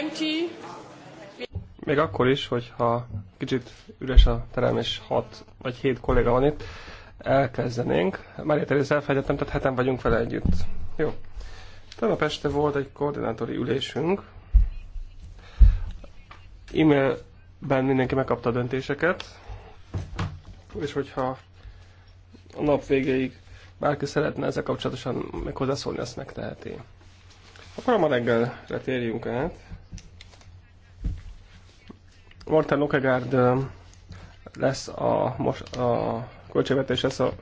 empty. Még akkor is, hogyha kicsit üres a terem, és hat vagy hét kolléga van itt, elkezdenénk. Mária Terész elfelejtettem, tehát heten vagyunk vele együtt. Jó. Tegnap este volt egy koordinátori ülésünk. E-mailben mindenki megkapta a döntéseket, és hogyha a nap végéig bárki szeretne ezzel kapcsolatosan még hozzászólni, ezt megteheti. Akkor ma reggelre térjünk át. Morten Lokegárd lesz a, most, a költségvetés lesz a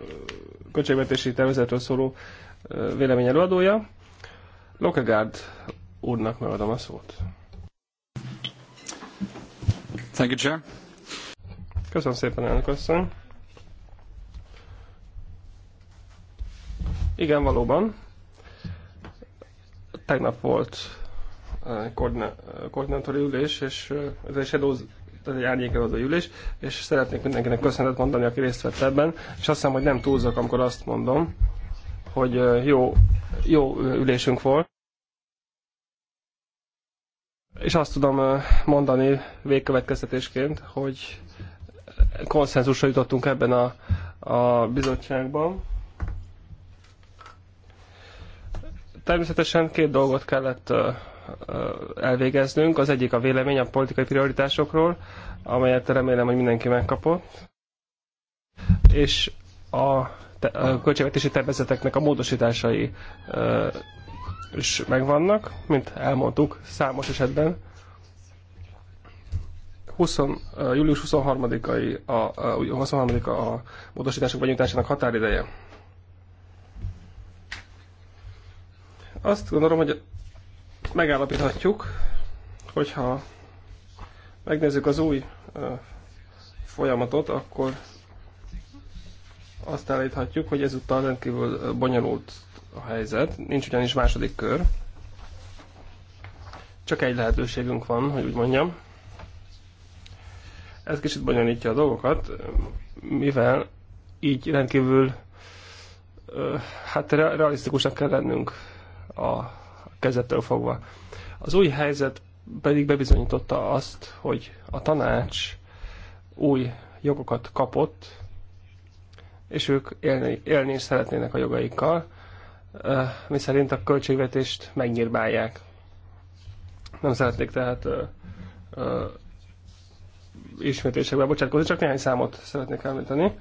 költségvetési tervezetről szóló vélemény előadója. Lokegárd úrnak megadom a szót. Thank you, Chair. Köszönöm szépen, elnök asszony. Igen, valóban. Tegnap volt koordiná, koordinátori ülés, és ez egy shadows, tehát egy árnyékelődő ülés, és szeretnék mindenkinek köszönetet mondani, aki részt vett ebben, és azt hiszem, hogy nem túlzok, amikor azt mondom, hogy jó, jó ülésünk volt. És azt tudom mondani végkövetkeztetésként, hogy konszenzusra jutottunk ebben a, a bizottságban. Természetesen két dolgot kellett elvégeznünk. Az egyik a vélemény a politikai prioritásokról, amelyet remélem, hogy mindenki megkapott. És a, te, a költségvetési tervezeteknek a módosításai ö, is megvannak, mint elmondtuk számos esetben. 20, július 23-ai a, uh, 23 a, a módosítások benyújtásának határideje. Azt gondolom, hogy azt megállapíthatjuk, hogyha megnézzük az új folyamatot, akkor azt állíthatjuk, hogy ezúttal rendkívül bonyolult a helyzet, nincs ugyanis második kör. Csak egy lehetőségünk van, hogy úgy mondjam. Ez kicsit bonyolítja a dolgokat, mivel így rendkívül hát realisztikusnak kell lennünk a kezdettől fogva. Az új helyzet pedig bebizonyította azt, hogy a tanács új jogokat kapott, és ők élni, élni is szeretnének a jogaikkal, eh, mi szerint a költségvetést megnyírbálják. Nem szeretnék tehát ö, eh, ö, eh, ismétésekbe bocsátkozni, csak néhány számot szeretnék említeni.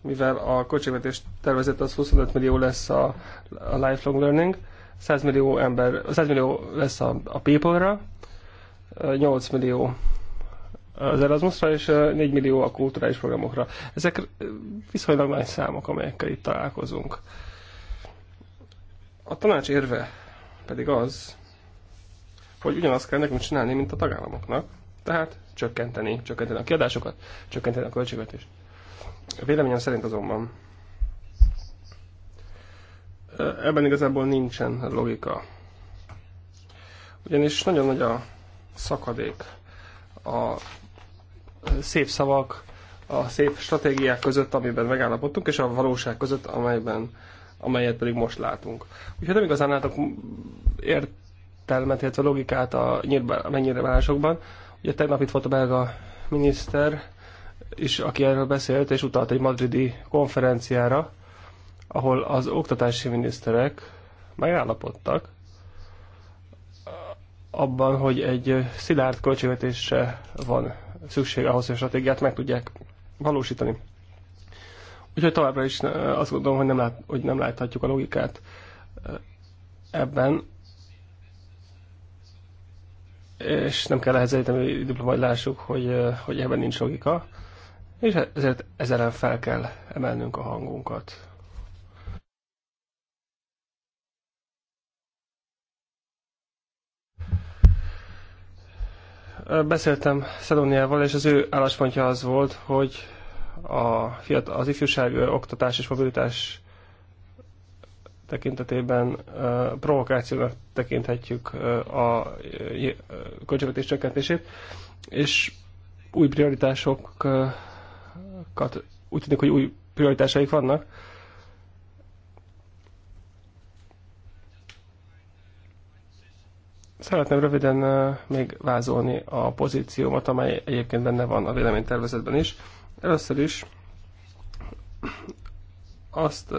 Mivel a költségvetés tervezett az 25 millió lesz a, a lifelong learning, 100 millió ember, 100 millió lesz a, a People-ra, 8 millió az Erasmusra, és 4 millió a kulturális programokra. Ezek viszonylag nagy számok, amelyekkel itt találkozunk. A tanács érve pedig az, hogy ugyanazt kell nekünk csinálni, mint a tagállamoknak, tehát csökkenteni, csökkenteni a kiadásokat, csökkenteni a költségvetést. A véleményem szerint azonban ebben igazából nincsen logika. Ugyanis nagyon nagy a szakadék a szép szavak, a szép stratégiák között, amiben megállapodtunk, és a valóság között, amelyben, amelyet pedig most látunk. Úgyhogy nem igazán látok értelmet, illetve logikát a másokban. Ugye tegnap itt volt a belga miniszter, és aki erről beszélt, és utalt egy madridi konferenciára, ahol az oktatási miniszterek megállapodtak abban, hogy egy szilárd költségvetésre van szükség ahhoz, hogy a stratégiát meg tudják valósítani. Úgyhogy továbbra is eh, azt gondolom, hogy nem, lát, hogy nem láthatjuk a logikát eh, ebben, és nem kell ehhez egyetemi diplomát, hogy lássuk, hogy, eh, hogy ebben nincs logika, és ezért ezzel fel kell emelnünk a hangunkat. Beszéltem Szedóniával, és az ő álláspontja az volt, hogy a fiatal, az ifjúság oktatás és mobilitás tekintetében provokációnak tekinthetjük a költségvetés csökkentését, és új prioritásokat, úgy tűnik, hogy új prioritásaik vannak, Szeretném röviden még vázolni a pozíciómat, amely egyébként benne van a véleménytervezetben is. Először is azt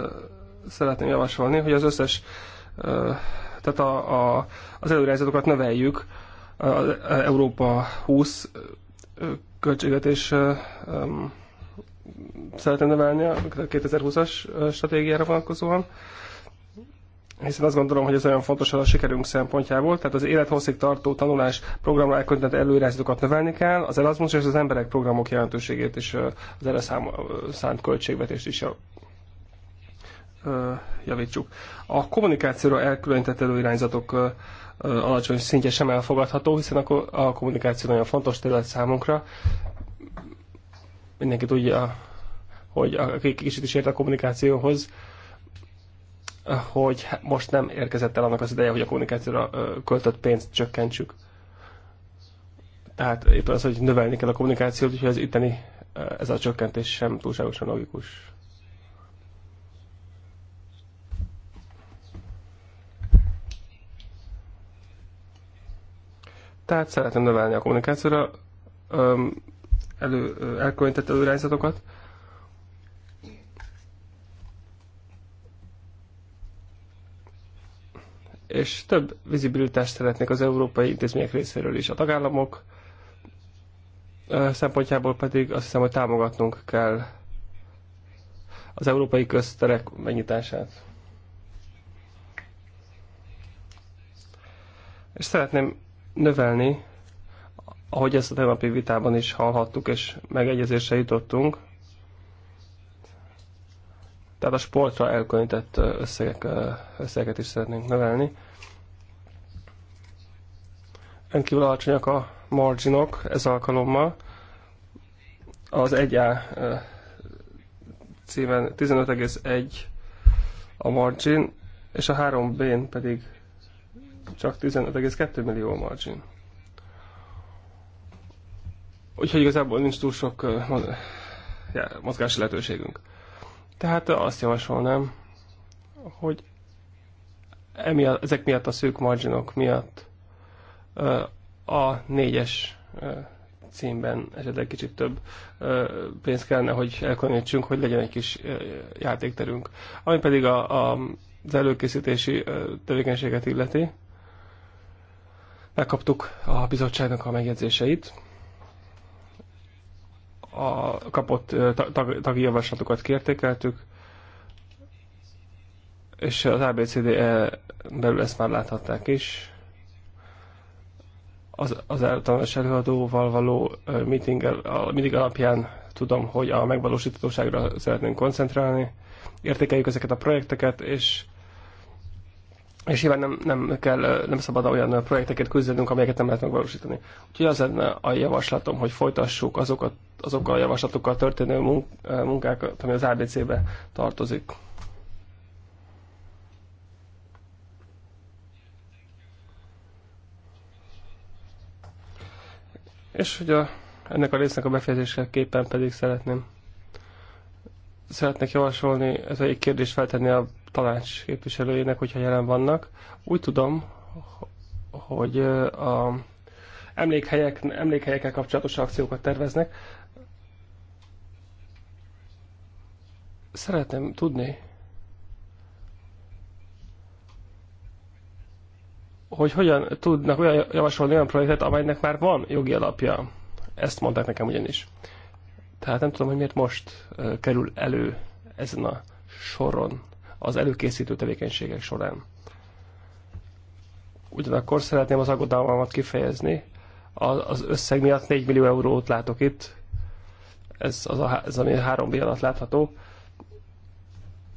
szeretném javasolni, hogy az összes, tehát a, a, az előrejelzetokat növeljük az Európa 20 költségvetés szeretném növelni a 2020-as stratégiára vonatkozóan hiszen azt gondolom, hogy ez olyan fontos a sikerünk szempontjából. Tehát az élethosszig tartó tanulás programra elköntett előírásokat növelni kell, az Erasmus és az emberek programok jelentőségét és az erre szánt költségvetést is javítsuk. A kommunikációra elkülönített előirányzatok alacsony szintje sem elfogadható, hiszen akkor a kommunikáció nagyon fontos terület számunkra. Mindenki tudja, hogy aki kicsit is ért a kommunikációhoz, hogy most nem érkezett el annak az ideje, hogy a kommunikációra költött pénzt csökkentsük. Tehát éppen az, hogy növelni kell a kommunikációt, úgyhogy az itteni ez a csökkentés sem túlságosan logikus. Tehát szeretném növelni a kommunikációra elő, elő, elő, és több vizibilitást szeretnék az európai intézmények részéről is. A tagállamok szempontjából pedig azt hiszem, hogy támogatnunk kell az európai közterek megnyitását. És szeretném növelni, ahogy ezt a tegnapi vitában is hallhattuk és megegyezésre jutottunk, tehát a sportra elkülönített összegek, összegeket is szeretnénk növelni. Enkívül alacsonyak a marginok ez alkalommal. Az 1A címen 15,1 a margin, és a 3B-n pedig csak 15,2 millió a margin. Úgyhogy igazából nincs túl sok mozgási lehetőségünk. Tehát azt javasolnám, hogy emiatt, ezek miatt a szűk marginok miatt a négyes címben esetleg kicsit több pénzt kellene, hogy elkülönítsünk, hogy legyen egy kis játékterünk. Ami pedig a, a, az előkészítési tevékenységet illeti, megkaptuk a bizottságnak a megjegyzéseit, a kapott tag, tagi javaslatokat kértékeltük, és az ABCD e belül ezt már láthatták is. Az, az általános előadóval való meetingel, a meeting alapján tudom, hogy a megvalósíthatóságra szeretnénk koncentrálni. Értékeljük ezeket a projekteket, és és nyilván nem, nem, kell, nem szabad olyan projekteket küzdenünk, amelyeket nem lehet megvalósítani. Úgyhogy az lenne a javaslatom, hogy folytassuk azokat, azokkal a javaslatokkal történő munkákat, ami az ABC-be tartozik. És hogy a, ennek a résznek a képen pedig szeretném szeretnék javasolni, ez egy kérdést feltenni a tanács képviselőjének, hogyha jelen vannak. Úgy tudom, hogy a emlékhelyek, emlékhelyekkel kapcsolatos akciókat terveznek. Szeretném tudni, hogy hogyan tudnak olyan javasolni olyan projektet, amelynek már van jogi alapja. Ezt mondták nekem ugyanis. Tehát nem tudom, hogy miért most kerül elő ezen a soron az előkészítő tevékenységek során. Ugyanakkor szeretném az aggodalmamat kifejezni. Az összeg miatt 4 millió eurót látok itt. Ez, az a, ez ami három B alatt látható.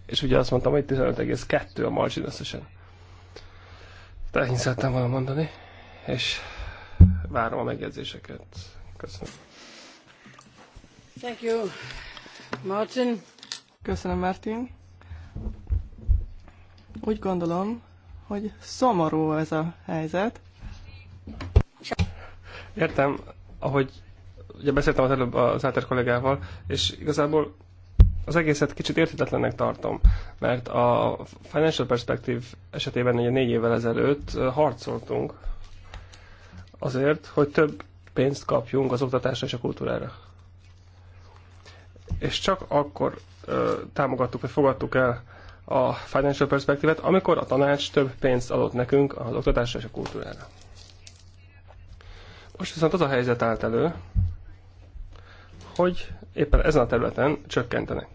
És ugye azt mondtam, hogy 15,2 a margin összesen. Tehát szerettem volna mondani, és várom a megjegyzéseket. Köszönöm. Thank you, Martin. Köszönöm, Martin. Úgy gondolom, hogy szomorú ez a helyzet. Értem, ahogy ugye beszéltem az előbb az Áter kollégával, és igazából az egészet kicsit értetetlennek tartom, mert a Financial Perspective esetében ugye négy évvel ezelőtt harcoltunk azért, hogy több pénzt kapjunk az oktatásra és a kultúrára. És csak akkor ö, támogattuk, vagy fogadtuk el a Financial perspective amikor a tanács több pénzt adott nekünk az oktatásra és a kultúrára. Most viszont az a helyzet állt elő, hogy éppen ezen a területen csökkentenek.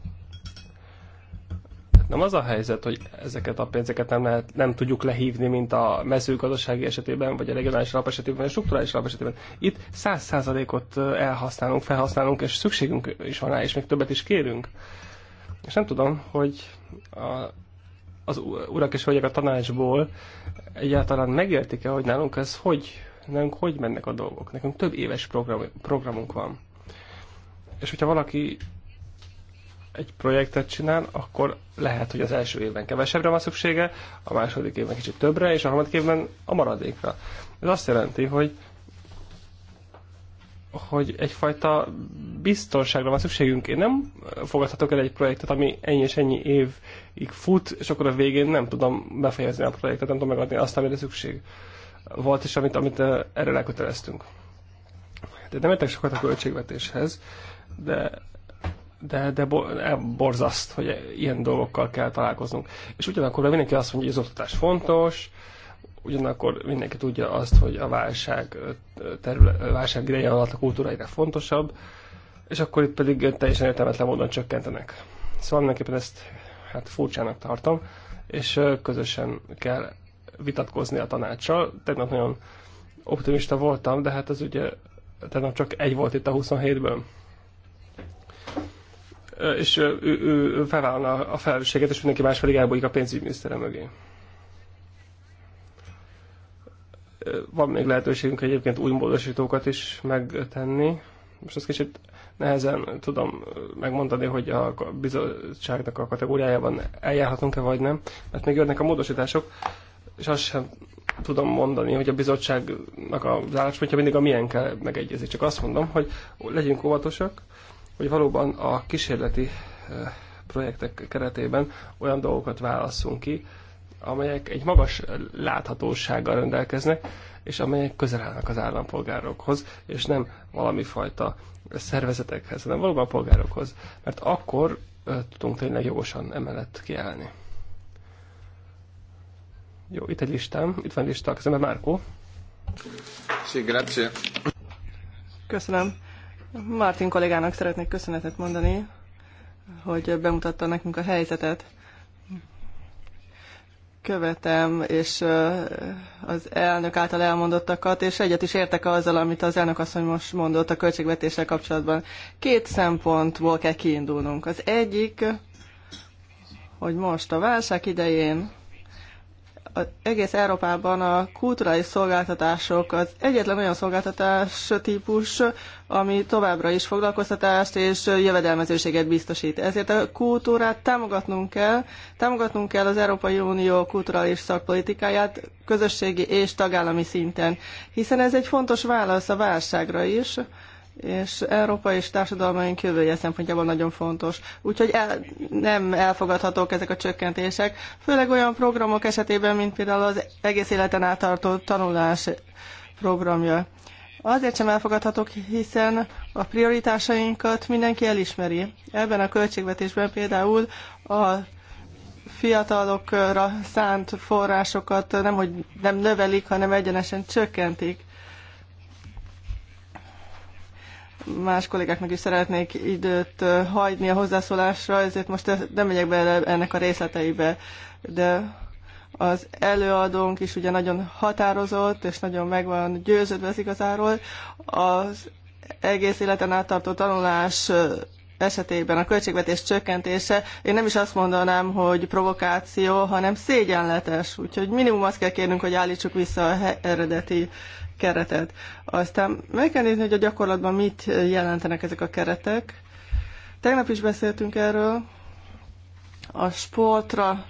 nem az a helyzet, hogy ezeket a pénzeket nem, lehet, nem tudjuk lehívni, mint a mezőgazdasági esetében, vagy a regionális alap esetében, vagy a strukturális alap esetében. Itt száz százalékot elhasználunk, felhasználunk, és szükségünk is van rá, és még többet is kérünk. És nem tudom, hogy a, az urak és hölgyek a tanácsból egyáltalán megértik-e, hogy nálunk ez hogy, nálunk hogy mennek a dolgok. Nekünk több éves program, programunk van. És hogyha valaki egy projektet csinál, akkor lehet, hogy az első évben kevesebbre van szüksége, a második évben kicsit többre, és a harmadik évben a maradékra. Ez azt jelenti, hogy hogy egyfajta biztonságra van szükségünk. Én nem fogadhatok el egy projektet, ami ennyi és ennyi évig fut, és akkor a végén nem tudom befejezni a projektet, nem tudom megadni azt, amire szükség volt, és amit, amit eh, erre elköteleztünk. De nem értek sokat a költségvetéshez, de de, de eh, borzaszt, hogy ilyen dolgokkal kell találkoznunk. És ugyanakkor mindenki azt mondja, hogy az oktatás fontos, Ugyanakkor mindenki tudja azt, hogy a válság, terület, válság ideje alatt a kultúra egyre fontosabb, és akkor itt pedig teljesen értelmetlen módon csökkentenek. Szóval mindenképpen ezt hát furcsának tartom, és közösen kell vitatkozni a tanácssal. Tegnap nagyon optimista voltam, de hát az ugye tegnap csak egy volt itt a 27-ből. És ő, ő, ő felvállalna a felelősséget, és mindenki más pedig elbújik a pénzügyminiszterem mögé. Van még lehetőségünk egyébként új módosítókat is megtenni. Most ezt kicsit nehezen tudom megmondani, hogy a bizottságnak a kategóriájában eljárhatunk-e vagy nem, mert még jönnek a módosítások, és azt sem tudom mondani, hogy a bizottságnak az álláspontja mindig a kell megegyezni. Csak azt mondom, hogy legyünk óvatosak, hogy valóban a kísérleti eh, projektek keretében olyan dolgokat válasszunk ki, amelyek egy magas láthatósággal rendelkeznek, és amelyek közel állnak az állampolgárokhoz, és nem valami fajta szervezetekhez, hanem valóban a polgárokhoz, mert akkor tudunk tényleg jogosan emellett kiállni. Jó, itt egy listám, itt van lista, köszönöm, Márkó. Sí, grazie. Köszönöm. Martin kollégának szeretnék köszönetet mondani, hogy bemutatta nekünk a helyzetet követem, és az elnök által elmondottakat, és egyet is értek azzal, amit az elnök asszony most mondott a költségvetéssel kapcsolatban. Két szempontból kell kiindulnunk. Az egyik, hogy most a válság idején az egész Európában a kulturális szolgáltatások az egyetlen olyan szolgáltatás típus, ami továbbra is foglalkoztatást és jövedelmezőséget biztosít. Ezért a kultúrát támogatnunk kell, támogatnunk kell az Európai Unió kulturális szakpolitikáját közösségi és tagállami szinten, hiszen ez egy fontos válasz a válságra is, és Európa és társadalmaink jövője szempontjából nagyon fontos. Úgyhogy el, nem elfogadhatók ezek a csökkentések, főleg olyan programok esetében, mint például az egész életen átartó tanulás programja. Azért sem elfogadhatók, hiszen a prioritásainkat mindenki elismeri. Ebben a költségvetésben például a fiatalokra szánt forrásokat nem, hogy nem növelik, hanem egyenesen csökkentik más kollégáknak is szeretnék időt hagyni a hozzászólásra, ezért most nem megyek bele ennek a részleteibe, de az előadónk is ugye nagyon határozott, és nagyon meg van győződve az igazáról. Az egész életen áttartó tanulás esetében a költségvetés csökkentése, én nem is azt mondanám, hogy provokáció, hanem szégyenletes. Úgyhogy minimum azt kell kérnünk, hogy állítsuk vissza a eredeti keretet. Aztán meg kell nézni, hogy a gyakorlatban mit jelentenek ezek a keretek. Tegnap is beszéltünk erről. A sportra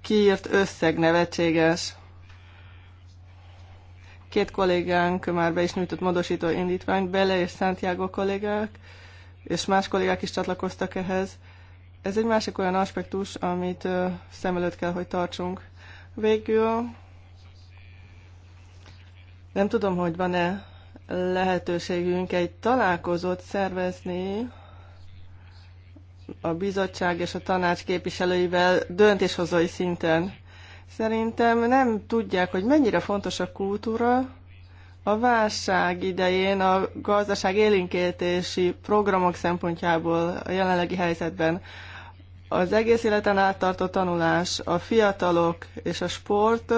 kiírt összeg nevetséges. Két kollégánk már be is nyújtott módosító indítványt, Bele és Santiago kollégák, és más kollégák is csatlakoztak ehhez. Ez egy másik olyan aspektus, amit szem előtt kell, hogy tartsunk. Végül nem tudom, hogy van-e lehetőségünk egy találkozót szervezni a bizottság és a tanács képviselőivel döntéshozói szinten. Szerintem nem tudják, hogy mennyire fontos a kultúra, a válság idején a gazdaság élinkétési programok szempontjából a jelenlegi helyzetben az egész életen áttartó tanulás, a fiatalok és a sport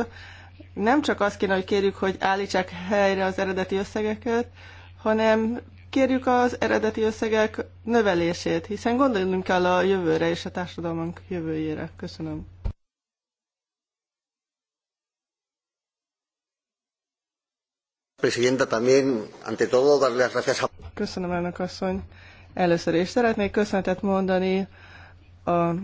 nem csak azt kéne, hogy kérjük, hogy állítsák helyre az eredeti összegeket, hanem kérjük az eredeti összegek növelését, hiszen gondolnunk kell a jövőre és a társadalmunk jövőjére. Köszönöm. Presidenta, ante todo, gracias Köszönöm, elnök asszony. Először is szeretnék köszönetet mondani a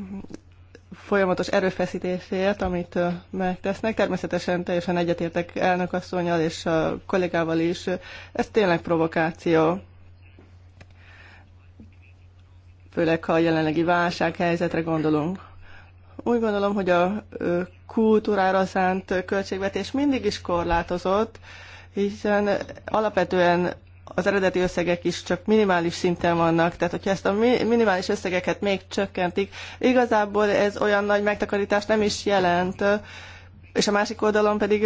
folyamatos erőfeszítésért, amit megtesznek. Természetesen teljesen egyetértek elnökasszonyal és a kollégával is. Ez tényleg provokáció. Főleg, ha a jelenlegi válsághelyzetre gondolunk. Úgy gondolom, hogy a kultúrára szánt költségvetés mindig is korlátozott, hiszen alapvetően az eredeti összegek is csak minimális szinten vannak, tehát hogyha ezt a minimális összegeket még csökkentik, igazából ez olyan nagy megtakarítást nem is jelent, és a másik oldalon pedig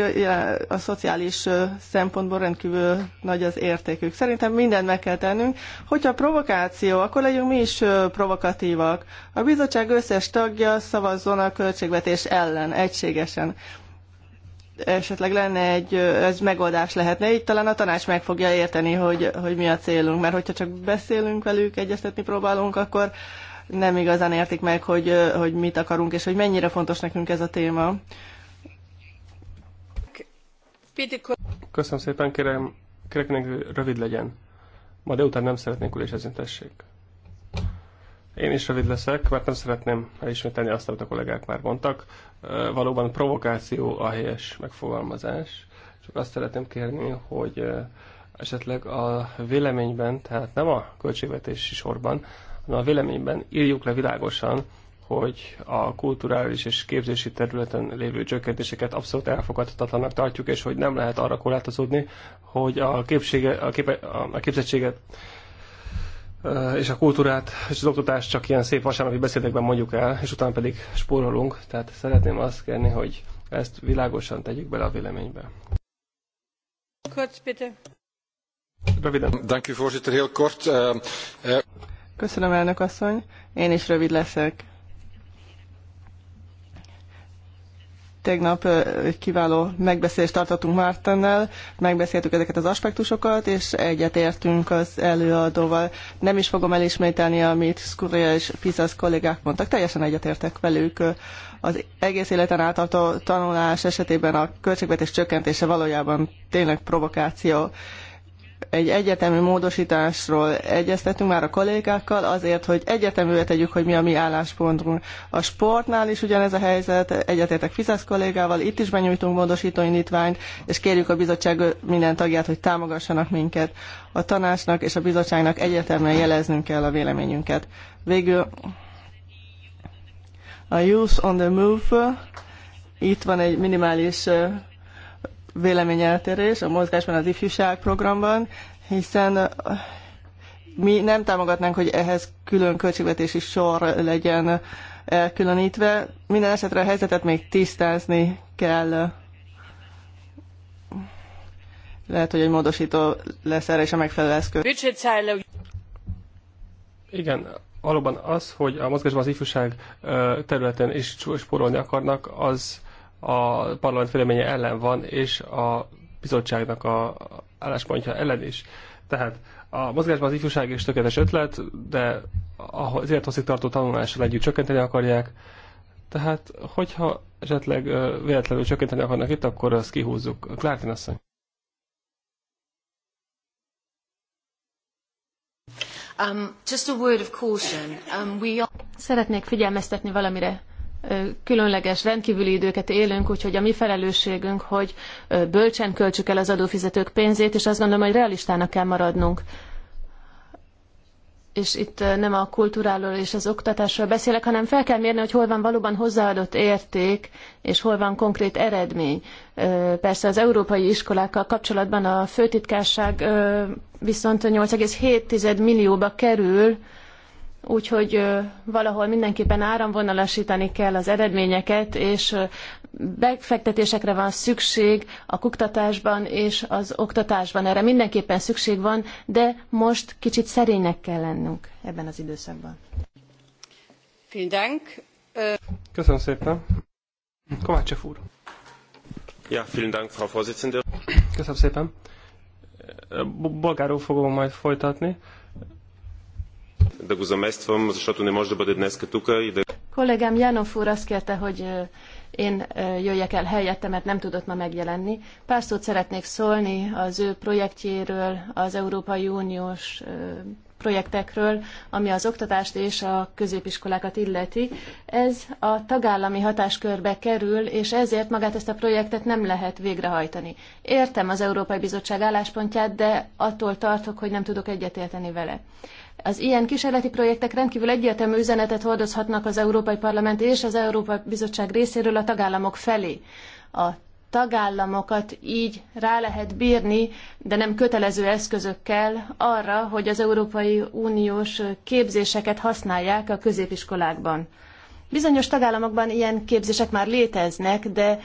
a szociális szempontból rendkívül nagy az értékük. Szerintem mindent meg kell tennünk. Hogyha provokáció, akkor legyünk mi is provokatívak. A bizottság összes tagja szavazzon a költségvetés ellen, egységesen esetleg lenne egy, ez megoldás lehetne. Itt talán a tanács meg fogja érteni, hogy, hogy mi a célunk, mert hogyha csak beszélünk velük, egyeztetni próbálunk, akkor nem igazán értik meg, hogy, hogy mit akarunk, és hogy mennyire fontos nekünk ez a téma. Köszönöm szépen, kérem, kérek, rövid legyen. Ma délután nem szeretnék ülésezni, tessék. Én is rövid leszek, mert nem szeretném elismételni azt, amit a kollégák már mondtak. Valóban provokáció a helyes megfogalmazás. Csak azt szeretném kérni, hogy esetleg a véleményben, tehát nem a költségvetési sorban, hanem a véleményben írjuk le világosan, hogy a kulturális és képzési területen lévő csökkentéseket abszolút elfogadhatatlanak tartjuk, és hogy nem lehet arra korlátozódni, hogy a, képsége, a, képe, a képzettséget Eh, és a kultúrát és az oktatást csak ilyen szép vasárnapi beszédekben mondjuk el, és utána pedig spórolunk. Tehát szeretném azt kérni, hogy ezt világosan tegyük bele a véleménybe. Röviden. Dank Heel kort. Eh, eh, Köszönöm, elnök asszony. Én is rövid leszek. Tegnap egy kiváló megbeszélést tartottunk Mártennel, megbeszéltük ezeket az aspektusokat, és egyetértünk az előadóval. Nem is fogom elismételni, amit Skurria és Pizas kollégák mondtak, teljesen egyetértek velük. Az egész életen átartó tanulás esetében a költségvetés csökkentése valójában tényleg provokáció egy egyetemi módosításról egyeztetünk már a kollégákkal, azért, hogy egyeteműre tegyük, hogy mi a mi álláspontunk. A sportnál is ugyanez a helyzet, egyetértek Fizesz kollégával, itt is benyújtunk módosító indítványt, és kérjük a bizottság minden tagját, hogy támogassanak minket. A tanácsnak és a bizottságnak egyetemben jeleznünk kell a véleményünket. Végül a Youth on the Move, itt van egy minimális véleményeltérés a mozgásban az ifjúság programban, hiszen uh, mi nem támogatnánk, hogy ehhez külön költségvetési sor legyen elkülönítve. Minden esetre a helyzetet még tisztázni kell. Lehet, hogy egy módosító lesz erre és a megfelelő eszköz. Igen, valóban az, hogy a mozgásban az ifjúság területen is spórolni akarnak, az a parlament véleménye ellen van, és a bizottságnak a álláspontja ellen is. Tehát a mozgásban az ifjúság is tökéletes ötlet, de az élethosszig tartó tanulással együtt csökkenteni akarják. Tehát, hogyha esetleg véletlenül csökkenteni akarnak itt, akkor azt kihúzzuk. Klártin asszony. Um, just a word of caution. Um, we are... Szeretnék figyelmeztetni valamire különleges, rendkívüli időket élünk, úgyhogy a mi felelősségünk, hogy bölcsen költsük el az adófizetők pénzét, és azt gondolom, hogy realistának kell maradnunk. És itt nem a kultúráról és az oktatásról beszélek, hanem fel kell mérni, hogy hol van valóban hozzáadott érték, és hol van konkrét eredmény. Persze az európai iskolákkal kapcsolatban a főtitkárság viszont 8,7 millióba kerül, úgyhogy valahol mindenképpen áramvonalasítani kell az eredményeket, és befektetésekre van szükség a kuktatásban és az oktatásban. Erre mindenképpen szükség van, de most kicsit szerénynek kell lennünk ebben az időszakban. Köszönöm szépen. Kovácsev úr. Ja, vielen Dank, Frau Vorsitzende. Köszönöm szépen. Bolgáról fogom majd folytatni. Да го замествам, защото не може да бъде днес тук и да... Kollégám Jánov úr azt kérte, hogy én jöjjek el helyette, mert nem tudott ma megjelenni. Pár szót szeretnék szólni az ő projektjéről, az Európai Uniós projektekről, ami az oktatást és a középiskolákat illeti. Ez a tagállami hatáskörbe kerül, és ezért magát ezt a projektet nem lehet végrehajtani. Értem az Európai Bizottság álláspontját, de attól tartok, hogy nem tudok egyetérteni vele. Az ilyen kísérleti projektek rendkívül egyértelmű üzenetet hordozhatnak az Európai Parlament és az Európai Bizottság részéről a tagállamok felé. A tagállamokat így rá lehet bírni, de nem kötelező eszközökkel arra, hogy az Európai Uniós képzéseket használják a középiskolákban. Bizonyos tagállamokban ilyen képzések már léteznek, de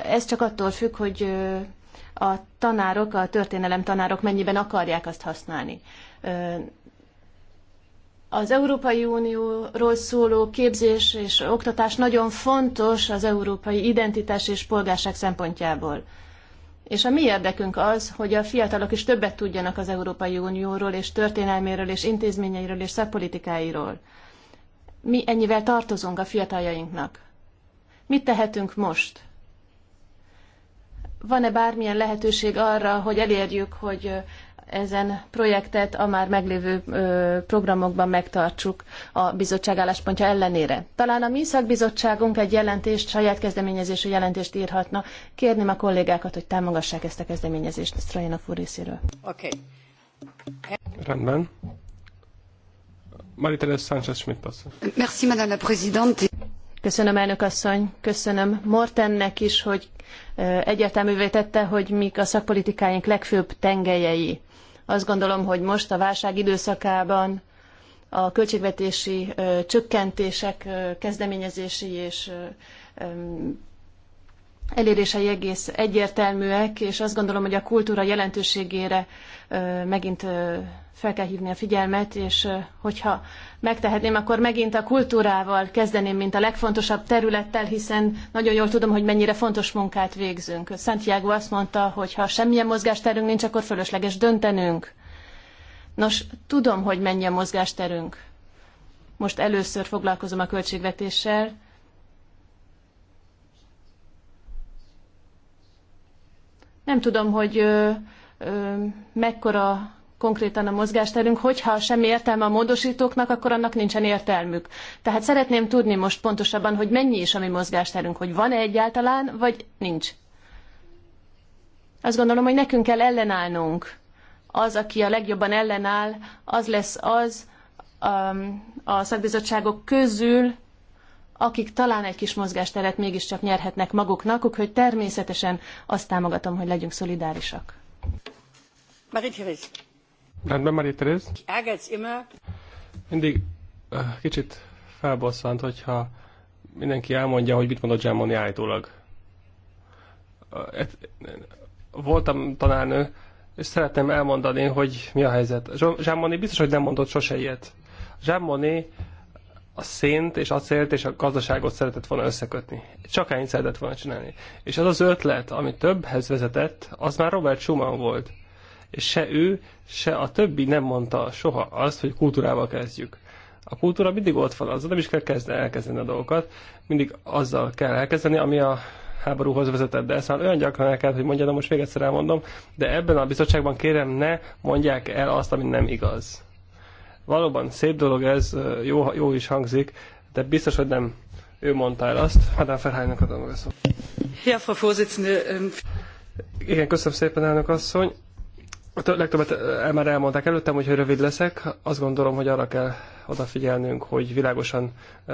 ez csak attól függ, hogy a tanárok, a történelem tanárok mennyiben akarják azt használni. Az Európai Unióról szóló képzés és oktatás nagyon fontos az európai identitás és polgárság szempontjából. És a mi érdekünk az, hogy a fiatalok is többet tudjanak az Európai Unióról és történelméről és intézményeiről és szakpolitikáiról. Mi ennyivel tartozunk a fiataljainknak. Mit tehetünk most? Van-e bármilyen lehetőség arra, hogy elérjük, hogy ezen projektet a már meglévő programokban megtartsuk a bizottság álláspontja ellenére. Talán a mi szakbizottságunk egy jelentést, saját kezdeményezésű jelentést írhatna. Kérném a kollégákat, hogy támogassák ezt a kezdeményezést Sztrajana úr részéről. Oké. Okay. Rendben. Marie-Thérèse Sánchez-Schmidt Merci, Madame la Présidente. Köszönöm, elnök asszony, köszönöm Mortennek is, hogy egyértelművé tette, hogy mik a szakpolitikáink legfőbb tengelyei. Azt gondolom, hogy most a válság időszakában a költségvetési csökkentések kezdeményezési és elérései egész egyértelműek, és azt gondolom, hogy a kultúra jelentőségére megint fel kell hívni a figyelmet, és hogyha megtehetném, akkor megint a kultúrával kezdeném, mint a legfontosabb területtel, hiszen nagyon jól tudom, hogy mennyire fontos munkát végzünk. Santiago azt mondta, hogy ha semmilyen mozgásterünk nincs, akkor fölösleges döntenünk. Nos, tudom, hogy mennyi a mozgásterünk. Most először foglalkozom a költségvetéssel, Nem tudom, hogy ö, ö, mekkora konkrétan a mozgásterünk, hogyha semmi értelme a módosítóknak, akkor annak nincsen értelmük. Tehát szeretném tudni most pontosabban, hogy mennyi is a mi mozgásterünk, hogy van-e egyáltalán, vagy nincs. Azt gondolom, hogy nekünk kell ellenállnunk. Az, aki a legjobban ellenáll, az lesz az a, um, a szakbizottságok közül, akik talán egy kis mozgásteret mégiscsak nyerhetnek maguknak, úgyhogy természetesen azt támogatom, hogy legyünk szolidárisak. Marie-Thérèse. Rendben, Marie-Thérèse. Mindig kicsit felbosszant, hogyha mindenki elmondja, hogy mit mondott Zsámoni állítólag. Voltam tanárnő, és szeretném elmondani, hogy mi a helyzet. Zsámoni biztos, hogy nem mondott sose ilyet. Zsámoni a szént és acélt és a gazdaságot szeretett volna összekötni. Csak ennyit szeretett volna csinálni. És az az ötlet, ami többhez vezetett, az már Robert Schumann volt. És se ő, se a többi nem mondta soha azt, hogy kultúrával kezdjük. A kultúra mindig ott van, azzal nem is kell kezdeni, elkezdeni a dolgokat, mindig azzal kell elkezdeni, ami a háborúhoz vezetett, de ezt már olyan gyakran el kell, hogy mondjam, most még egyszer elmondom, de ebben a bizottságban kérem ne mondják el azt, ami nem igaz. Valóban szép dolog ez, jó, jó is hangzik, de biztos, hogy nem ő mondta el azt. Adán Ferhánynak adom a szót. Ja, Frau Vorsitzende. Ähm, Igen, köszönöm szépen, elnök asszony. A legtöbbet el már elmondták előttem, hogy rövid leszek. Azt gondolom, hogy arra kell odafigyelnünk, hogy világosan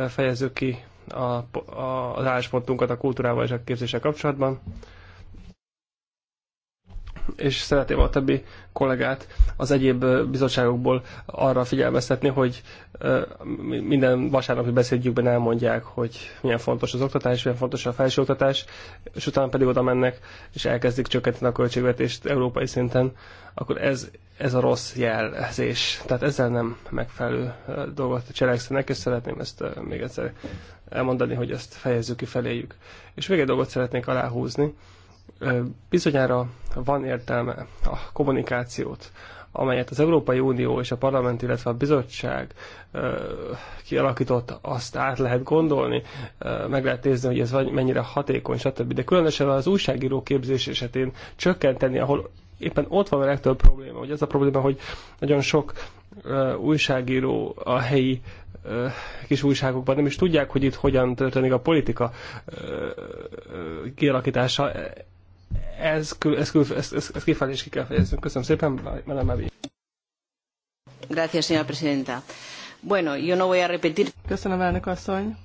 fejezzük ki a, a, az álláspontunkat a kultúrával és a képzéssel kapcsolatban és szeretném a többi kollégát az egyéb bizottságokból arra figyelmeztetni, hogy minden vasárnapi beszédjükben elmondják, hogy milyen fontos az oktatás, milyen fontos a felsőoktatás, és utána pedig oda mennek, és elkezdik csökkenteni a költségvetést európai szinten, akkor ez, ez a rossz jelzés. Tehát ezzel nem megfelelő dolgot cselekszenek, és szeretném ezt még egyszer elmondani, hogy ezt fejezzük ki feléjük. És még egy dolgot szeretnék aláhúzni, bizonyára van értelme a kommunikációt, amelyet az Európai Unió és a Parlament, illetve a Bizottság kialakított, azt át lehet gondolni, meg lehet nézni, hogy ez mennyire hatékony, stb. De különösen az újságíró képzés esetén csökkenteni, ahol éppen ott van a legtöbb probléma, hogy ez a probléma, hogy nagyon sok újságíró a helyi kis újságokban nem is tudják, hogy itt hogyan történik a politika kialakítása ez, kül, ez, kül, ez, ez, ez kifelé is ki kell fejeznünk. Köszönöm szépen, Madame Mavi. Gracias, señora presidenta. Bueno, yo no voy a repetir. Köszönöm, elnök asszony.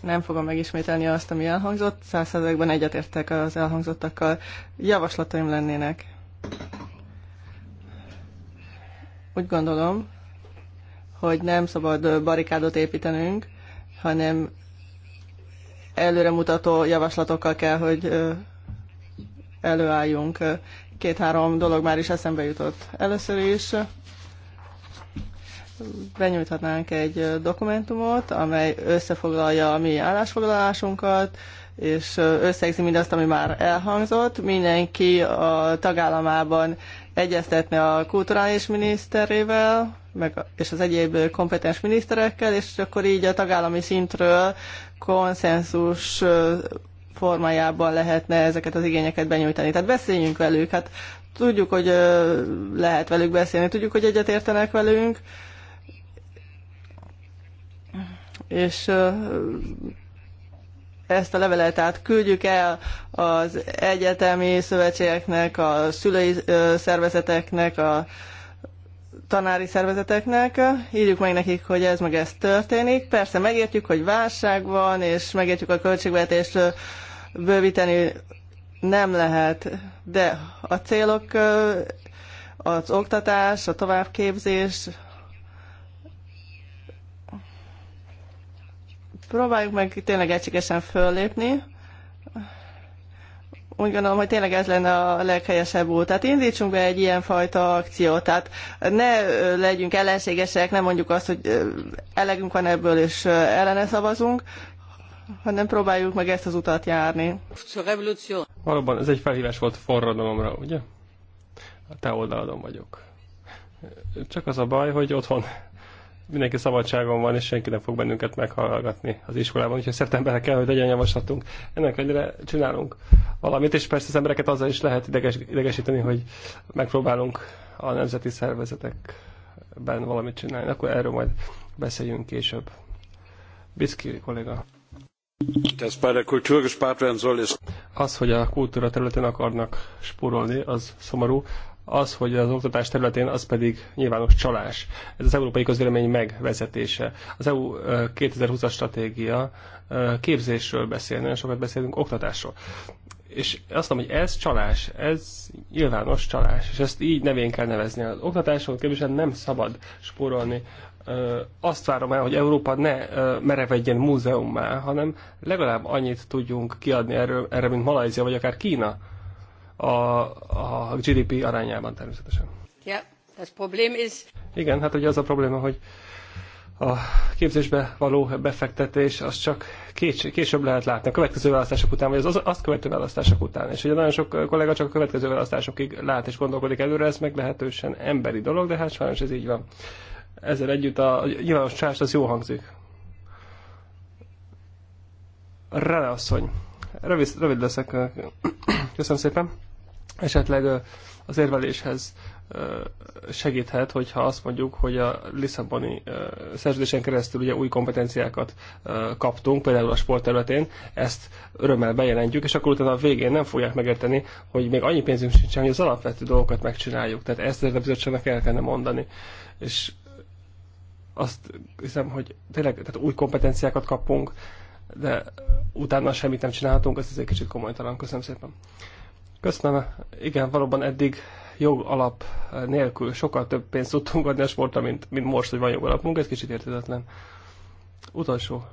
Nem fogom megismételni azt, ami elhangzott. Százszerzekben egyetértek az elhangzottakkal. Javaslataim lennének. Úgy gondolom, hogy nem szabad barikádot építenünk, hanem előremutató javaslatokkal kell, hogy előálljunk. Két-három dolog már is eszembe jutott. Először is benyújthatnánk egy dokumentumot, amely összefoglalja a mi állásfoglalásunkat, és összegzi mindazt, ami már elhangzott. Mindenki a tagállamában egyeztetne a kulturális miniszterével, meg, és az egyéb kompetens miniszterekkel, és akkor így a tagállami szintről konszenzus formájában lehetne ezeket az igényeket benyújtani. Tehát beszéljünk velük, hát tudjuk, hogy lehet velük beszélni, tudjuk, hogy egyetértenek velünk, és ezt a levelet át küldjük el az egyetemi szövetségeknek, a szülői szervezeteknek, a tanári szervezeteknek, írjuk meg nekik, hogy ez meg ez történik. Persze megértjük, hogy válság van, és megértjük a költségvetést bővíteni nem lehet, de a célok az oktatás, a továbbképzés, próbáljuk meg tényleg egységesen föllépni. Úgy gondolom, hogy tényleg ez lenne a leghelyesebb út. Tehát indítsunk be egy ilyen fajta akciót. Tehát ne legyünk ellenségesek, nem mondjuk azt, hogy elegünk van ebből, és ellene szavazunk, hanem próbáljuk meg ezt az utat járni. Valóban ez egy felhívás volt forradalomra, ugye? A te oldaladon vagyok. Csak az a baj, hogy otthon mindenki szabadságon van, és senki nem fog bennünket meghallgatni az iskolában, úgyhogy szeptemberre kell, hogy legyen javaslatunk. Ennek ellenére csinálunk valamit, és persze az embereket azzal is lehet ideges, idegesíteni, hogy megpróbálunk a nemzeti szervezetekben valamit csinálni. Akkor erről majd beszéljünk később. Biszki kolléga. Az, hogy a kultúra területén akarnak spórolni, az szomorú. Az, hogy az oktatás területén, az pedig nyilvános csalás. Ez az európai közvélemény megvezetése. Az EU 2020-as stratégia képzésről beszél, nagyon sokat beszélünk oktatásról. És azt mondom, hogy ez csalás, ez nyilvános csalás, és ezt így nevén kell nevezni. Az oktatáson képviselően nem szabad spórolni azt várom el, hogy Európa ne merevedjen múzeummá, hanem legalább annyit tudjunk kiadni erről, erre, mint Malajzia vagy akár Kína a, a GDP arányában természetesen. Ja, Problem is. Igen, hát ugye az a probléma, hogy a képzésbe való befektetés az csak kés, később lehet látni, a következő választások után, vagy az, azt követő választások után. És ugye nagyon sok kollega csak a következő választásokig lát és gondolkodik előre, ez meg lehetősen emberi dolog, de hát sajnos ez így van ezzel együtt a nyilvános csást az jó hangzik. Rene asszony. Rövid, rövid leszek. Köszönöm szépen. Esetleg az érveléshez segíthet, hogyha azt mondjuk, hogy a Lisszaboni szerződésen keresztül ugye új kompetenciákat kaptunk, például a sportterületén, ezt örömmel bejelentjük, és akkor utána a végén nem fogják megérteni, hogy még annyi pénzünk sincs, hogy az alapvető dolgokat megcsináljuk. Tehát ezt a bizottságnak el kellene mondani. És azt hiszem, hogy tényleg tehát új kompetenciákat kapunk, de utána semmit nem csináltunk, ez egy kicsit komolytalan. Köszönöm szépen. Köszönöm. Igen, valóban eddig jog alap nélkül sokkal több pénzt tudtunk adni a sportra, mint, mint most, hogy van alapunk, ez kicsit értetetlen. Utolsó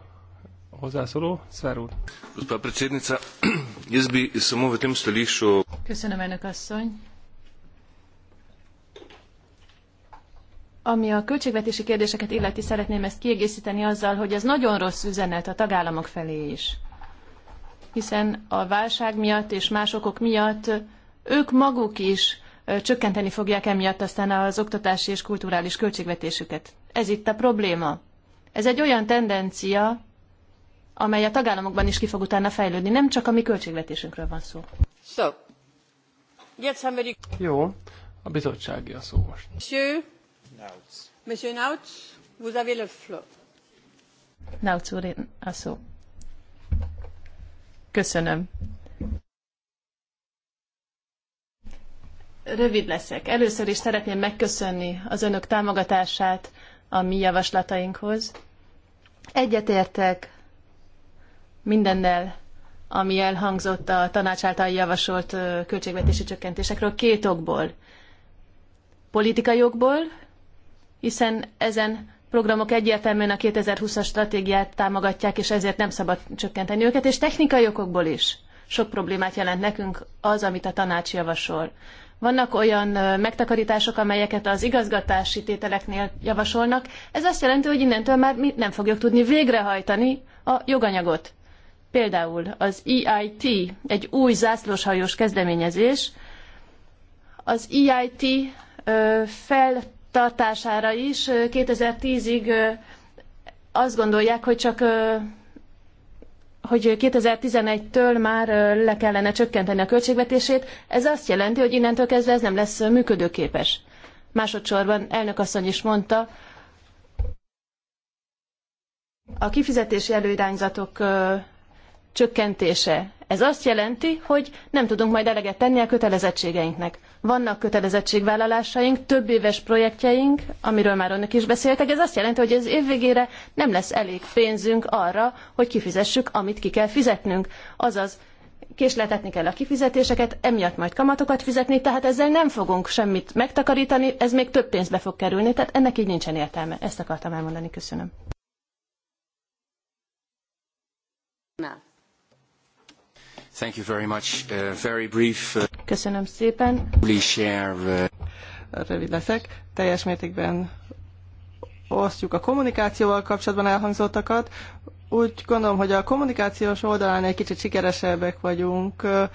hozzászóló, Szver úr. Köszönöm, elnök asszony. Ami a költségvetési kérdéseket illeti, szeretném ezt kiegészíteni azzal, hogy ez nagyon rossz üzenet a tagállamok felé is. Hiszen a válság miatt és más okok miatt ők maguk is csökkenteni fogják emiatt aztán az oktatási és kulturális költségvetésüket. Ez itt a probléma. Ez egy olyan tendencia, amely a tagállamokban is ki fog utána fejlődni. Nem csak a mi költségvetésünkről van szó. So, Jó, a bizottsági a szó most. Nautz. Monsieur Nautz, a szó. Köszönöm. Rövid leszek. Először is szeretném megköszönni az önök támogatását a mi javaslatainkhoz. Egyetértek mindennel, ami elhangzott a tanács által javasolt költségvetési csökkentésekről két okból. Politikai okból, hiszen ezen programok egyértelműen a 2020-as stratégiát támogatják, és ezért nem szabad csökkenteni őket, és technikai okokból is sok problémát jelent nekünk az, amit a tanács javasol. Vannak olyan megtakarítások, amelyeket az igazgatási tételeknél javasolnak. Ez azt jelenti, hogy innentől már mi nem fogjuk tudni végrehajtani a joganyagot. Például az EIT, egy új zászlóshajós kezdeményezés, az EIT fel tartására is 2010-ig azt gondolják, hogy csak hogy 2011-től már le kellene csökkenteni a költségvetését. Ez azt jelenti, hogy innentől kezdve ez nem lesz működőképes. Másodszorban elnök asszony is mondta, a kifizetési előirányzatok csökkentése. Ez azt jelenti, hogy nem tudunk majd eleget tenni a kötelezettségeinknek. Vannak kötelezettségvállalásaink, több éves projektjeink, amiről már önök is beszéltek. Ez azt jelenti, hogy az év végére nem lesz elég pénzünk arra, hogy kifizessük, amit ki kell fizetnünk. Azaz, késletetni kell a kifizetéseket, emiatt majd kamatokat fizetni, tehát ezzel nem fogunk semmit megtakarítani, ez még több pénzbe fog kerülni, tehát ennek így nincsen értelme. Ezt akartam elmondani, köszönöm. Na. Thank you very much. Uh, very brief. Uh, Köszönöm szépen. Share, uh... Rövid leszek. Teljes mértékben osztjuk a kommunikációval kapcsolatban elhangzottakat. Úgy gondolom, hogy a kommunikációs oldalán egy kicsit sikeresebbek vagyunk. Uh,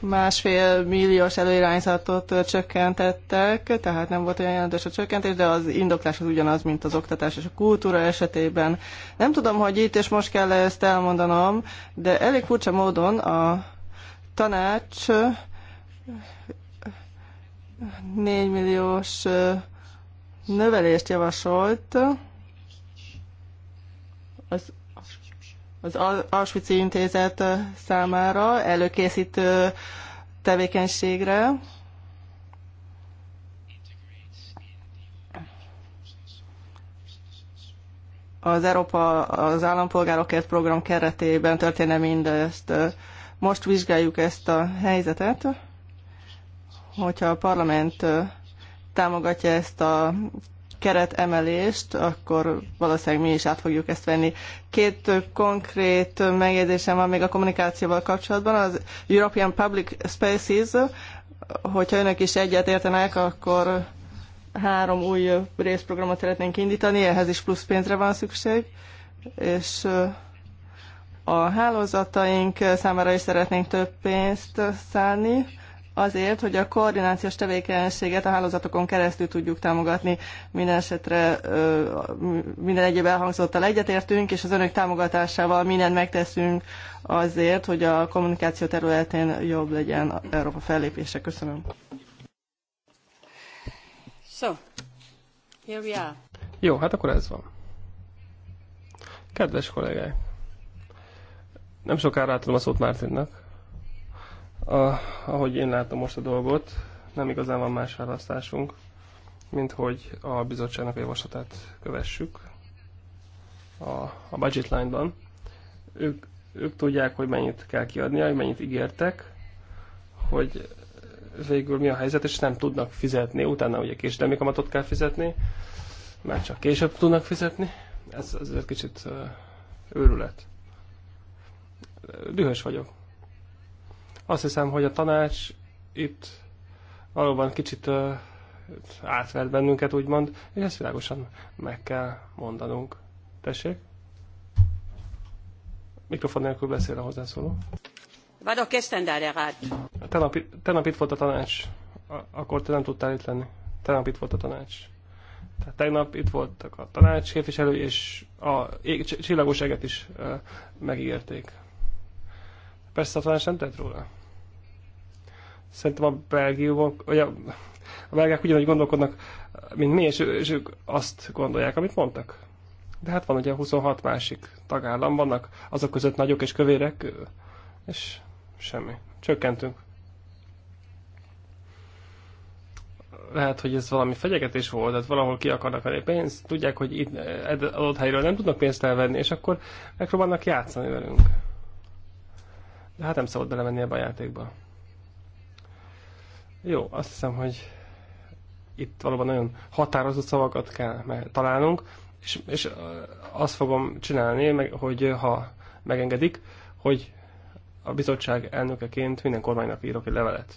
másfél milliós előirányzatot csökkentettek, tehát nem volt olyan jelentős a csökkentés, de az indoklás az ugyanaz, mint az oktatás és a kultúra esetében. Nem tudom, hogy itt és most kell -e ezt elmondanom, de elég furcsa módon a tanács 4 milliós növelést javasolt az az Auschwitz intézet számára előkészítő tevékenységre. Az Európa az állampolgárokért program keretében történne mindezt. Most vizsgáljuk ezt a helyzetet, hogyha a parlament támogatja ezt a keretemelést, akkor valószínűleg mi is át fogjuk ezt venni. Két konkrét megjegyzésem van még a kommunikációval kapcsolatban. Az European Public Spaces, hogyha önök is egyet értenek, akkor három új részprogramot szeretnénk indítani, ehhez is plusz pénzre van szükség, és a hálózataink számára is szeretnénk több pénzt szállni azért, hogy a koordinációs tevékenységet a hálózatokon keresztül tudjuk támogatni. Minden esetre minden egyéb elhangzottal egyetértünk, és az önök támogatásával mindent megteszünk azért, hogy a kommunikáció területén jobb legyen Európa fellépése. Köszönöm. So, here we are. Jó, hát akkor ez van. Kedves kollégák! Nem sokára átadom a szót Mártinnak. A, ahogy én látom most a dolgot, nem igazán van más választásunk, mint hogy a bizottságnak javaslatát kövessük a, a budget line-ban. Ők, ők tudják, hogy mennyit kell kiadnia, hogy mennyit ígértek, hogy végül mi a helyzet, és nem tudnak fizetni, utána ugye késdelmi kamatot kell fizetni, mert csak később tudnak fizetni. Ez azért kicsit őrület. Dühös vagyok. Azt hiszem, hogy a tanács itt valóban kicsit uh, átvert bennünket, úgymond, és ezt világosan meg kell mondanunk. Tessék? Mikrofon nélkül beszél a hozzászóló. Vado Kestendárer rád. tegnap itt volt a tanács, akkor te nem tudtál itt lenni. Tegnap itt volt a tanács. Tehát tegnap itt voltak a tanács képviselő, és a csillagos eget is megígérték. Persze a tanács nem tett róla. Szerintem a belgiumok, vagy a, a belgák ugyanúgy gondolkodnak, mint mi, és, és ők azt gondolják, amit mondtak. De hát van ugye 26 másik tagállam, vannak azok között nagyok és kövérek, és semmi. Csökkentünk. lehet, hogy ez valami fegyegetés volt, tehát valahol ki akarnak venni pénzt, tudják, hogy itt eh, adott helyről nem tudnak pénzt elvenni, és akkor megpróbálnak játszani velünk. De hát nem szabad belemenni ebbe a játékba. Jó, azt hiszem, hogy itt valóban nagyon határozott szavakat kell találnunk, és, és azt fogom csinálni, meg, hogy ha megengedik, hogy a bizottság elnökeként minden kormánynak írok egy levelet.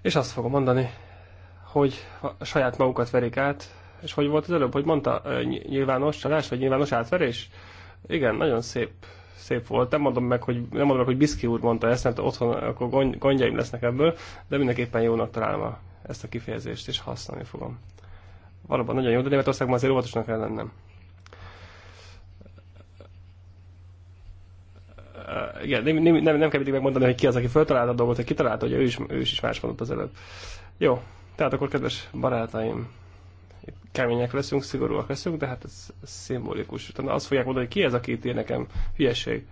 És azt fogom mondani, hogy a saját magukat verik át, és hogy volt az előbb, hogy mondta nyilvános csalás, vagy nyilvános átverés? Igen, nagyon szép szép volt. Nem mondom meg, hogy, nem mondom meg, hogy Biszki úr mondta ezt, mert otthon akkor gondjaim lesznek ebből, de mindenképpen jónak találom a, ezt a kifejezést, és használni fogom. Valóban nagyon jó, de Németországban azért óvatosnak kell lennem. igen, nem, nem, nem, nem kell mindig megmondani, hogy ki az, aki föltalálta a dolgot, hogy kitalálta, hogy ő is, ő is, is más mondott az előbb. Jó, tehát akkor kedves barátaim, kemények leszünk, szigorúak leszünk, de hát ez, ez szimbolikus. Utána azt fogják mondani, hogy ki ez, aki ír nekem hülyeség.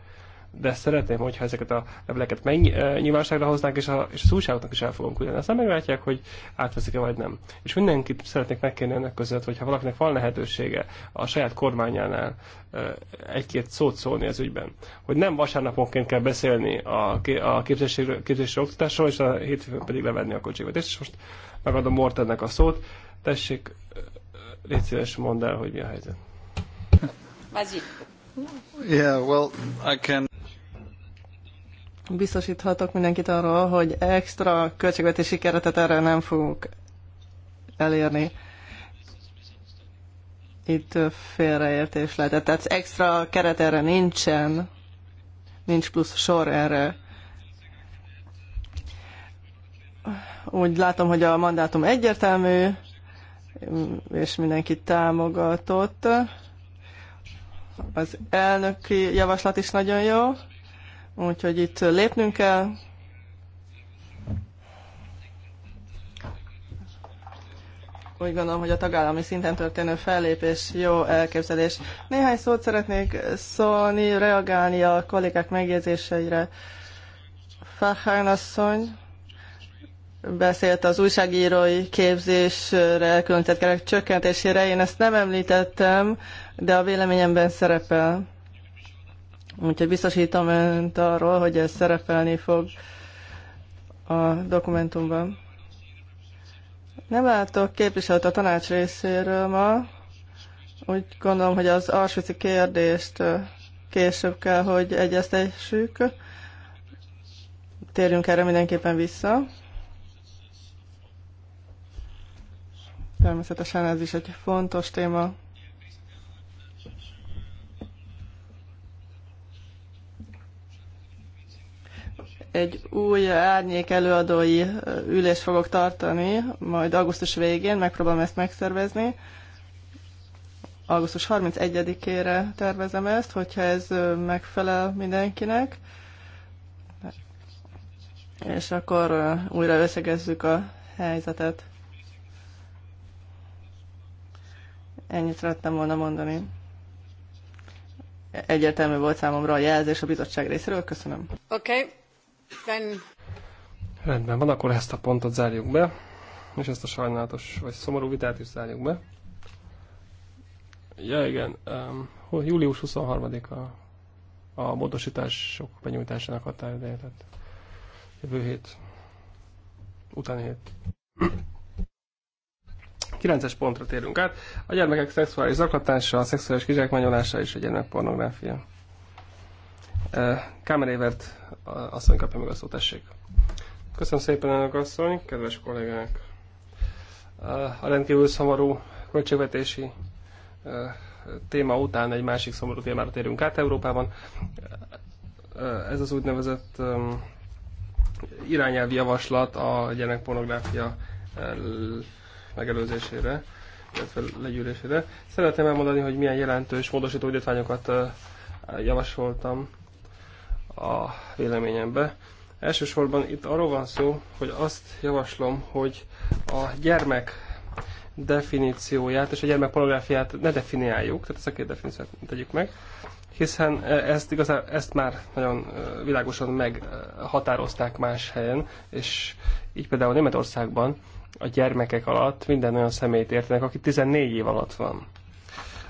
De szeretném, hogyha ezeket a leveleket e, nyilvánosságra hoznánk, és a, és a újságoknak is el fogunk küldeni. Aztán meglátják, hogy átveszik-e vagy nem. És mindenkit szeretnék megkérni ennek között, hogyha valakinek van lehetősége a saját kormányánál e, egy-két szót szólni az ügyben, hogy nem vasárnaponként kell beszélni a, a képzésre oktatásról, és a hétfőn pedig levenni a kocsikat. És most megadom Mortennek a szót. Tessék, légy szíves, mondd el, hogy mi a helyzet. Yeah, well, I can... Biztosíthatok mindenkit arról, hogy extra költségvetési keretet erre nem fogunk elérni. Itt félreértés lehetett. Tehát extra keret erre nincsen, nincs plusz sor erre. Úgy látom, hogy a mandátum egyértelmű, és mindenki támogatott. Az elnöki javaslat is nagyon jó, úgyhogy itt lépnünk kell. Úgy gondolom, hogy a tagállami szinten történő fellépés jó elképzelés. Néhány szót szeretnék szólni, reagálni a kollégák megjegyzéseire. Fahán asszony beszélt az újságírói képzésre elkülönített kerek csökkentésére. Én ezt nem említettem, de a véleményemben szerepel. Úgyhogy biztosítom önt arról, hogy ez szerepelni fog a dokumentumban. Nem látok képviselőt a tanács részéről ma. Úgy gondolom, hogy az alsóci kérdést később kell, hogy egyeztessük. Térjünk erre mindenképpen vissza. Természetesen ez is egy fontos téma. Egy új árnyék előadói ülést fogok tartani, majd augusztus végén megpróbálom ezt megszervezni. Augusztus 31-ére tervezem ezt, hogyha ez megfelel mindenkinek és akkor újra összegezzük a helyzetet. Ennyit szerettem volna mondani. Egyértelmű volt számomra a jelzés a bizottság részéről. Köszönöm. Oké. Okay. Then... Rendben van, akkor ezt a pontot zárjuk be, és ezt a sajnálatos vagy szomorú vitát is zárjuk be. Ja, igen. Um, július 23-a a módosítások benyújtásának határideje, tehát jövő hét, utáni hét. 9-es pontra térünk át. A gyermekek szexuális zaklatása, a szexuális kizsákmányolása és a gyermekpornográfia. Kámerévert asszony kapja meg a szót, tessék. Köszönöm szépen, elnök asszony, kedves kollégák! A rendkívül szomorú költségvetési téma után egy másik szomorú témára térünk át Európában. Ez az úgynevezett irányelvi javaslat a gyermekpornográfia megelőzésére, illetve legyűlésére. Szeretném elmondani, hogy milyen jelentős módosító ügyetványokat javasoltam a véleményembe. Elsősorban itt arról van szó, hogy azt javaslom, hogy a gyermek definícióját és a gyermek pornográfiát ne definiáljuk, tehát ezt a két definíciót tegyük meg, hiszen ezt, igazán, ezt már nagyon világosan meghatározták más helyen, és így például Németországban a gyermekek alatt minden olyan személyt értenek, aki 14 év alatt van.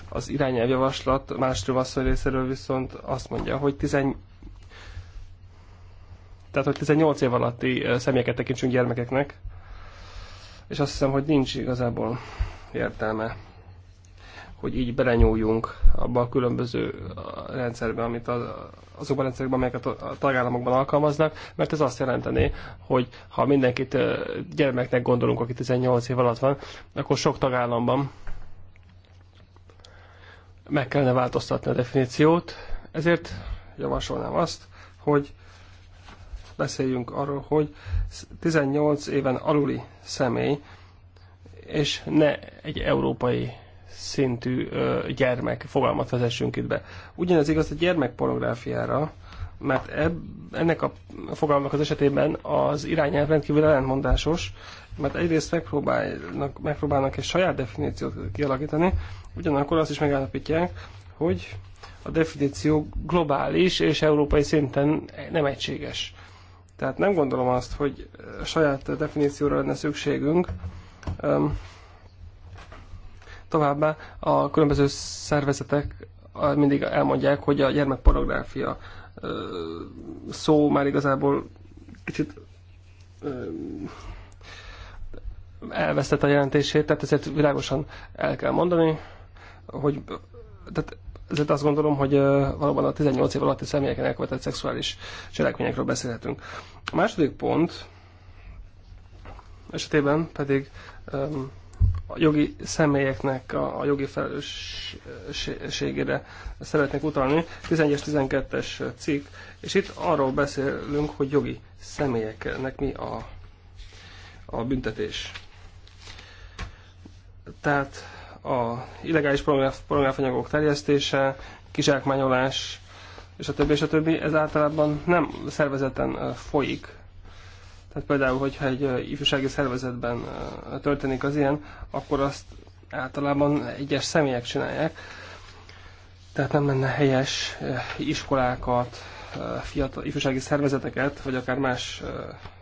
Az irányelvjavaslat másról asszony részéről viszont azt mondja, hogy 10, tehát, hogy 18 év alatti személyeket tekintsünk gyermekeknek, és azt hiszem, hogy nincs igazából értelme hogy így belenyúljunk abba a különböző rendszerbe, amit az, azokban a rendszerekben, amelyeket a tagállamokban alkalmaznak, mert ez azt jelentené, hogy ha mindenkit gyermeknek gondolunk, aki 18 év alatt van, akkor sok tagállamban meg kellene változtatni a definíciót, ezért javasolnám azt, hogy beszéljünk arról, hogy 18 éven aluli személy, és ne egy európai szintű gyermek fogalmat vezessünk itt be. Ugyanez igaz a gyermekpornográfiára, mert eb, ennek a fogalmak az esetében az irányelv rendkívül ellentmondásos, mert egyrészt megpróbálnak, megpróbálnak egy saját definíciót kialakítani, ugyanakkor azt is megállapítják, hogy a definíció globális és európai szinten nem egységes. Tehát nem gondolom azt, hogy a saját definícióra lenne szükségünk. Um, Továbbá a különböző szervezetek mindig elmondják, hogy a gyermekpornográfia szó már igazából kicsit elvesztett a jelentését, tehát ezért világosan el kell mondani, hogy tehát ezért azt gondolom, hogy valóban a 18 év alatti személyeken elkövetett szexuális cselekményekről beszélhetünk. A második pont esetében pedig um, a jogi személyeknek a, a jogi felelősségére szeretnék utalni. 11-es, 12-es cikk, és itt arról beszélünk, hogy jogi személyeknek mi a, a büntetés. Tehát a illegális programjáfanyagok terjesztése, kizsákmányolás, és a többi, és a többi, ez általában nem szervezeten folyik, tehát például, hogyha egy ifjúsági szervezetben történik az ilyen, akkor azt általában egyes személyek csinálják. Tehát nem lenne helyes iskolákat, fiatal ifjúsági szervezeteket, vagy akár más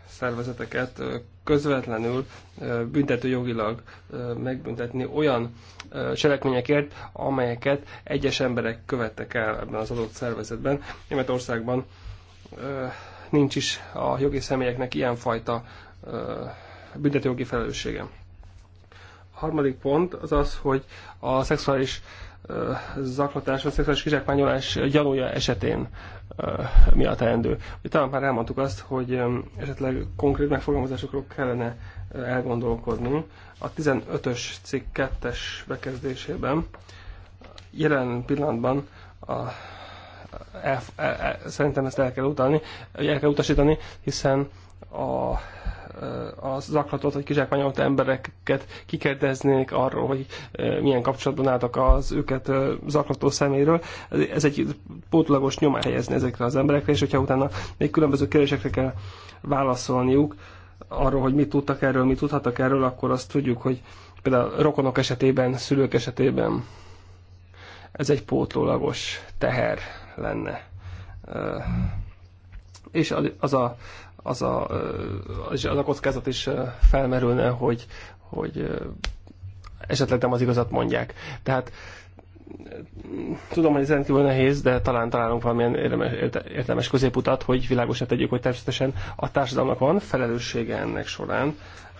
szervezeteket közvetlenül büntető jogilag megbüntetni olyan cselekményekért, amelyeket egyes emberek követtek el ebben az adott szervezetben. Németországban nincs is a jogi személyeknek ilyenfajta büntetőjogi felelőssége. A harmadik pont az az, hogy a szexuális zaklatás, vagy szexuális kizsákmányolás gyanúja esetén mi a teendő. Talán már elmondtuk azt, hogy esetleg konkrét megfogalmazásokról kellene elgondolkodni. A 15-ös cikk 2-es bekezdésében jelen pillanatban a el, el, el, szerintem ezt el kell utalni, el kell utasítani, hiszen a, e, a zaklatott vagy kizsákmányolt embereket kikérdeznék arról, hogy e, milyen kapcsolatban álltak az őket e, zaklató szeméről. Ez egy pótlagos nyomá helyezni ezekre az emberekre, és hogyha utána még különböző kérdésekre kell válaszolniuk, arról, hogy mit tudtak erről, mit tudhattak erről, akkor azt tudjuk, hogy például rokonok esetében, szülők esetében ez egy pótlólagos teher lenne. És az a, az a, az a kockázat is felmerülne, hogy, hogy esetleg nem az igazat mondják. Tehát tudom, hogy ez rendkívül nehéz, de talán találunk valamilyen érdemes, értelmes középutat, hogy világosan tegyük, hogy természetesen a társadalomnak van felelőssége ennek során,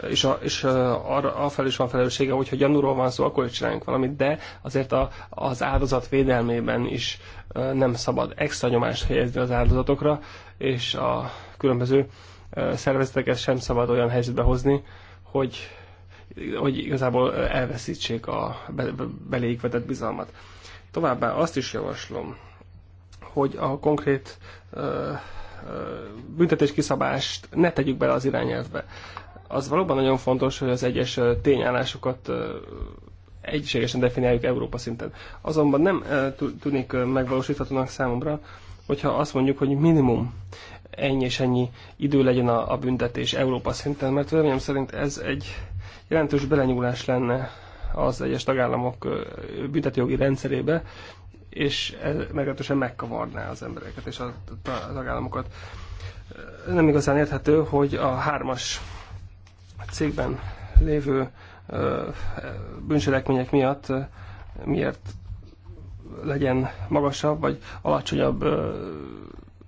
és, a, és arra, fel is van felelőssége, hogyha gyanúról van szó, akkor csináljunk valamit, de azért a, az áldozat védelmében is nem szabad extra nyomást helyezni az áldozatokra, és a különböző szervezeteket sem szabad olyan helyzetbe hozni, hogy hogy igazából elveszítsék a beléjük vetett bizalmat. Továbbá azt is javaslom, hogy a konkrét büntetés kiszabást ne tegyük bele az irányelvbe. Az valóban nagyon fontos, hogy az egyes tényállásokat egységesen definiáljuk Európa szinten. Azonban nem tűnik megvalósíthatónak számomra, hogyha azt mondjuk, hogy minimum ennyi és ennyi idő legyen a, a büntetés Európa szinten, mert véleményem szerint ez egy jelentős belenyúlás lenne az egyes tagállamok büntetőjogi rendszerébe, és ez meglehetősen megkavarná az embereket és a tagállamokat. Nem igazán érthető, hogy a hármas cégben lévő bűncselekmények miatt miért legyen magasabb vagy alacsonyabb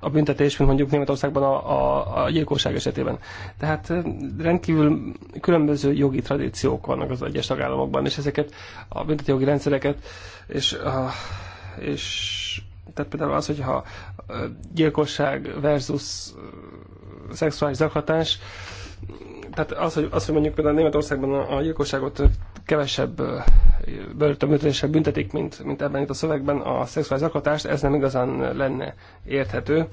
a büntetés, mint mondjuk Németországban a, a, a gyilkosság esetében. Tehát rendkívül különböző jogi tradíciók vannak az egyes tagállamokban, és ezeket a büntető jogi rendszereket, és, a, és tehát például az, hogyha gyilkosság versus szexuális zaklatás, tehát az, hogy, az, hogy mondjuk például Németországban a, a gyilkosságot kevesebb börtönbüntetéssel büntetik, mint, mint ebben itt a szövegben a szexuális zaklatást, ez nem igazán lenne érthető.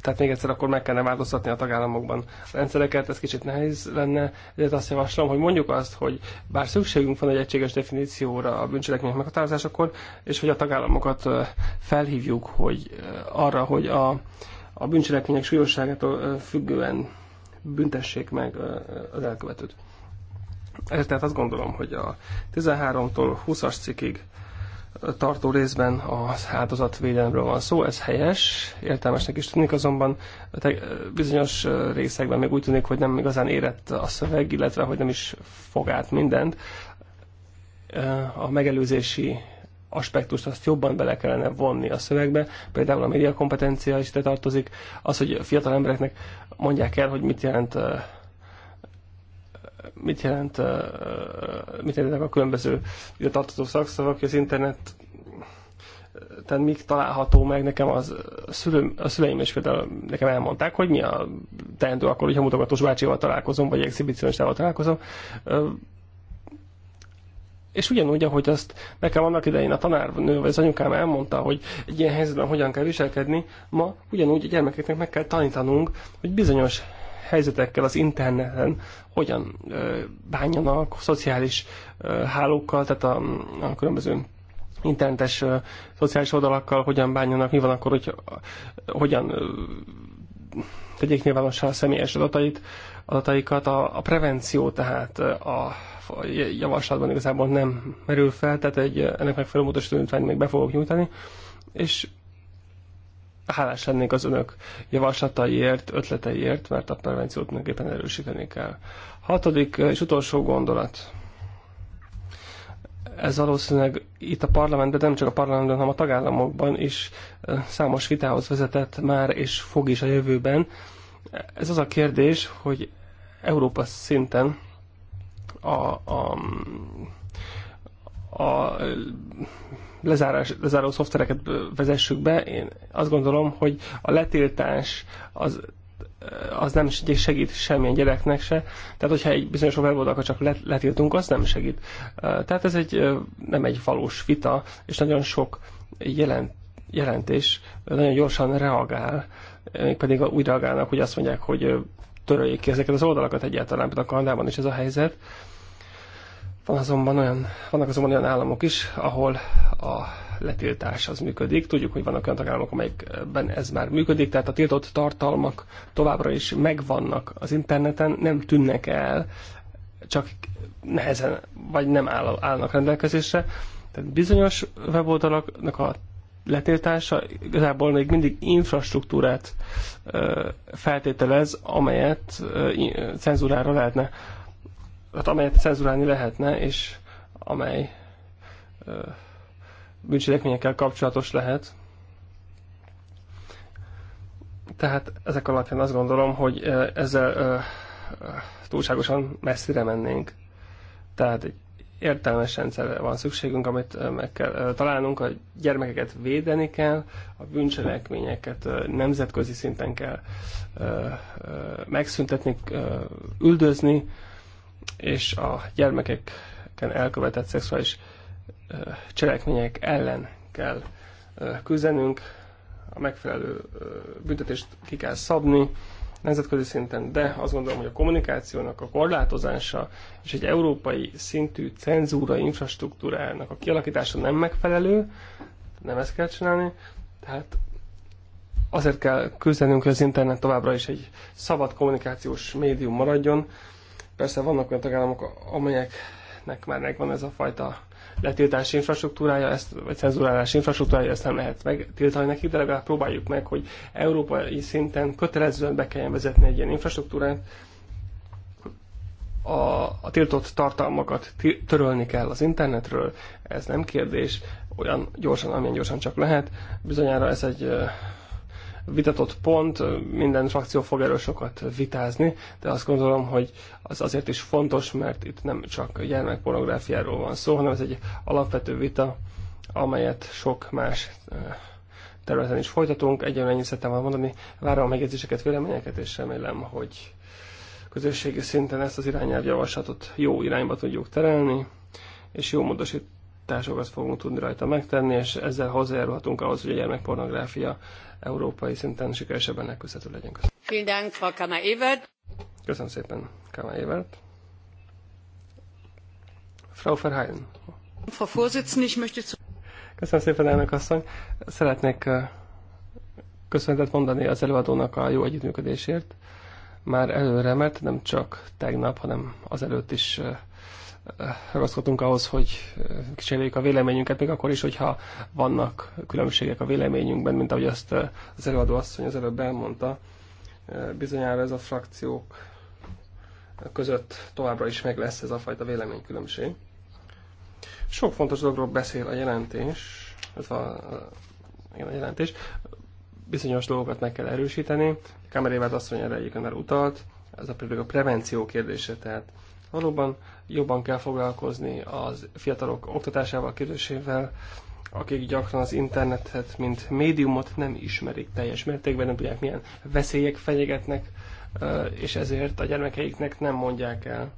Tehát még egyszer akkor meg kellene változtatni a tagállamokban a rendszereket, ez kicsit nehéz lenne, ezért hát azt javaslom, hogy mondjuk azt, hogy bár szükségünk van egy egységes definícióra a bűncselekmények meghatározásakor, és hogy a tagállamokat felhívjuk hogy arra, hogy a, a bűncselekmények súlyosságától függően büntessék meg az elkövetőt. Ezért tehát azt gondolom, hogy a 13-tól 20-as cikig tartó részben az áldozatvédelemről van szó, ez helyes, értelmesnek is tűnik, azonban bizonyos részekben még úgy tűnik, hogy nem igazán érett a szöveg, illetve hogy nem is fog át mindent. A megelőzési aspektust azt jobban bele kellene vonni a szövegbe, például a média kompetencia is ide tartozik, az, hogy a fiatal embereknek mondják el, hogy mit jelent mit jelent mit jelentek a különböző tartozó szakszavak, az internet tehát mik található meg nekem az szülőm, a szüleim is például nekem elmondták, hogy mi a teendő akkor, hogyha mutogatós bácsival találkozom, vagy exhibicionistával találkozom. És ugyanúgy, ahogy azt nekem annak idején a tanárnő vagy az anyukám elmondta, hogy egy ilyen helyzetben hogyan kell viselkedni, ma ugyanúgy a gyermekeknek meg kell tanítanunk, hogy bizonyos helyzetekkel az interneten hogyan ö, bánjanak, szociális hálókkal, tehát a, a különböző internetes szociális oldalakkal hogyan bánjanak, mi van akkor, hogy hogyan tegyék nyilvánossá a személyes adatait, adataikat, a, a prevenció, tehát a javaslatban igazából nem merül fel, tehát egy, ennek megfelelő módosító indítványt még be fogok nyújtani, és hálás lennék az önök javaslataiért, ötleteiért, mert a prevenciót mindenképpen erősíteni kell. Hatodik eh, és utolsó gondolat. Ez valószínűleg itt a parlamentben, nem csak a parlamentben, hanem a tagállamokban is eh, számos vitához vezetett már, és fog is a jövőben. Ez az a kérdés, hogy Európa szinten a, a a lezárás, lezáró szoftvereket vezessük be, én azt gondolom, hogy a letiltás az, az nem segít semmilyen gyereknek se. Tehát, hogyha egy bizonyos weboldalakat csak letiltunk, az nem segít. Tehát ez egy, nem egy valós vita, és nagyon sok jelent, jelentés nagyon gyorsan reagál, még pedig úgy reagálnak, hogy azt mondják, hogy töröljék ki ezeket az oldalakat egyáltalán, például a Kanadában is ez a helyzet van azonban olyan, vannak azonban olyan államok is, ahol a letiltás az működik. Tudjuk, hogy vannak olyan tagállamok, amelyekben ez már működik, tehát a tiltott tartalmak továbbra is megvannak az interneten, nem tűnnek el, csak nehezen, vagy nem áll, állnak rendelkezésre. Tehát bizonyos weboldalaknak a letiltása igazából még mindig infrastruktúrát feltételez, amelyet cenzúrára lehetne hát amelyet cenzurálni lehetne, és amely bűncselekményekkel kapcsolatos lehet. Tehát ezek alapján azt gondolom, hogy ezzel túlságosan messzire mennénk. Tehát egy értelmes rendszerre van szükségünk, amit meg kell találnunk, a gyermekeket védeni kell, a bűncselekményeket nemzetközi szinten kell megszüntetni, üldözni, és a gyermekeken elkövetett szexuális cselekmények ellen kell küzdenünk, a megfelelő büntetést ki kell szabni nemzetközi szinten, de azt gondolom, hogy a kommunikációnak a korlátozása és egy európai szintű cenzúra infrastruktúrának a kialakítása nem megfelelő, nem ezt kell csinálni, tehát azért kell küzdenünk, hogy az internet továbbra is egy szabad kommunikációs médium maradjon, Persze vannak olyan tagállamok, amelyeknek már megvan ez a fajta letiltási infrastruktúrája, ezt, vagy cenzurálási infrastruktúrája, ezt nem lehet megtiltani nekik, de legalább próbáljuk meg, hogy európai szinten kötelezően be kelljen vezetni egy ilyen infrastruktúrát, a, a tiltott tartalmakat törölni kell az internetről, ez nem kérdés, olyan gyorsan, amilyen gyorsan csak lehet. Bizonyára ez egy vitatott pont, minden frakció fog erről sokat vitázni, de azt gondolom, hogy az azért is fontos, mert itt nem csak gyermekpornográfiáról van szó, hanem ez egy alapvető vita, amelyet sok más területen is folytatunk. Egyelőre ennyit szerettem van mondani, várom a megjegyzéseket, véleményeket, és remélem, hogy közösségi szinten ezt az irányelvjavaslatot jó irányba tudjuk terelni, és jó módosít tásokat fogunk tudni rajta megtenni, és ezzel hozzájárulhatunk ahhoz, hogy a gyermekpornográfia európai szinten sikeresebben elküzdhető legyen. Köszönöm, Köszönöm szépen, Kama Evert. Frau Verheyen. Frau Vorsitzende, ich möchte zu... Köszönöm szépen, elnök asszony. Szeretnék köszönetet mondani az előadónak a jó együttműködésért. Már előre, mert nem csak tegnap, hanem azelőtt is ragaszkodunk ahhoz, hogy eh, kicseréljük a véleményünket, még akkor is, hogyha vannak különbségek a véleményünkben, mint ahogy azt eh, az előadó asszony az előbb elmondta. Eh, bizonyára ez a frakciók között továbbra is meg lesz ez a fajta véleménykülönbség. Sok fontos dologról beszél a jelentés, ez a, igen, a jelentés. Bizonyos dolgokat meg kell erősíteni. Kamerévát asszony erre egyébként már utalt, ez a például a prevenció kérdése, tehát Valóban jobban kell foglalkozni az fiatalok oktatásával, képzésével, akik gyakran az internetet, mint médiumot nem ismerik teljes mértékben, nem tudják milyen veszélyek fenyegetnek, és ezért a gyermekeiknek nem mondják el,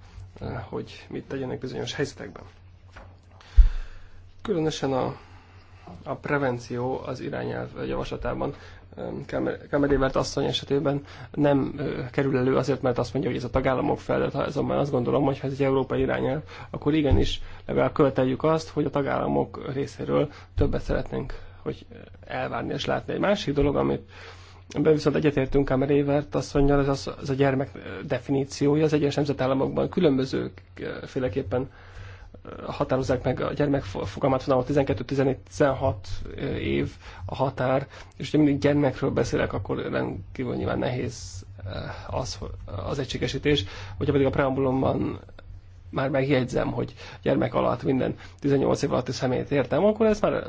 hogy mit tegyenek bizonyos helyzetekben. Különösen a, a prevenció az irányelv javaslatában Kamerévert asszony esetében nem kerül elő azért, mert azt mondja, hogy ez a tagállamok feladat, azonban azt gondolom, hogy ha ez egy európai irányel, akkor igenis legalább követeljük azt, hogy a tagállamok részéről többet szeretnénk hogy elvárni és látni. Egy másik dolog, amit Ebben viszont egyetértünk Kamer Évert mondja, az, az a gyermek definíciója az egyes nemzetállamokban különbözőféleképpen határozzák meg a gyermek fogalmát, fogalmat 12-16 év a határ, és ugye mindig gyermekről beszélek, akkor rendkívül nyilván nehéz az, az egységesítés, hogyha pedig a preambulumban már megjegyzem, hogy gyermek alatt minden 18 év alatti személyt értem, akkor ezt már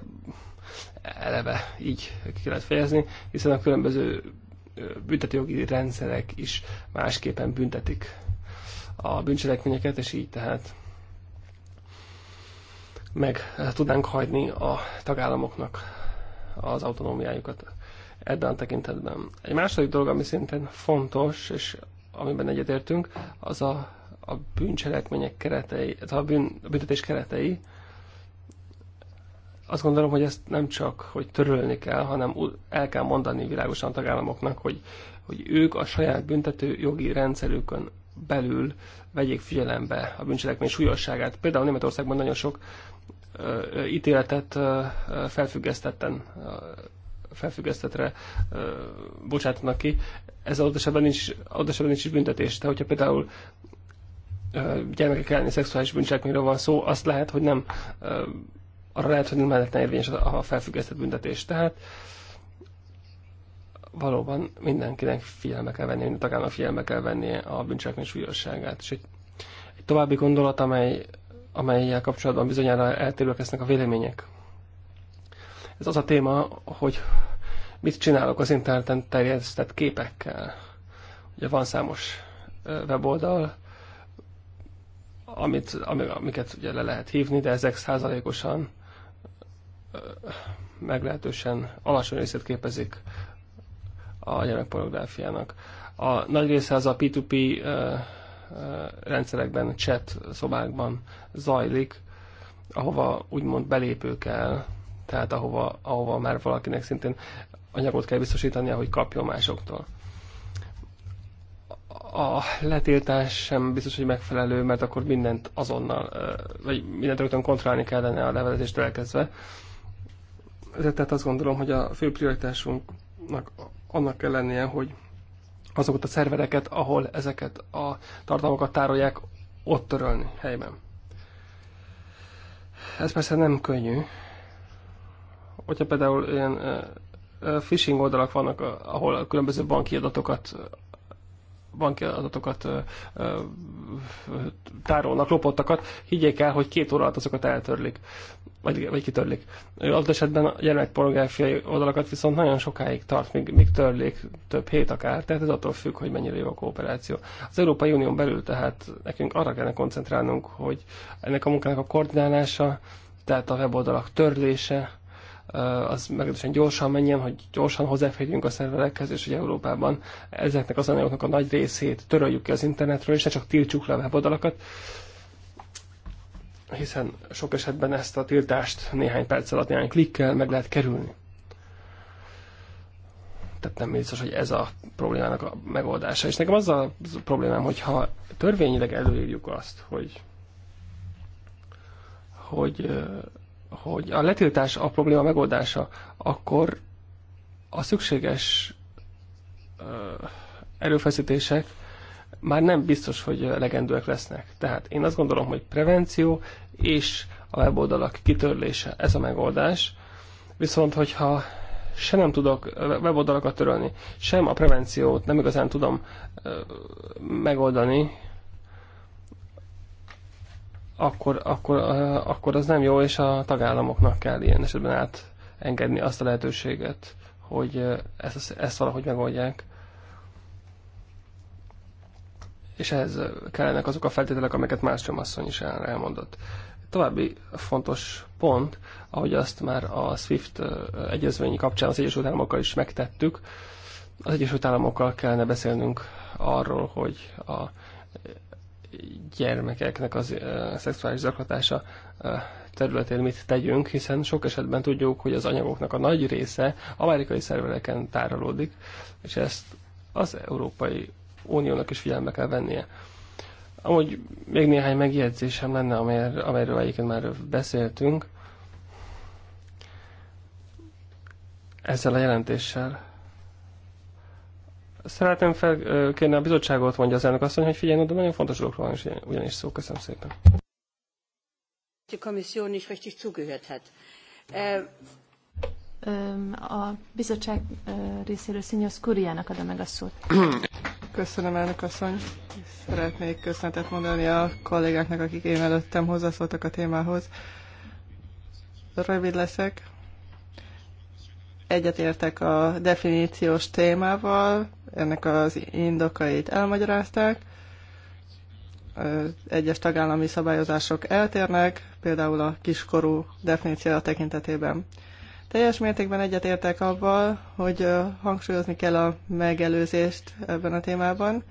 eleve így ki lehet fejezni, hiszen a különböző büntetőjogi rendszerek is másképpen büntetik a bűncselekményeket, és így tehát meg tudnánk hagyni a tagállamoknak az autonómiájukat ebben a tekintetben. Egy második dolog, ami szintén fontos, és amiben egyetértünk, az a, a bűncselekmények keretei, a, bűn, a büntetés keretei. Azt gondolom, hogy ezt nem csak, hogy törölni kell, hanem el kell mondani világosan a tagállamoknak, hogy, hogy ők a saját büntető jogi rendszerükön belül vegyék figyelembe a bűncselekmény súlyosságát. Például Németországban nagyon sok ö, ítéletet ö, felfüggesztetten felfüggesztetre ö, bocsátanak ki. Ez adott esetben nincs, adott esetben nincs is büntetés. Tehát, hogyha például ö, gyermekek elleni szexuális bűncselekményről van szó, azt lehet, hogy nem ö, arra lehet, hogy nem lehetne érvényes a felfüggesztett büntetés. Tehát ö, valóban mindenkinek figyelme kell venni, minden tagának figyelme kell venni a bűncselekmény súlyosságát. És egy, egy további gondolat, amely, amelyel kapcsolatban bizonyára eltérőek lesznek a vélemények. Ez az a téma, hogy mit csinálok az interneten terjesztett képekkel. Ugye van számos weboldal, amit, amiket ugye le lehet hívni, de ezek százalékosan meglehetősen alacsony részét képezik a gyermekpornográfiának. A nagy része az a P2P rendszerekben, chat szobákban zajlik, ahova úgymond belépő kell, tehát ahova, ahova már valakinek szintén anyagot kell biztosítania, hogy kapjon másoktól. A letiltás sem biztos, hogy megfelelő, mert akkor mindent azonnal, vagy mindent rögtön kontrollálni kellene a levelezést elkezdve. Ezért tehát azt gondolom, hogy a fő prioritásunknak annak ellenére, hogy azokat a szervereket, ahol ezeket a tartalmakat tárolják, ott törölni helyben. Ez persze nem könnyű. Hogyha például ilyen phishing oldalak vannak, ahol a különböző banki adatokat banki adatokat tárolnak, lopottakat, higgyék el, hogy két óra alatt azokat eltörlik, vagy, vagy kitörlik. Az esetben a gyermekpornográfiai oldalakat viszont nagyon sokáig tart, míg, míg törlik, több hét akár, tehát ez attól függ, hogy mennyire jó a kooperáció. Az Európai Unión belül tehát nekünk arra kellene koncentrálnunk, hogy ennek a munkának a koordinálása, tehát a weboldalak törlése, az meglehetősen gyorsan menjen, hogy gyorsan hozzáférjünk a szerverekhez, és hogy Európában ezeknek az anyagoknak a nagy részét töröljük ki az internetről, és ne csak tiltsuk le a weboldalakat, hiszen sok esetben ezt a tiltást néhány perc alatt, néhány klikkel meg lehet kerülni. Tehát nem biztos, hogy ez a problémának a megoldása. És nekem az a problémám, hogyha törvényileg előírjuk azt, hogy hogy hogy a letiltás a probléma megoldása, akkor a szükséges erőfeszítések már nem biztos, hogy legendőek lesznek. Tehát én azt gondolom, hogy prevenció és a weboldalak kitörlése, ez a megoldás. Viszont, hogyha se nem tudok weboldalakat törölni, sem a prevenciót nem igazán tudom megoldani, akkor, akkor, akkor az nem jó, és a tagállamoknak kell ilyen esetben átengedni azt a lehetőséget, hogy ezt, ezt valahogy megoldják. És ehhez kellenek azok a feltételek, amiket más csomasszony is elmondott. További fontos pont, ahogy azt már a SWIFT egyezményi kapcsán az Egyesült Államokkal is megtettük, az Egyesült Államokkal kellene beszélnünk arról, hogy a gyermekeknek az uh, szexuális zaklatása uh, területén mit tegyünk, hiszen sok esetben tudjuk, hogy az anyagoknak a nagy része amerikai szervereken tárolódik, és ezt az Európai Uniónak is figyelme kell vennie. Amúgy még néhány megjegyzésem lenne, amelyről, amelyről egyébként már beszéltünk. Ezzel a jelentéssel Szeretném felkérni a bizottságot, mondja az elnök asszony, hogy figyeljen oda, nagyon fontos dologról van ugyanis szó. Köszönöm szépen. Äh, a bizottság részéről Szinyos Kuriának adom meg a szót. Köszönöm, elnök asszony. Szeretnék köszönetet mondani a kollégáknak, akik én előttem hozzászóltak a témához. Rövid leszek. Egyetértek a definíciós témával ennek az indokait elmagyarázták. Egyes tagállami szabályozások eltérnek, például a kiskorú definíciója tekintetében. Teljes mértékben egyetértek abban, hogy hangsúlyozni kell a megelőzést ebben a témában.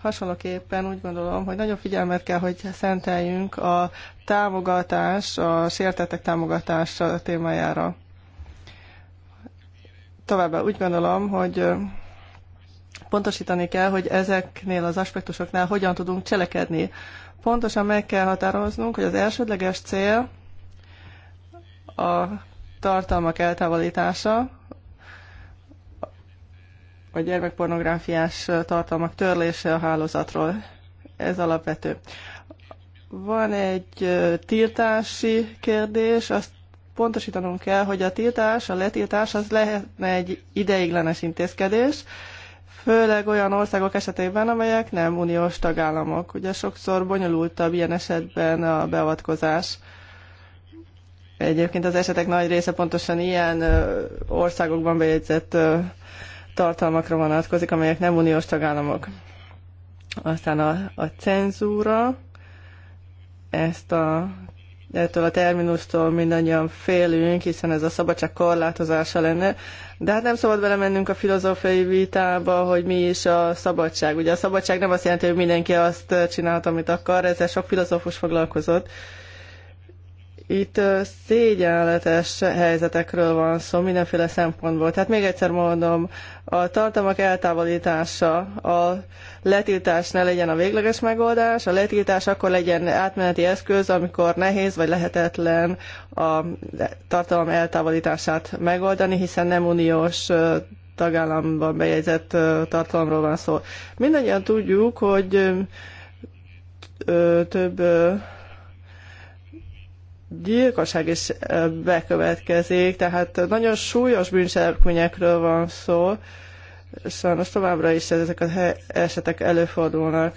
Hasonlóképpen úgy gondolom, hogy nagyobb figyelmet kell, hogy szenteljünk a támogatás, a sértettek támogatása témájára. Továbbá úgy gondolom, hogy pontosítani kell, hogy ezeknél az aspektusoknál hogyan tudunk cselekedni. Pontosan meg kell határoznunk, hogy az elsődleges cél a tartalmak eltávolítása, a gyermekpornográfiás tartalmak törlése a hálózatról. Ez alapvető. Van egy tiltási kérdés, azt pontosítanunk kell, hogy a tiltás, a letiltás az lehetne egy ideiglenes intézkedés, főleg olyan országok esetében, amelyek nem uniós tagállamok. Ugye sokszor bonyolultabb ilyen esetben a beavatkozás. Egyébként az esetek nagy része pontosan ilyen országokban bejegyzett tartalmakra vonatkozik, amelyek nem uniós tagállamok. Aztán a, a cenzúra, ezt a ettől a terminustól mindannyian félünk, hiszen ez a szabadság korlátozása lenne. De hát nem szabad belemennünk a filozófiai vitába, hogy mi is a szabadság. Ugye a szabadság nem azt jelenti, hogy mindenki azt csinálhat, amit akar, ezzel sok filozófus foglalkozott. Itt szégyenletes helyzetekről van szó mindenféle szempontból. Tehát még egyszer mondom, a tartalmak eltávolítása, a letiltás ne legyen a végleges megoldás, a letiltás akkor legyen átmeneti eszköz, amikor nehéz vagy lehetetlen a tartalom eltávolítását megoldani, hiszen nem uniós tagállamban bejegyzett tartalomról van szó. Mindannyian tudjuk, hogy több gyilkosság is bekövetkezik, tehát nagyon súlyos bűncselekményekről van szó, sajnos továbbra is ezek az esetek előfordulnak.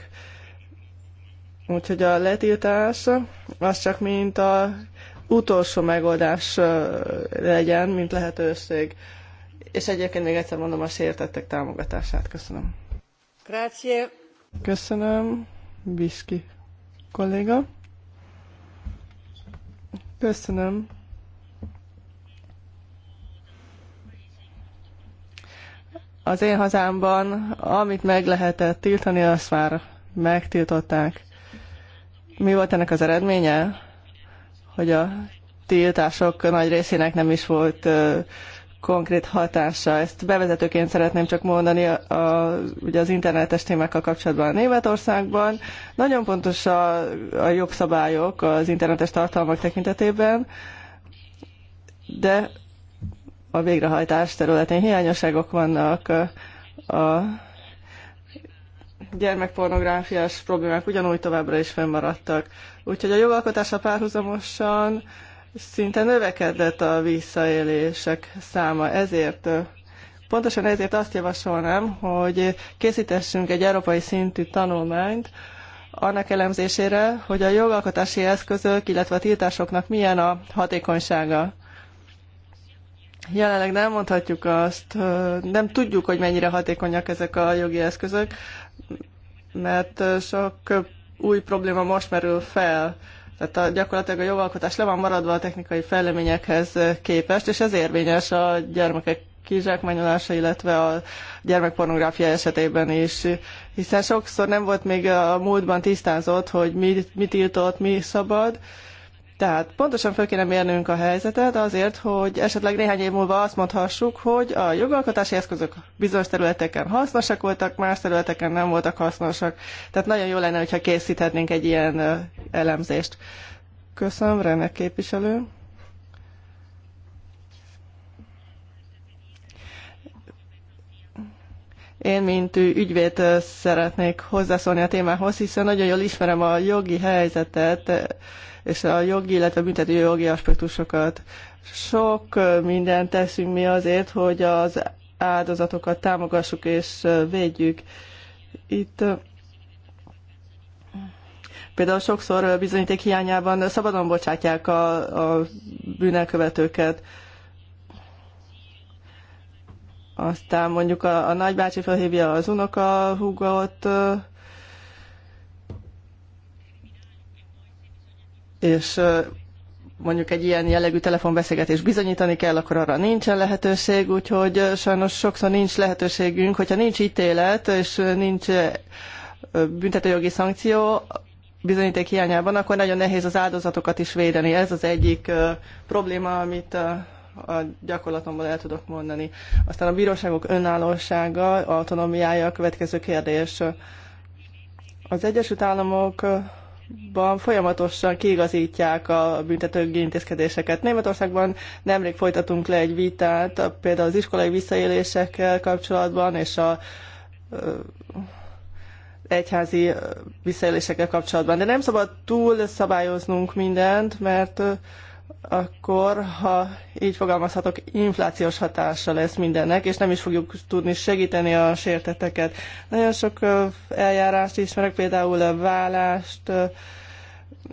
Úgyhogy a letiltás az csak mint a utolsó megoldás legyen, mint lehetőség. És egyébként még egyszer mondom a sértettek támogatását. Köszönöm. Grazie. Köszönöm. Biszki kolléga. Köszönöm. Az én hazámban, amit meg lehetett tiltani, azt már megtiltották. Mi volt ennek az eredménye? Hogy a tiltások nagy részének nem is volt konkrét hatása. Ezt bevezetőként szeretném csak mondani a, a, ugye az internetes témákkal kapcsolatban a Németországban. Nagyon pontos a, a jogszabályok az internetes tartalmak tekintetében, de a végrehajtás területén hiányosságok vannak. A gyermekpornográfiás problémák ugyanúgy továbbra is fennmaradtak. Úgyhogy a jogalkotása párhuzamosan szinte növekedett a visszaélések száma. Ezért Pontosan ezért azt javasolnám, hogy készítessünk egy európai szintű tanulmányt annak elemzésére, hogy a jogalkotási eszközök, illetve a tiltásoknak milyen a hatékonysága. Jelenleg nem mondhatjuk azt, nem tudjuk, hogy mennyire hatékonyak ezek a jogi eszközök, mert sok új probléma most merül fel tehát a, gyakorlatilag a jogalkotás le van maradva a technikai fejleményekhez eh, képest, és ez érvényes a gyermekek kizsákmányolása, illetve a gyermekpornográfia esetében is. Hiszen sokszor nem volt még a múltban tisztázott, hogy mi, mi tiltott, mi szabad, tehát pontosan fel kéne mérnünk a helyzetet azért, hogy esetleg néhány év múlva azt mondhassuk, hogy a jogalkotási eszközök bizonyos területeken hasznosak voltak, más területeken nem voltak hasznosak. Tehát nagyon jó lenne, hogyha készíthetnénk egy ilyen elemzést. Köszönöm, Renek képviselő. Én, mint ügyvéd szeretnék hozzászólni a témához, hiszen nagyon jól ismerem a jogi helyzetet, és a jogi, illetve büntető jogi aspektusokat. Sok mindent teszünk mi azért, hogy az áldozatokat támogassuk és védjük. Itt például sokszor bizonyíték hiányában szabadon bocsátják a, a bűnelkövetőket. Aztán mondjuk a, a nagybácsi felhívja az unoka húgot, és mondjuk egy ilyen jellegű telefonbeszélgetés bizonyítani kell, akkor arra nincsen lehetőség, úgyhogy sajnos sokszor nincs lehetőségünk, hogyha nincs ítélet, és nincs büntetőjogi szankció, bizonyíték hiányában, akkor nagyon nehéz az áldozatokat is védeni. Ez az egyik probléma, amit a gyakorlatomból el tudok mondani. Aztán a bíróságok önállósága, autonómiája a következő kérdés. Az Egyesült Államok Ban folyamatosan kiigazítják a büntetőgi intézkedéseket. Németországban nemrég folytatunk le egy vitát, például az iskolai visszaélésekkel kapcsolatban, és a egyházi visszaélésekkel kapcsolatban. De nem szabad túl szabályoznunk mindent, mert akkor, ha így fogalmazhatok, inflációs hatása lesz mindennek, és nem is fogjuk tudni segíteni a sérteteket. Nagyon sok eljárást ismerek, például a vállást,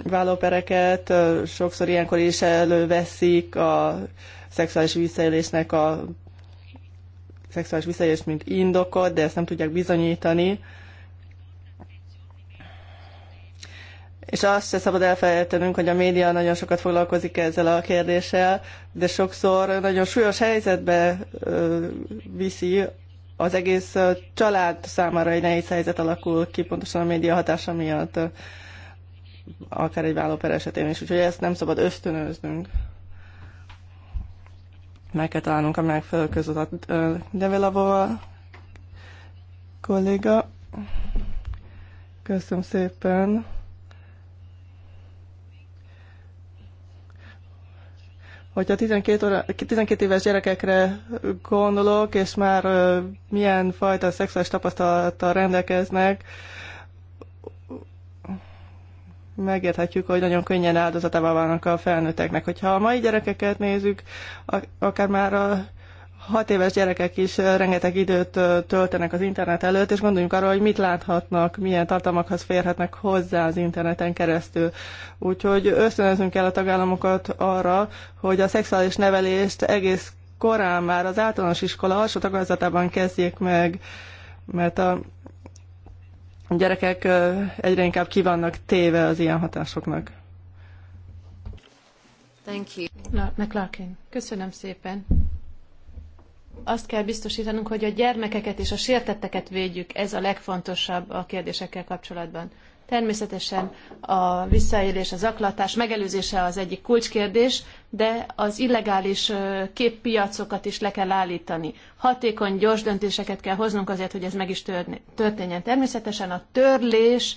vállópereket, sokszor ilyenkor is előveszik a szexuális visszaélésnek a szexuális visszaélés, mint indokot, de ezt nem tudják bizonyítani És azt se szabad elfelejtenünk, hogy a média nagyon sokat foglalkozik ezzel a kérdéssel, de sokszor nagyon súlyos helyzetbe viszi az egész család számára egy nehéz helyzet alakul ki, pontosan a média hatása miatt, akár egy vállóper esetén is. Úgyhogy ezt nem szabad ösztönöznünk. Meg kell találnunk a megfelelő között a Develavova kolléga. Köszönöm szépen. Hogyha 12, óra, 12 éves gyerekekre gondolok, és már milyen fajta szexuális tapasztalattal rendelkeznek, megérthetjük, hogy nagyon könnyen áldozatává válnak a felnőtteknek. Hogyha a mai gyerekeket nézzük, akár már a hat éves gyerekek is rengeteg időt töltenek az internet előtt, és gondoljunk arra, hogy mit láthatnak, milyen tartalmakhoz férhetnek hozzá az interneten keresztül. Úgyhogy ösztönözünk el a tagállamokat arra, hogy a szexuális nevelést egész korán már az általános iskola alsó tagozatában kezdjék meg, mert a gyerekek egyre inkább kivannak téve az ilyen hatásoknak. Thank you. Na, köszönöm szépen azt kell biztosítanunk, hogy a gyermekeket és a sértetteket védjük. Ez a legfontosabb a kérdésekkel kapcsolatban. Természetesen a visszaélés, az aklatás, megelőzése az egyik kulcskérdés, de az illegális képpiacokat is le kell állítani. Hatékony, gyors döntéseket kell hoznunk azért, hogy ez meg is történjen. Természetesen a törlés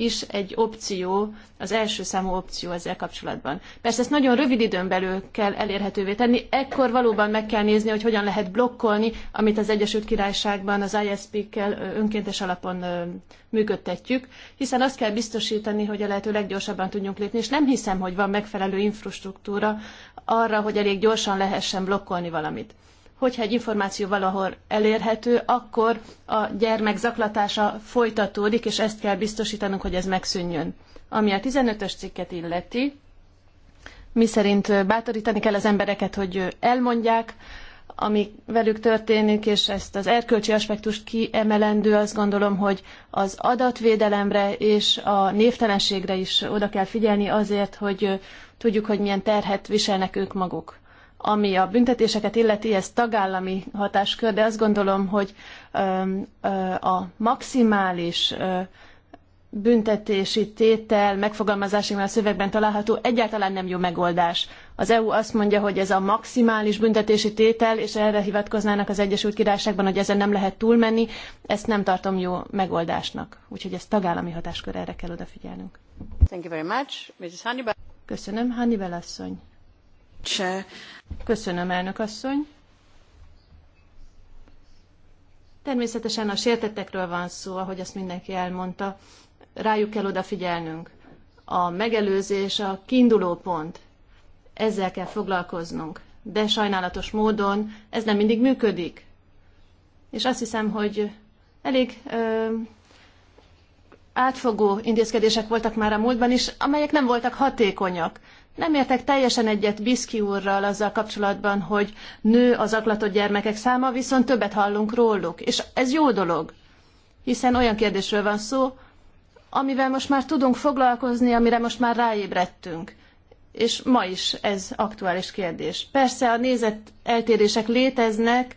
is egy opció, az első számú opció ezzel kapcsolatban. Persze ezt nagyon rövid időn belül kell elérhetővé tenni, ekkor valóban meg kell nézni, hogy hogyan lehet blokkolni, amit az Egyesült Királyságban az ISP-kkel önkéntes alapon működtetjük, hiszen azt kell biztosítani, hogy a lehető leggyorsabban tudjunk lépni, és nem hiszem, hogy van megfelelő infrastruktúra arra, hogy elég gyorsan lehessen blokkolni valamit hogyha egy információ valahol elérhető, akkor a gyermek zaklatása folytatódik, és ezt kell biztosítanunk, hogy ez megszűnjön. Ami a 15-ös cikket illeti, mi szerint bátorítani kell az embereket, hogy elmondják, ami velük történik, és ezt az erkölcsi aspektust kiemelendő, azt gondolom, hogy az adatvédelemre és a névtelenségre is oda kell figyelni azért, hogy tudjuk, hogy milyen terhet viselnek ők maguk. Ami a büntetéseket illeti, ez tagállami hatáskör, de azt gondolom, hogy a maximális büntetési tétel megfogalmazásig, mert a szövegben található, egyáltalán nem jó megoldás. Az EU azt mondja, hogy ez a maximális büntetési tétel, és erre hivatkoznának az Egyesült Királyságban, hogy ezen nem lehet túlmenni, ezt nem tartom jó megoldásnak. Úgyhogy ez tagállami hatáskör, erre kell odafigyelnünk. Thank you very much, Mrs. Köszönöm, Hannibal asszony. Se. Köszönöm, elnök asszony. Természetesen a sértettekről van szó, ahogy azt mindenki elmondta. Rájuk kell odafigyelnünk. A megelőzés a kiinduló pont. Ezzel kell foglalkoznunk. De sajnálatos módon ez nem mindig működik. És azt hiszem, hogy elég ö, átfogó intézkedések voltak már a múltban is, amelyek nem voltak hatékonyak. Nem értek teljesen egyet Biszki úrral azzal kapcsolatban, hogy nő az aklatott gyermekek száma, viszont többet hallunk róluk, és ez jó dolog, hiszen olyan kérdésről van szó, amivel most már tudunk foglalkozni, amire most már ráébredtünk. És ma is ez aktuális kérdés. Persze a nézet eltérések léteznek,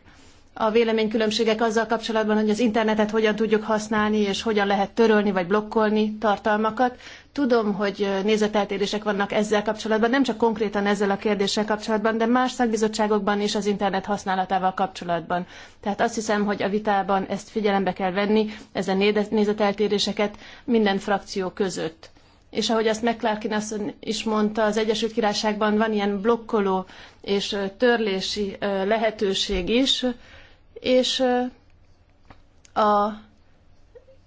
a véleménykülönbségek azzal kapcsolatban, hogy az internetet hogyan tudjuk használni, és hogyan lehet törölni vagy blokkolni tartalmakat. Tudom, hogy nézeteltérések vannak ezzel kapcsolatban, nem csak konkrétan ezzel a kérdéssel kapcsolatban, de más szakbizottságokban is az internet használatával kapcsolatban. Tehát azt hiszem, hogy a vitában ezt figyelembe kell venni, ezen nézeteltéréseket minden frakció között. És ahogy azt McClarkin is mondta, az Egyesült Királyságban van ilyen blokkoló és törlési lehetőség is, és a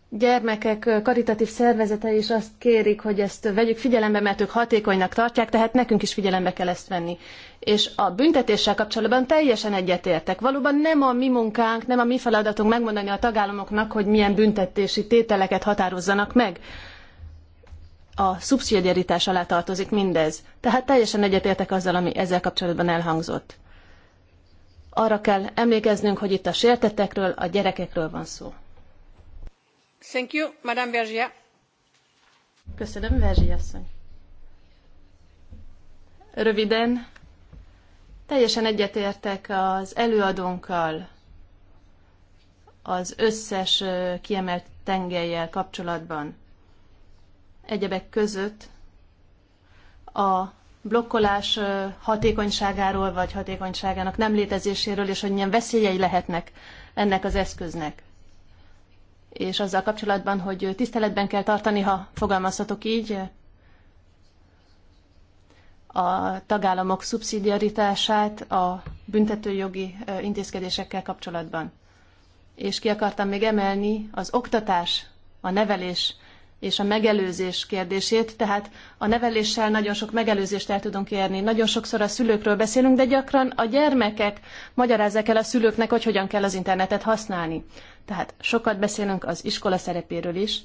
gyermekek karitatív szervezete is azt kérik, hogy ezt vegyük figyelembe, mert ők hatékonynak tartják, tehát nekünk is figyelembe kell ezt venni. És a büntetéssel kapcsolatban teljesen egyetértek. Valóban nem a mi munkánk, nem a mi feladatunk megmondani a tagállamoknak, hogy milyen büntetési tételeket határozzanak meg. A szubszidiaritás alá tartozik mindez. Tehát teljesen egyetértek azzal, ami ezzel kapcsolatban elhangzott arra kell emlékeznünk, hogy itt a sértettekről, a gyerekekről van szó. Thank you, Madame Vergia. Köszönöm, Verzsi asszony. Röviden, teljesen egyetértek az előadónkkal az összes kiemelt tengelyel kapcsolatban. Egyebek között a blokkolás hatékonyságáról vagy hatékonyságának nem létezéséről, és hogy milyen veszélyei lehetnek ennek az eszköznek. És azzal kapcsolatban, hogy tiszteletben kell tartani, ha fogalmazhatok így, a tagállamok szubszidiaritását a büntetőjogi intézkedésekkel kapcsolatban. És ki akartam még emelni az oktatás, a nevelés és a megelőzés kérdését. Tehát a neveléssel nagyon sok megelőzést el tudunk érni. Nagyon sokszor a szülőkről beszélünk, de gyakran a gyermekek magyarázzák el a szülőknek, hogy hogyan kell az internetet használni. Tehát sokat beszélünk az iskola szerepéről is,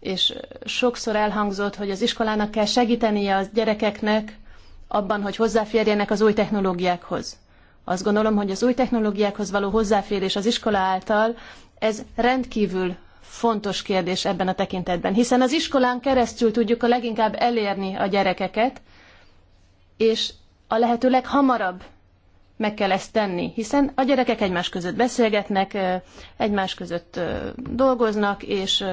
és sokszor elhangzott, hogy az iskolának kell segítenie a gyerekeknek abban, hogy hozzáférjenek az új technológiákhoz. Azt gondolom, hogy az új technológiákhoz való hozzáférés az iskola által, ez rendkívül fontos kérdés ebben a tekintetben, hiszen az iskolán keresztül tudjuk a leginkább elérni a gyerekeket, és a lehető leghamarabb meg kell ezt tenni, hiszen a gyerekek egymás között beszélgetnek, egymás között dolgoznak, és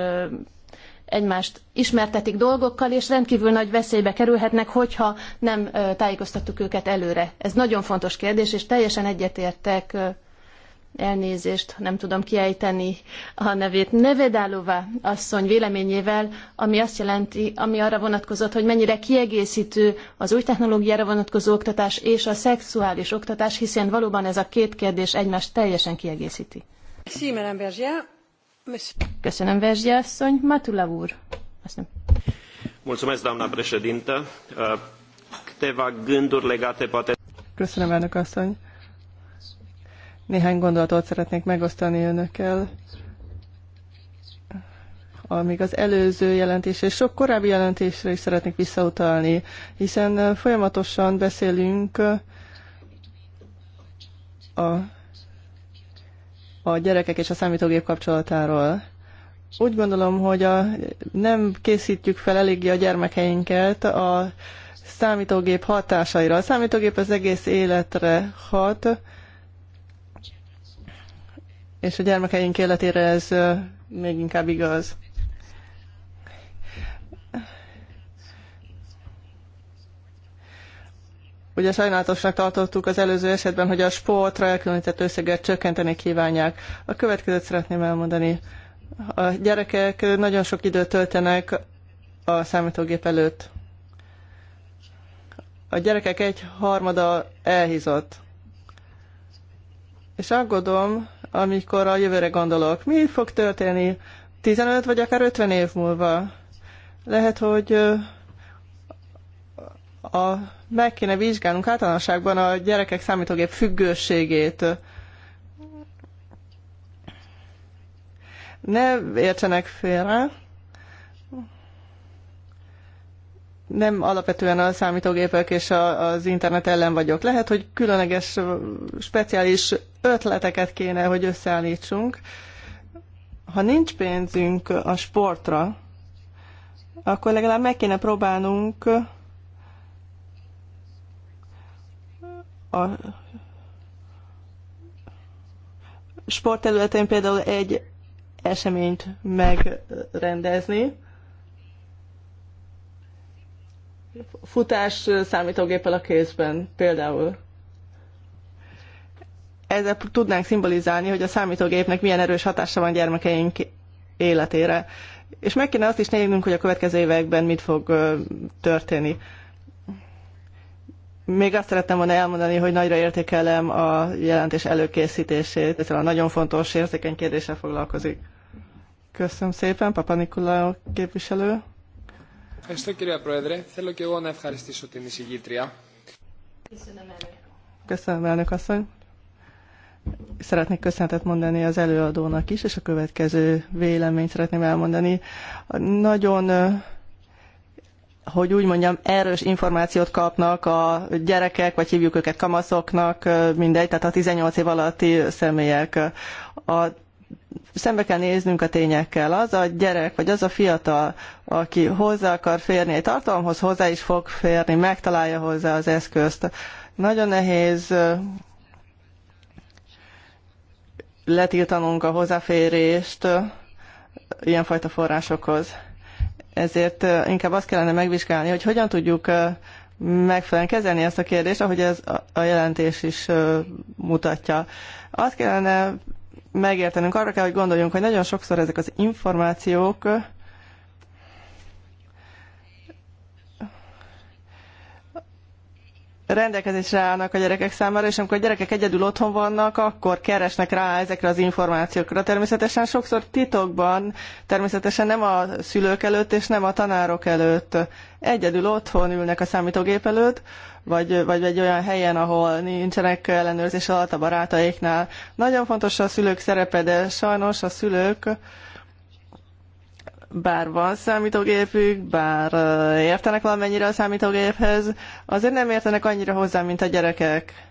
egymást ismertetik dolgokkal, és rendkívül nagy veszélybe kerülhetnek, hogyha nem tájékoztattuk őket előre. Ez nagyon fontos kérdés, és teljesen egyetértek elnézést, nem tudom kiejteni a nevét, Nevedálova asszony véleményével, ami azt jelenti, ami arra vonatkozott, hogy mennyire kiegészítő az új technológiára vonatkozó oktatás és a szexuális oktatás, hiszen valóban ez a két kérdés egymást teljesen kiegészíti. Köszönöm, Verzsia asszony. Matula úr. legate Köszönöm, elnök asszony. Néhány gondolatot szeretnék megosztani önökkel. Amíg az előző jelentés és sok korábbi jelentésre is szeretnék visszautalni, hiszen folyamatosan beszélünk a, a gyerekek és a számítógép kapcsolatáról. Úgy gondolom, hogy a, nem készítjük fel eléggé a gyermekeinket a számítógép hatásaira. A számítógép az egész életre hat, és a gyermekeink életére ez még inkább igaz. Ugye sajnálatosnak tartottuk az előző esetben, hogy a sportra elkülönített összeget csökkenteni kívánják. A következőt szeretném elmondani. A gyerekek nagyon sok időt töltenek a számítógép előtt. A gyerekek egy harmada elhízott. És aggódom, amikor a jövőre gondolok. Mi fog történni 15 vagy akár 50 év múlva? Lehet, hogy a, meg kéne vizsgálnunk általánosságban a gyerekek számítógép függőségét. Ne értsenek félre, nem alapvetően a számítógépek és a, az internet ellen vagyok. Lehet, hogy különleges, speciális ötleteket kéne, hogy összeállítsunk. Ha nincs pénzünk a sportra, akkor legalább meg kéne próbálnunk a sportterületén például egy eseményt megrendezni. Futás számítógéppel a kézben például ezzel tudnánk szimbolizálni, hogy a számítógépnek milyen erős hatása van gyermekeink életére. És meg kéne azt is néznünk, hogy a következő években mit fog történni. Még azt szerettem volna elmondani, hogy nagyra értékelem a jelentés előkészítését, hiszen a nagyon fontos érzékeny kérdéssel foglalkozik. Köszönöm szépen, Papa Nikola képviselő. Ευχαριστώ κυρία Köszönöm, elnök asszony. Szeretnék köszönetet mondani az előadónak is, és a következő véleményt szeretném elmondani. Nagyon hogy úgy mondjam, erős információt kapnak a gyerekek, vagy hívjuk őket kamaszoknak, mindegy, tehát a 18 év alatti személyek. A szembe kell néznünk a tényekkel. Az a gyerek, vagy az a fiatal, aki hozzá akar férni egy tartalomhoz, hozzá is fog férni, megtalálja hozzá az eszközt. Nagyon nehéz letiltanunk a hozzáférést ilyenfajta forrásokhoz. Ezért inkább azt kellene megvizsgálni, hogy hogyan tudjuk megfelelően kezelni ezt a kérdést, ahogy ez a jelentés is mutatja. Azt kellene megértenünk, arra kell, hogy gondoljunk, hogy nagyon sokszor ezek az információk rendelkezésre állnak a gyerekek számára, és amikor a gyerekek egyedül otthon vannak, akkor keresnek rá ezekre az információkra. Természetesen sokszor titokban, természetesen nem a szülők előtt és nem a tanárok előtt. Egyedül otthon ülnek a számítógép előtt, vagy, vagy egy olyan helyen, ahol nincsenek ellenőrzés alatt a barátaiknál. Nagyon fontos a szülők szerepe, de sajnos a szülők bár van számítógépük, bár értenek valamennyire a számítógéphez, azért nem értenek annyira hozzá, mint a gyerekek.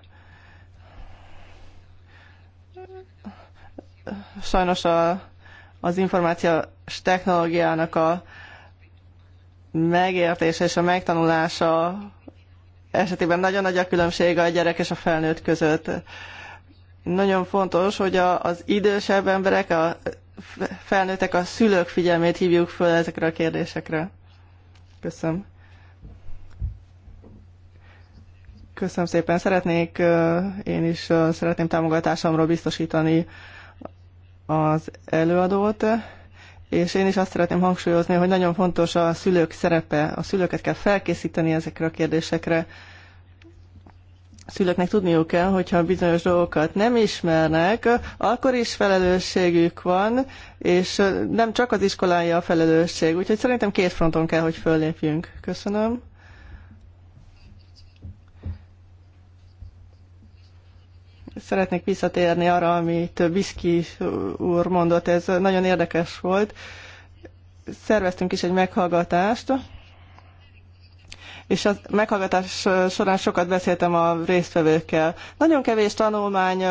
Sajnos a, az információs technológiának a megértése és a megtanulása esetében nagyon nagy a különbség a gyerek és a felnőtt között. Nagyon fontos, hogy a, az idősebb emberek, a felnőttek a szülők figyelmét hívjuk föl ezekre a kérdésekre. Köszönöm. Köszönöm szépen. Szeretnék, én is szeretném támogatásomról biztosítani az előadót, és én is azt szeretném hangsúlyozni, hogy nagyon fontos a szülők szerepe. A szülőket kell felkészíteni ezekre a kérdésekre, szülőknek tudniuk kell, hogyha bizonyos dolgokat nem ismernek, akkor is felelősségük van, és nem csak az iskolája a felelősség. Úgyhogy szerintem két fronton kell, hogy föllépjünk. Köszönöm. Szeretnék visszatérni arra, amit Biszki úr mondott, ez nagyon érdekes volt. Szerveztünk is egy meghallgatást, és a meghallgatás során sokat beszéltem a résztvevőkkel. Nagyon kevés tanulmány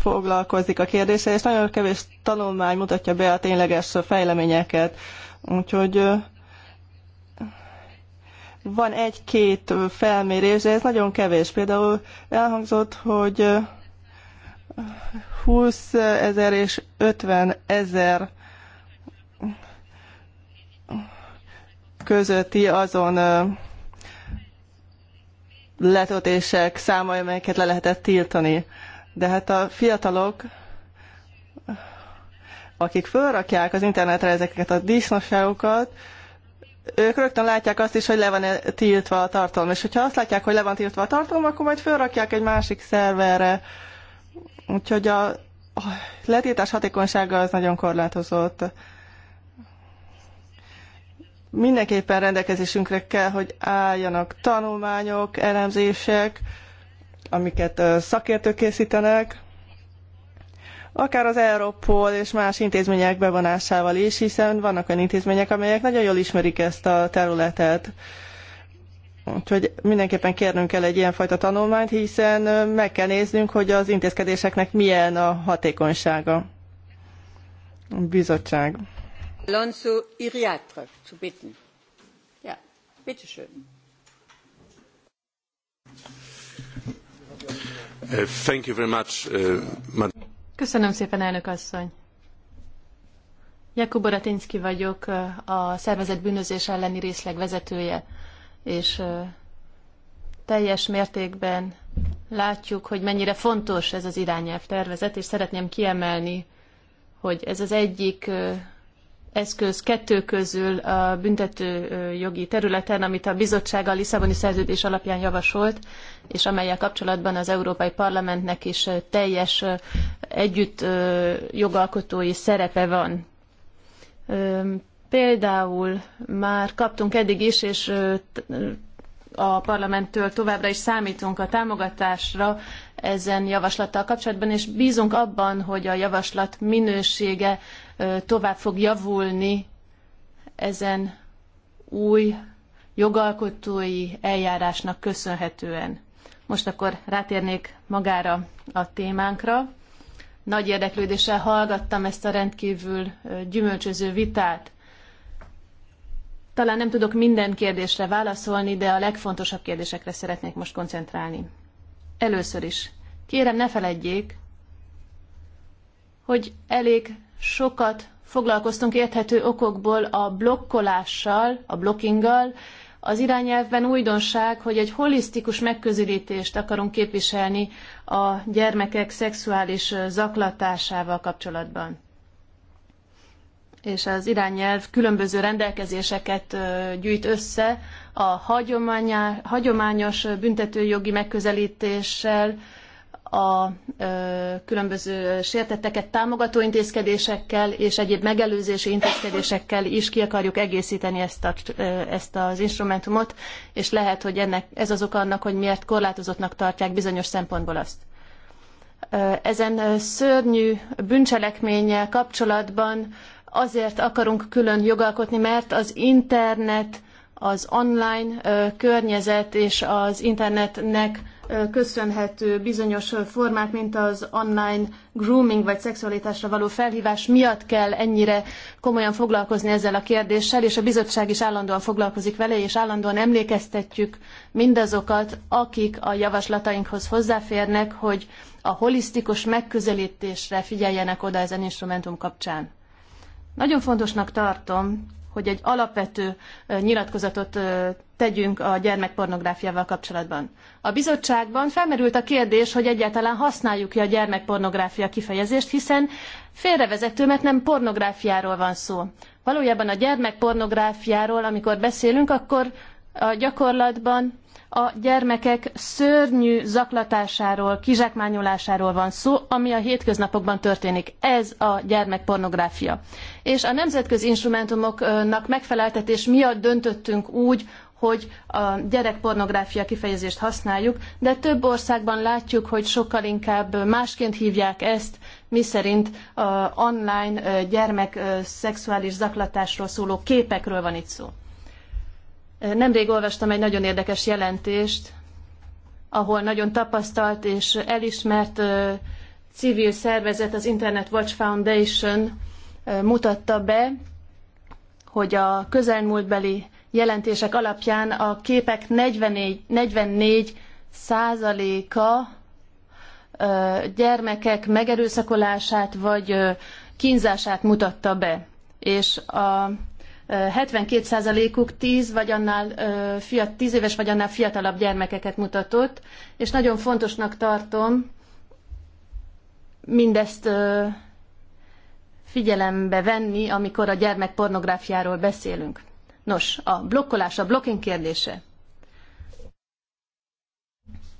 foglalkozik a kérdéssel, és nagyon kevés tanulmány mutatja be a tényleges fejleményeket. Úgyhogy van egy-két felmérés, de ez nagyon kevés. Például elhangzott, hogy 20 ezer és 50 ezer közötti azon letöltések száma, amelyeket le lehetett tiltani. De hát a fiatalok, akik fölrakják az internetre ezeket a disznóságokat, ők rögtön látják azt is, hogy le van -e tiltva a tartalom. És hogyha azt látják, hogy le van tiltva a tartalom, akkor majd fölrakják egy másik szerverre. Úgyhogy a letiltás hatékonysága az nagyon korlátozott mindenképpen rendelkezésünkre kell, hogy álljanak tanulmányok, elemzések, amiket szakértők készítenek, akár az Európol és más intézmények bevonásával is, hiszen vannak olyan intézmények, amelyek nagyon jól ismerik ezt a területet. Úgyhogy mindenképpen kérnünk kell egy ilyenfajta tanulmányt, hiszen meg kell néznünk, hogy az intézkedéseknek milyen a hatékonysága. Bizottság. Alonso Iriatre zu bitten. Uh, uh, Köszönöm szépen, elnök asszony. Jakub Baratinski vagyok, uh, a szervezet bűnözés elleni részleg vezetője, és teljes mértékben látjuk, hogy mennyire fontos ez az irányelv tervezet, és szeretném kiemelni, hogy ez az egyik eszköz kettő közül a büntető jogi területen, amit a bizottság a Lisszaboni szerződés alapján javasolt, és amelyel kapcsolatban az Európai Parlamentnek is teljes együtt jogalkotói szerepe van. Például már kaptunk eddig is, és a parlamenttől továbbra is számítunk a támogatásra ezen javaslattal kapcsolatban, és bízunk abban, hogy a javaslat minősége tovább fog javulni ezen új jogalkotói eljárásnak köszönhetően. Most akkor rátérnék magára a témánkra. Nagy érdeklődéssel hallgattam ezt a rendkívül gyümölcsöző vitát. Talán nem tudok minden kérdésre válaszolni, de a legfontosabb kérdésekre szeretnék most koncentrálni. Először is, kérem ne feledjék, hogy elég sokat foglalkoztunk érthető okokból a blokkolással, a blockinggal. Az irányelvben újdonság, hogy egy holisztikus megközelítést akarunk képviselni a gyermekek szexuális zaklatásával kapcsolatban. És az irányelv különböző rendelkezéseket gyűjt össze a hagyományos büntetőjogi megközelítéssel, a különböző sértetteket támogató intézkedésekkel és egyéb megelőzési intézkedésekkel is ki akarjuk egészíteni ezt, a, ezt az instrumentumot, és lehet, hogy ennek, ez az oka annak, hogy miért korlátozottnak tartják bizonyos szempontból azt. Ezen szörnyű bűncselekménnyel kapcsolatban azért akarunk külön jogalkotni, mert az internet, az online környezet és az internetnek köszönhető bizonyos formák, mint az online grooming vagy szexualitásra való felhívás miatt kell ennyire komolyan foglalkozni ezzel a kérdéssel, és a bizottság is állandóan foglalkozik vele, és állandóan emlékeztetjük mindazokat, akik a javaslatainkhoz hozzáférnek, hogy a holisztikus megközelítésre figyeljenek oda ezen instrumentum kapcsán. Nagyon fontosnak tartom, hogy egy alapvető nyilatkozatot tegyünk a gyermekpornográfiával kapcsolatban. A bizottságban felmerült a kérdés, hogy egyáltalán használjuk-e a gyermekpornográfia kifejezést, hiszen félrevezető, mert nem pornográfiáról van szó. Valójában a gyermekpornográfiáról, amikor beszélünk, akkor a gyakorlatban a gyermekek szörnyű zaklatásáról, kizsákmányolásáról van szó, ami a hétköznapokban történik. Ez a gyermekpornográfia. És a nemzetközi instrumentumoknak megfeleltetés miatt döntöttünk úgy, hogy a gyerekpornográfia kifejezést használjuk, de több országban látjuk, hogy sokkal inkább másként hívják ezt, miszerint online gyermek szexuális zaklatásról szóló képekről van itt szó. Nemrég olvastam egy nagyon érdekes jelentést, ahol nagyon tapasztalt és elismert civil szervezet, az Internet Watch Foundation mutatta be, hogy a közelmúltbeli jelentések alapján a képek 44, 44 százaléka gyermekek megerőszakolását vagy kínzását mutatta be. És a 72%-uk 10 vagy annál fiat, 10 éves vagy annál fiatalabb gyermekeket mutatott, és nagyon fontosnak tartom mindezt figyelembe venni, amikor a gyermek pornográfiáról beszélünk. Nos, a blokkolás, a blocking kérdése.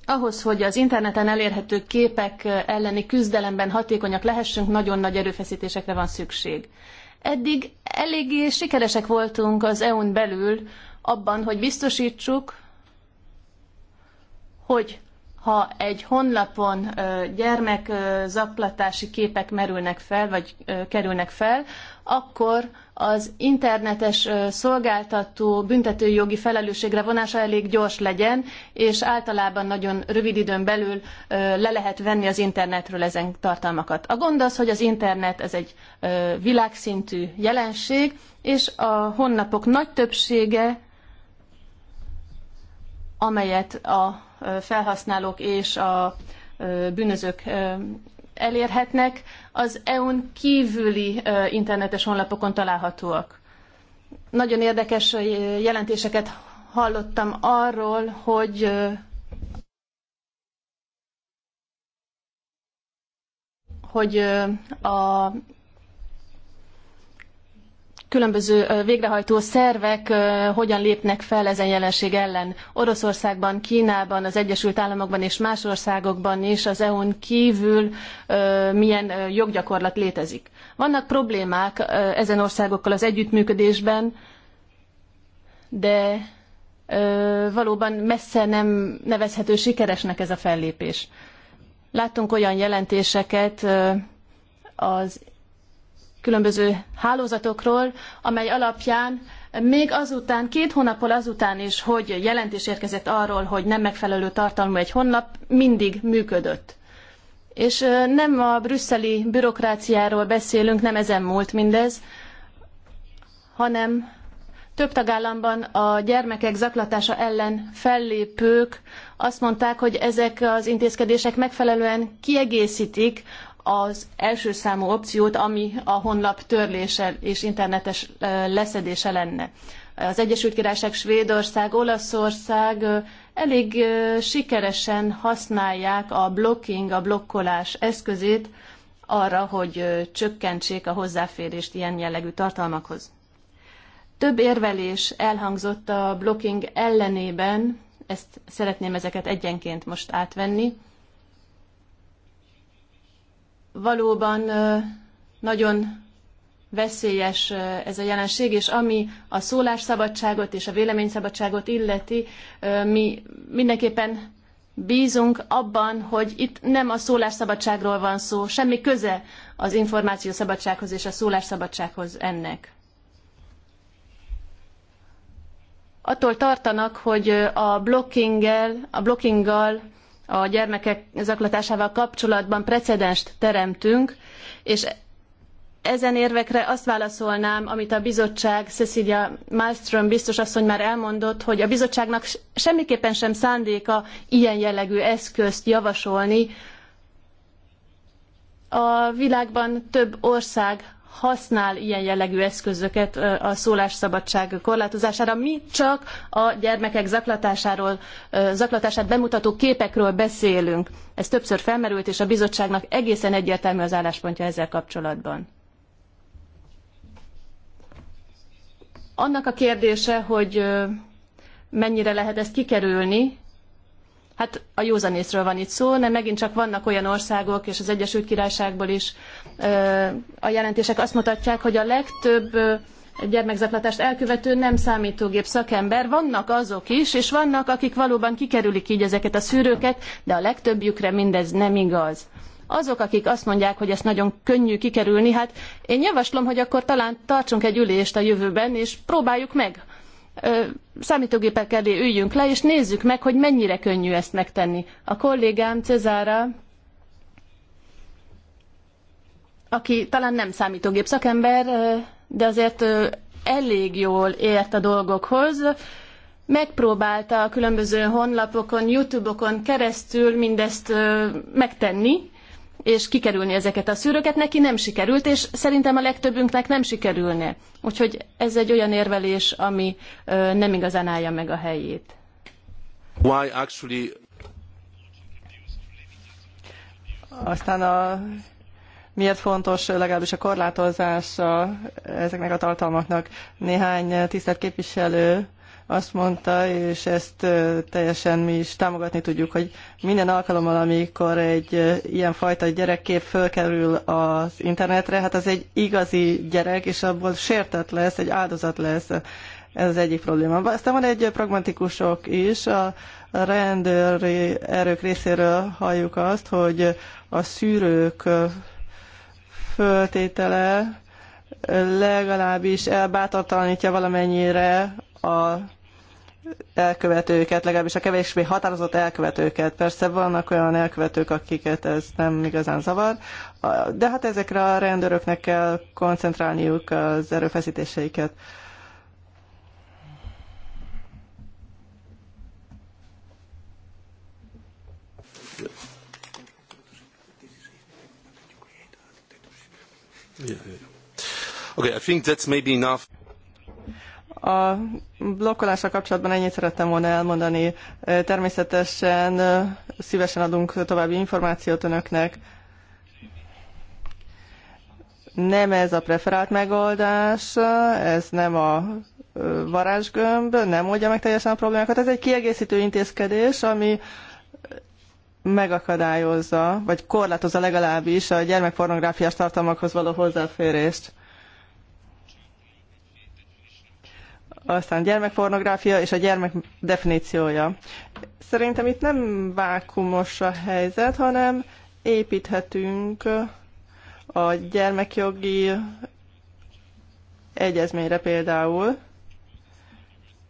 Ahhoz, hogy az interneten elérhető képek elleni küzdelemben hatékonyak lehessünk, nagyon nagy erőfeszítésekre van szükség. Eddig eléggé sikeresek voltunk az EU-n belül abban, hogy biztosítsuk, hogy ha egy honlapon gyermekzaklatási képek merülnek fel, vagy kerülnek fel, akkor az internetes szolgáltató büntetőjogi felelősségre vonása elég gyors legyen, és általában nagyon rövid időn belül le lehet venni az internetről ezen tartalmakat. A gond az, hogy az internet ez egy világszintű jelenség, és a honlapok nagy többsége, amelyet a felhasználók és a bűnözők elérhetnek, az EU-n kívüli internetes honlapokon találhatóak. Nagyon érdekes jelentéseket hallottam arról, hogy hogy a különböző végrehajtó szervek hogyan lépnek fel ezen jelenség ellen. Oroszországban, Kínában, az Egyesült Államokban és más országokban is az EU-n kívül milyen joggyakorlat létezik. Vannak problémák ezen országokkal az együttműködésben, de valóban messze nem nevezhető sikeresnek ez a fellépés. Láttunk olyan jelentéseket az különböző hálózatokról, amely alapján még azután, két hónappal azután is, hogy jelentés érkezett arról, hogy nem megfelelő tartalmú egy honlap, mindig működött. És nem a brüsszeli bürokráciáról beszélünk, nem ezen múlt mindez, hanem több tagállamban a gyermekek zaklatása ellen fellépők azt mondták, hogy ezek az intézkedések megfelelően kiegészítik az első számú opciót, ami a honlap törlése és internetes leszedése lenne. Az Egyesült Királyság, Svédország, Olaszország elég sikeresen használják a blocking, a blokkolás eszközét arra, hogy csökkentsék a hozzáférést ilyen jellegű tartalmakhoz. Több érvelés elhangzott a blocking ellenében, ezt szeretném ezeket egyenként most átvenni valóban nagyon veszélyes ez a jelenség, és ami a szólásszabadságot és a véleményszabadságot illeti, mi mindenképpen bízunk abban, hogy itt nem a szólásszabadságról van szó, semmi köze az információszabadsághoz és a szólásszabadsághoz ennek. Attól tartanak, hogy a blockinggel, a blockinggal a gyermekek zaklatásával kapcsolatban precedenst teremtünk, és ezen érvekre azt válaszolnám, amit a bizottság Cecilia Malmström biztos asszony már elmondott, hogy a bizottságnak semmiképpen sem szándéka ilyen jellegű eszközt javasolni. A világban több ország használ ilyen jellegű eszközöket a szólásszabadság korlátozására. Mi csak a gyermekek zaklatásáról, zaklatását bemutató képekről beszélünk. Ez többször felmerült, és a bizottságnak egészen egyértelmű az álláspontja ezzel kapcsolatban. Annak a kérdése, hogy mennyire lehet ezt kikerülni, Hát a józanészről van itt szó, de megint csak vannak olyan országok, és az Egyesült Királyságból is, a jelentések azt mutatják, hogy a legtöbb gyermekzaklatást elkövető nem számítógép szakember. Vannak azok is, és vannak, akik valóban kikerülik így ezeket a szűrőket, de a legtöbbjükre mindez nem igaz. Azok, akik azt mondják, hogy ezt nagyon könnyű kikerülni, hát én javaslom, hogy akkor talán tartsunk egy ülést a jövőben, és próbáljuk meg. Számítógépek elé üljünk le, és nézzük meg, hogy mennyire könnyű ezt megtenni. A kollégám Cezára aki talán nem számítógép szakember, de azért elég jól ért a dolgokhoz, megpróbálta a különböző honlapokon, YouTube-okon keresztül mindezt megtenni, és kikerülni ezeket a szűröket. Neki nem sikerült, és szerintem a legtöbbünknek nem sikerülne. Úgyhogy ez egy olyan érvelés, ami nem igazán állja meg a helyét. Why actually... Aztán a miért fontos legalábbis a korlátozása ezeknek a tartalmaknak. Néhány tisztelt képviselő azt mondta, és ezt teljesen mi is támogatni tudjuk, hogy minden alkalommal, amikor egy ilyen fajta gyerekkép fölkerül az internetre, hát az egy igazi gyerek, és abból sértett lesz, egy áldozat lesz. Ez az egyik probléma. Aztán van egy pragmatikusok is, a rendőri erők részéről halljuk azt, hogy a szűrők föltétele legalábbis elbátortalanítja valamennyire a elkövetőket, legalábbis a kevésbé határozott elkövetőket. Persze vannak olyan elkövetők, akiket ez nem igazán zavar, de hát ezekre a rendőröknek kell koncentrálniuk az erőfeszítéseiket. Okay, I think that's maybe enough. A blokkolással kapcsolatban ennyit szerettem volna elmondani. Természetesen szívesen adunk további információt önöknek. Nem ez a preferált megoldás, ez nem a varázsgömb, nem oldja meg teljesen a problémákat. Ez egy kiegészítő intézkedés, ami megakadályozza, vagy korlátozza legalábbis a gyermekpornográfiás tartalmakhoz való hozzáférést. Aztán gyermekpornográfia és a gyermek definíciója. Szerintem itt nem vákumos a helyzet, hanem építhetünk a gyermekjogi egyezményre például,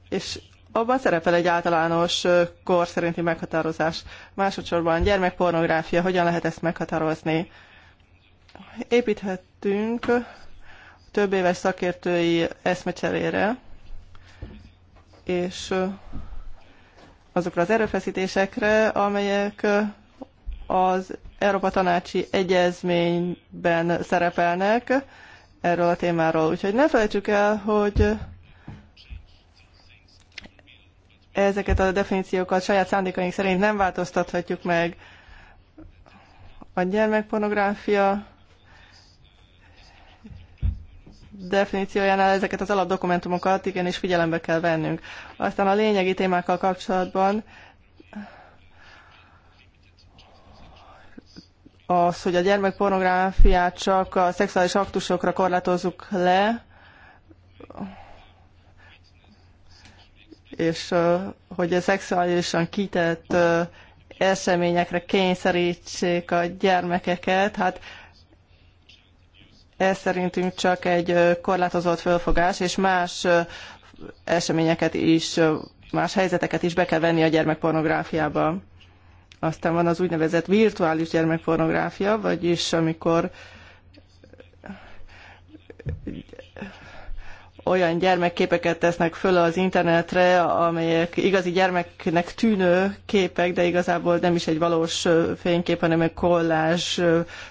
és abban szerepel egy általános kor szerinti meghatározás. Másodszorban gyermekpornográfia, hogyan lehet ezt meghatározni? Építhettünk több éves szakértői eszmecserére, és azokra az erőfeszítésekre, amelyek az Európa Tanácsi Egyezményben szerepelnek erről a témáról. Úgyhogy ne felejtsük el, hogy ezeket a definíciókat saját szándékaink szerint nem változtathatjuk meg. A gyermekpornográfia definíciójánál ezeket az alapdokumentumokat igenis figyelembe kell vennünk. Aztán a lényegi témákkal kapcsolatban az, hogy a gyermekpornográfiát csak a szexuális aktusokra korlátozzuk le, és hogy a szexuálisan kitett eseményekre kényszerítsék a gyermekeket, hát ez szerintünk csak egy korlátozott fölfogás, és más eseményeket is, más helyzeteket is be kell venni a gyermekpornográfiába. Aztán van az úgynevezett virtuális gyermekpornográfia, vagyis amikor olyan gyermekképeket tesznek föl az internetre, amelyek igazi gyermeknek tűnő képek, de igazából nem is egy valós fénykép, hanem egy kollázs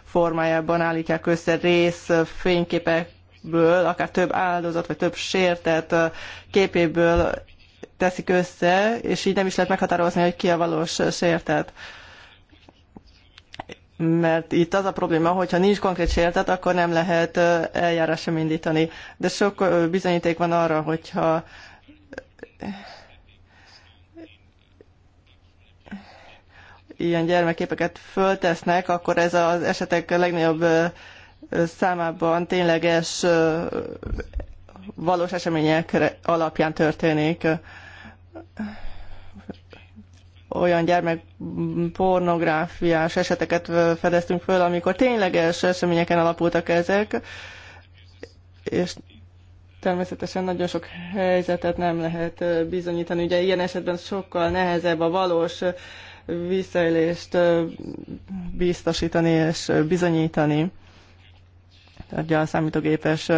formájában állítják össze rész fényképekből, akár több áldozat vagy több sértett képéből teszik össze, és így nem is lehet meghatározni, hogy ki a valós sértett mert itt az a probléma, hogyha nincs konkrét sértet, akkor nem lehet eljárás sem indítani. De sok bizonyíték van arra, hogyha ilyen gyermeképeket föltesznek, akkor ez az esetek legnagyobb számában tényleges valós események alapján történik olyan gyermekpornográfiás eseteket fedeztünk föl, amikor tényleges eseményeken alapultak ezek, és természetesen nagyon sok helyzetet nem lehet bizonyítani. Ugye ilyen esetben sokkal nehezebb a valós visszaélést biztosítani és bizonyítani. Ugye a számítógépes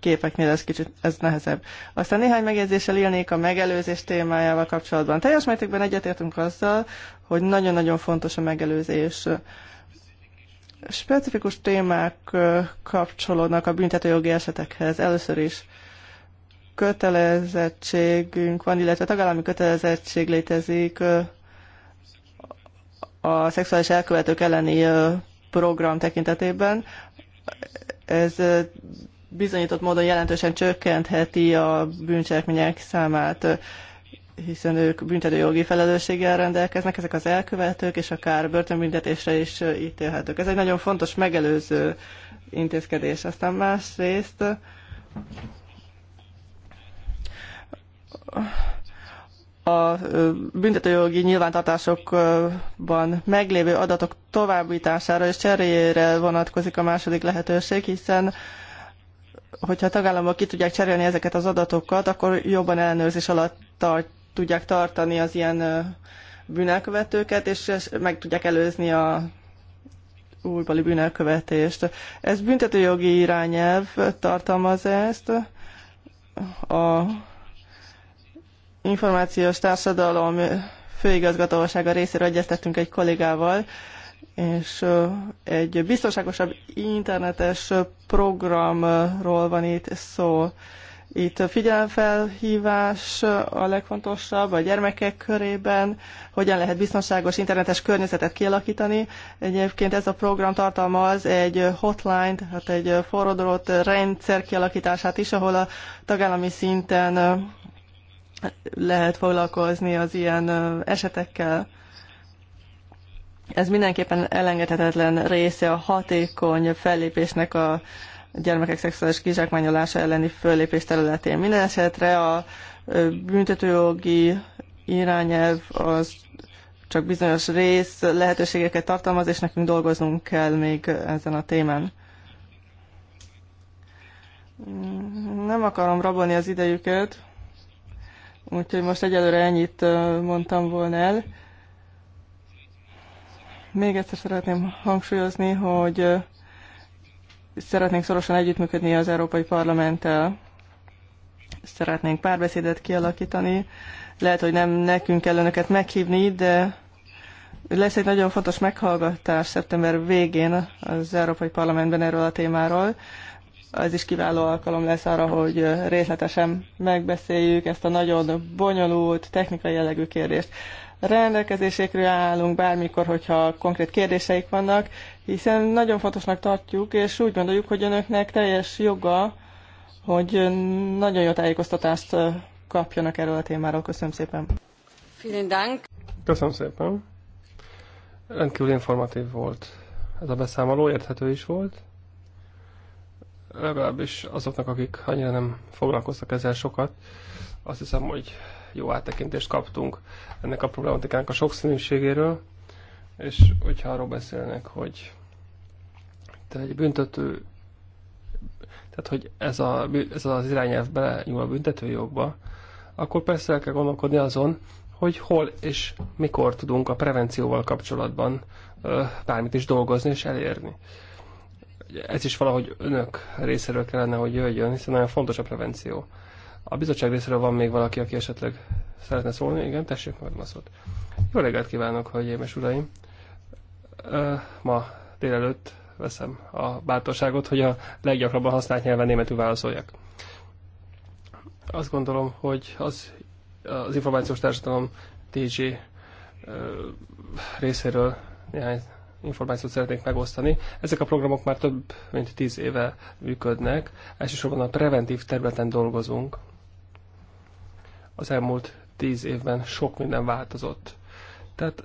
képeknél ez kicsit ez nehezebb. Aztán néhány megjegyzéssel élnék a megelőzés témájával kapcsolatban. Teljes mértékben egyetértünk azzal, hogy nagyon-nagyon fontos a megelőzés specifikus témák kapcsolódnak a büntetőjogi esetekhez. Először is kötelezettségünk van, illetve tagállami kötelezettség létezik a szexuális elkövetők elleni program tekintetében. Ez bizonyított módon jelentősen csökkentheti a bűncselekmények számát hiszen ők büntetőjogi felelősséggel rendelkeznek, ezek az elkövetők, és akár börtönbüntetésre is ítélhetők. Ez egy nagyon fontos megelőző intézkedés. Aztán másrészt a büntetőjogi nyilvántartásokban meglévő adatok továbbítására és cseréjére vonatkozik a második lehetőség, hiszen hogyha a tagállamok ki tudják cserélni ezeket az adatokat, akkor jobban ellenőrzés alatt tart, tudják tartani az ilyen bűnelkövetőket, és meg tudják előzni a újbali bűnelkövetést. Ez büntetőjogi irányelv tartalmaz ezt. A információs társadalom főigazgatósága részéről egyeztettünk egy kollégával, és egy biztonságosabb internetes programról van itt szó. Itt a figyelemfelhívás a legfontosabb a gyermekek körében, hogyan lehet biztonságos internetes környezetet kialakítani. Egyébként ez a program tartalmaz egy hotline, tehát egy forradalott rendszer kialakítását is, ahol a tagállami szinten lehet foglalkozni az ilyen esetekkel. Ez mindenképpen elengedhetetlen része a hatékony fellépésnek a gyermekek szexuális kizsákmányolása elleni föllépés területén. Minden esetre a büntetőjogi irányelv az csak bizonyos rész lehetőségeket tartalmaz, és nekünk dolgoznunk kell még ezen a témán. Nem akarom rabolni az idejüket. Úgyhogy most egyelőre ennyit mondtam volna el. Még egyszer szeretném hangsúlyozni, hogy szeretnénk szorosan együttműködni az Európai Parlamenttel. Szeretnénk párbeszédet kialakítani. Lehet, hogy nem nekünk kell önöket meghívni, de lesz egy nagyon fontos meghallgatás szeptember végén az Európai Parlamentben erről a témáról az is kiváló alkalom lesz arra, hogy részletesen megbeszéljük ezt a nagyon bonyolult, technikai jellegű kérdést. Rendelkezésékre állunk bármikor, hogyha konkrét kérdéseik vannak, hiszen nagyon fontosnak tartjuk, és úgy gondoljuk, hogy önöknek teljes joga, hogy nagyon jó tájékoztatást kapjanak erről a témáról. Köszönöm szépen. Köszönöm szépen. Rendkívül informatív volt ez a beszámoló, érthető is volt legalábbis azoknak, akik annyira nem foglalkoztak ezzel sokat, azt hiszem, hogy jó áttekintést kaptunk ennek a problematikának a sokszínűségéről, és hogyha arról beszélnek, hogy te egy büntető, tehát hogy ez, a, ez az irányelv belenyúl a büntetőjogba, akkor persze el kell gondolkodni azon, hogy hol és mikor tudunk a prevencióval kapcsolatban ö, bármit is dolgozni és elérni ez is valahogy önök részéről kellene, hogy jöjjön, hiszen nagyon fontos a prevenció. A bizottság részéről van még valaki, aki esetleg szeretne szólni? Igen, tessék meg a szót. Jó reggelt kívánok, hölgyeim és uraim! Ma délelőtt veszem a bátorságot, hogy a leggyakrabban használt nyelven németül válaszoljak. Azt gondolom, hogy az, az információs társadalom DG részéről néhány információt szeretnék megosztani. Ezek a programok már több mint tíz éve működnek. Elsősorban a preventív területen dolgozunk. Az elmúlt tíz évben sok minden változott. Tehát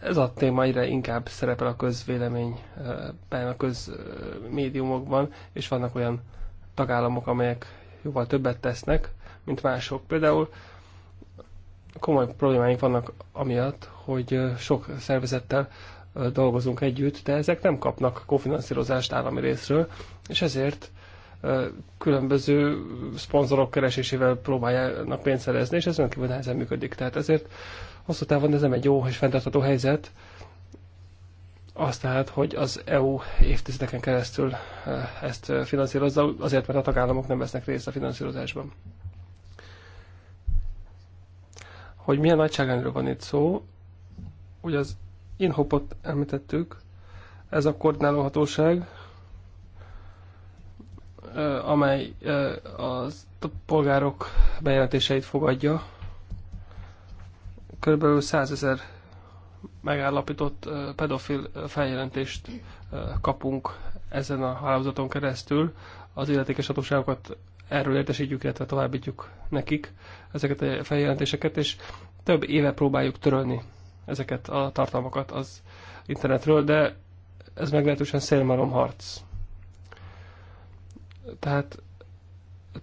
ez a téma egyre inkább szerepel a közvéleményben, a közmédiumokban, és vannak olyan tagállamok, amelyek jóval többet tesznek, mint mások. Például komoly problémáink vannak amiatt, hogy sok szervezettel dolgozunk együtt, de ezek nem kapnak kofinanszírozást állami részről, és ezért különböző szponzorok keresésével próbálják pénzt szerezni, és ez rendkívül nehezen működik. Tehát ezért hosszú távon ez nem egy jó és fenntartható helyzet, azt tehát, hogy az EU évtizedeken keresztül ezt finanszírozza, azért, mert a tagállamok nem vesznek részt a finanszírozásban. Hogy milyen nagyságrendről van itt szó, ugye az Inhopot említettük, ez a koordinálóhatóság, amely a polgárok bejelentéseit fogadja. Körülbelül 100 ezer megállapított pedofil feljelentést kapunk ezen a hálózaton keresztül. Az illetékes hatóságokat erről értesítjük, illetve továbbítjuk nekik ezeket a feljelentéseket, és több éve próbáljuk törölni ezeket a tartalmakat az internetről, de ez meglehetősen harc. Tehát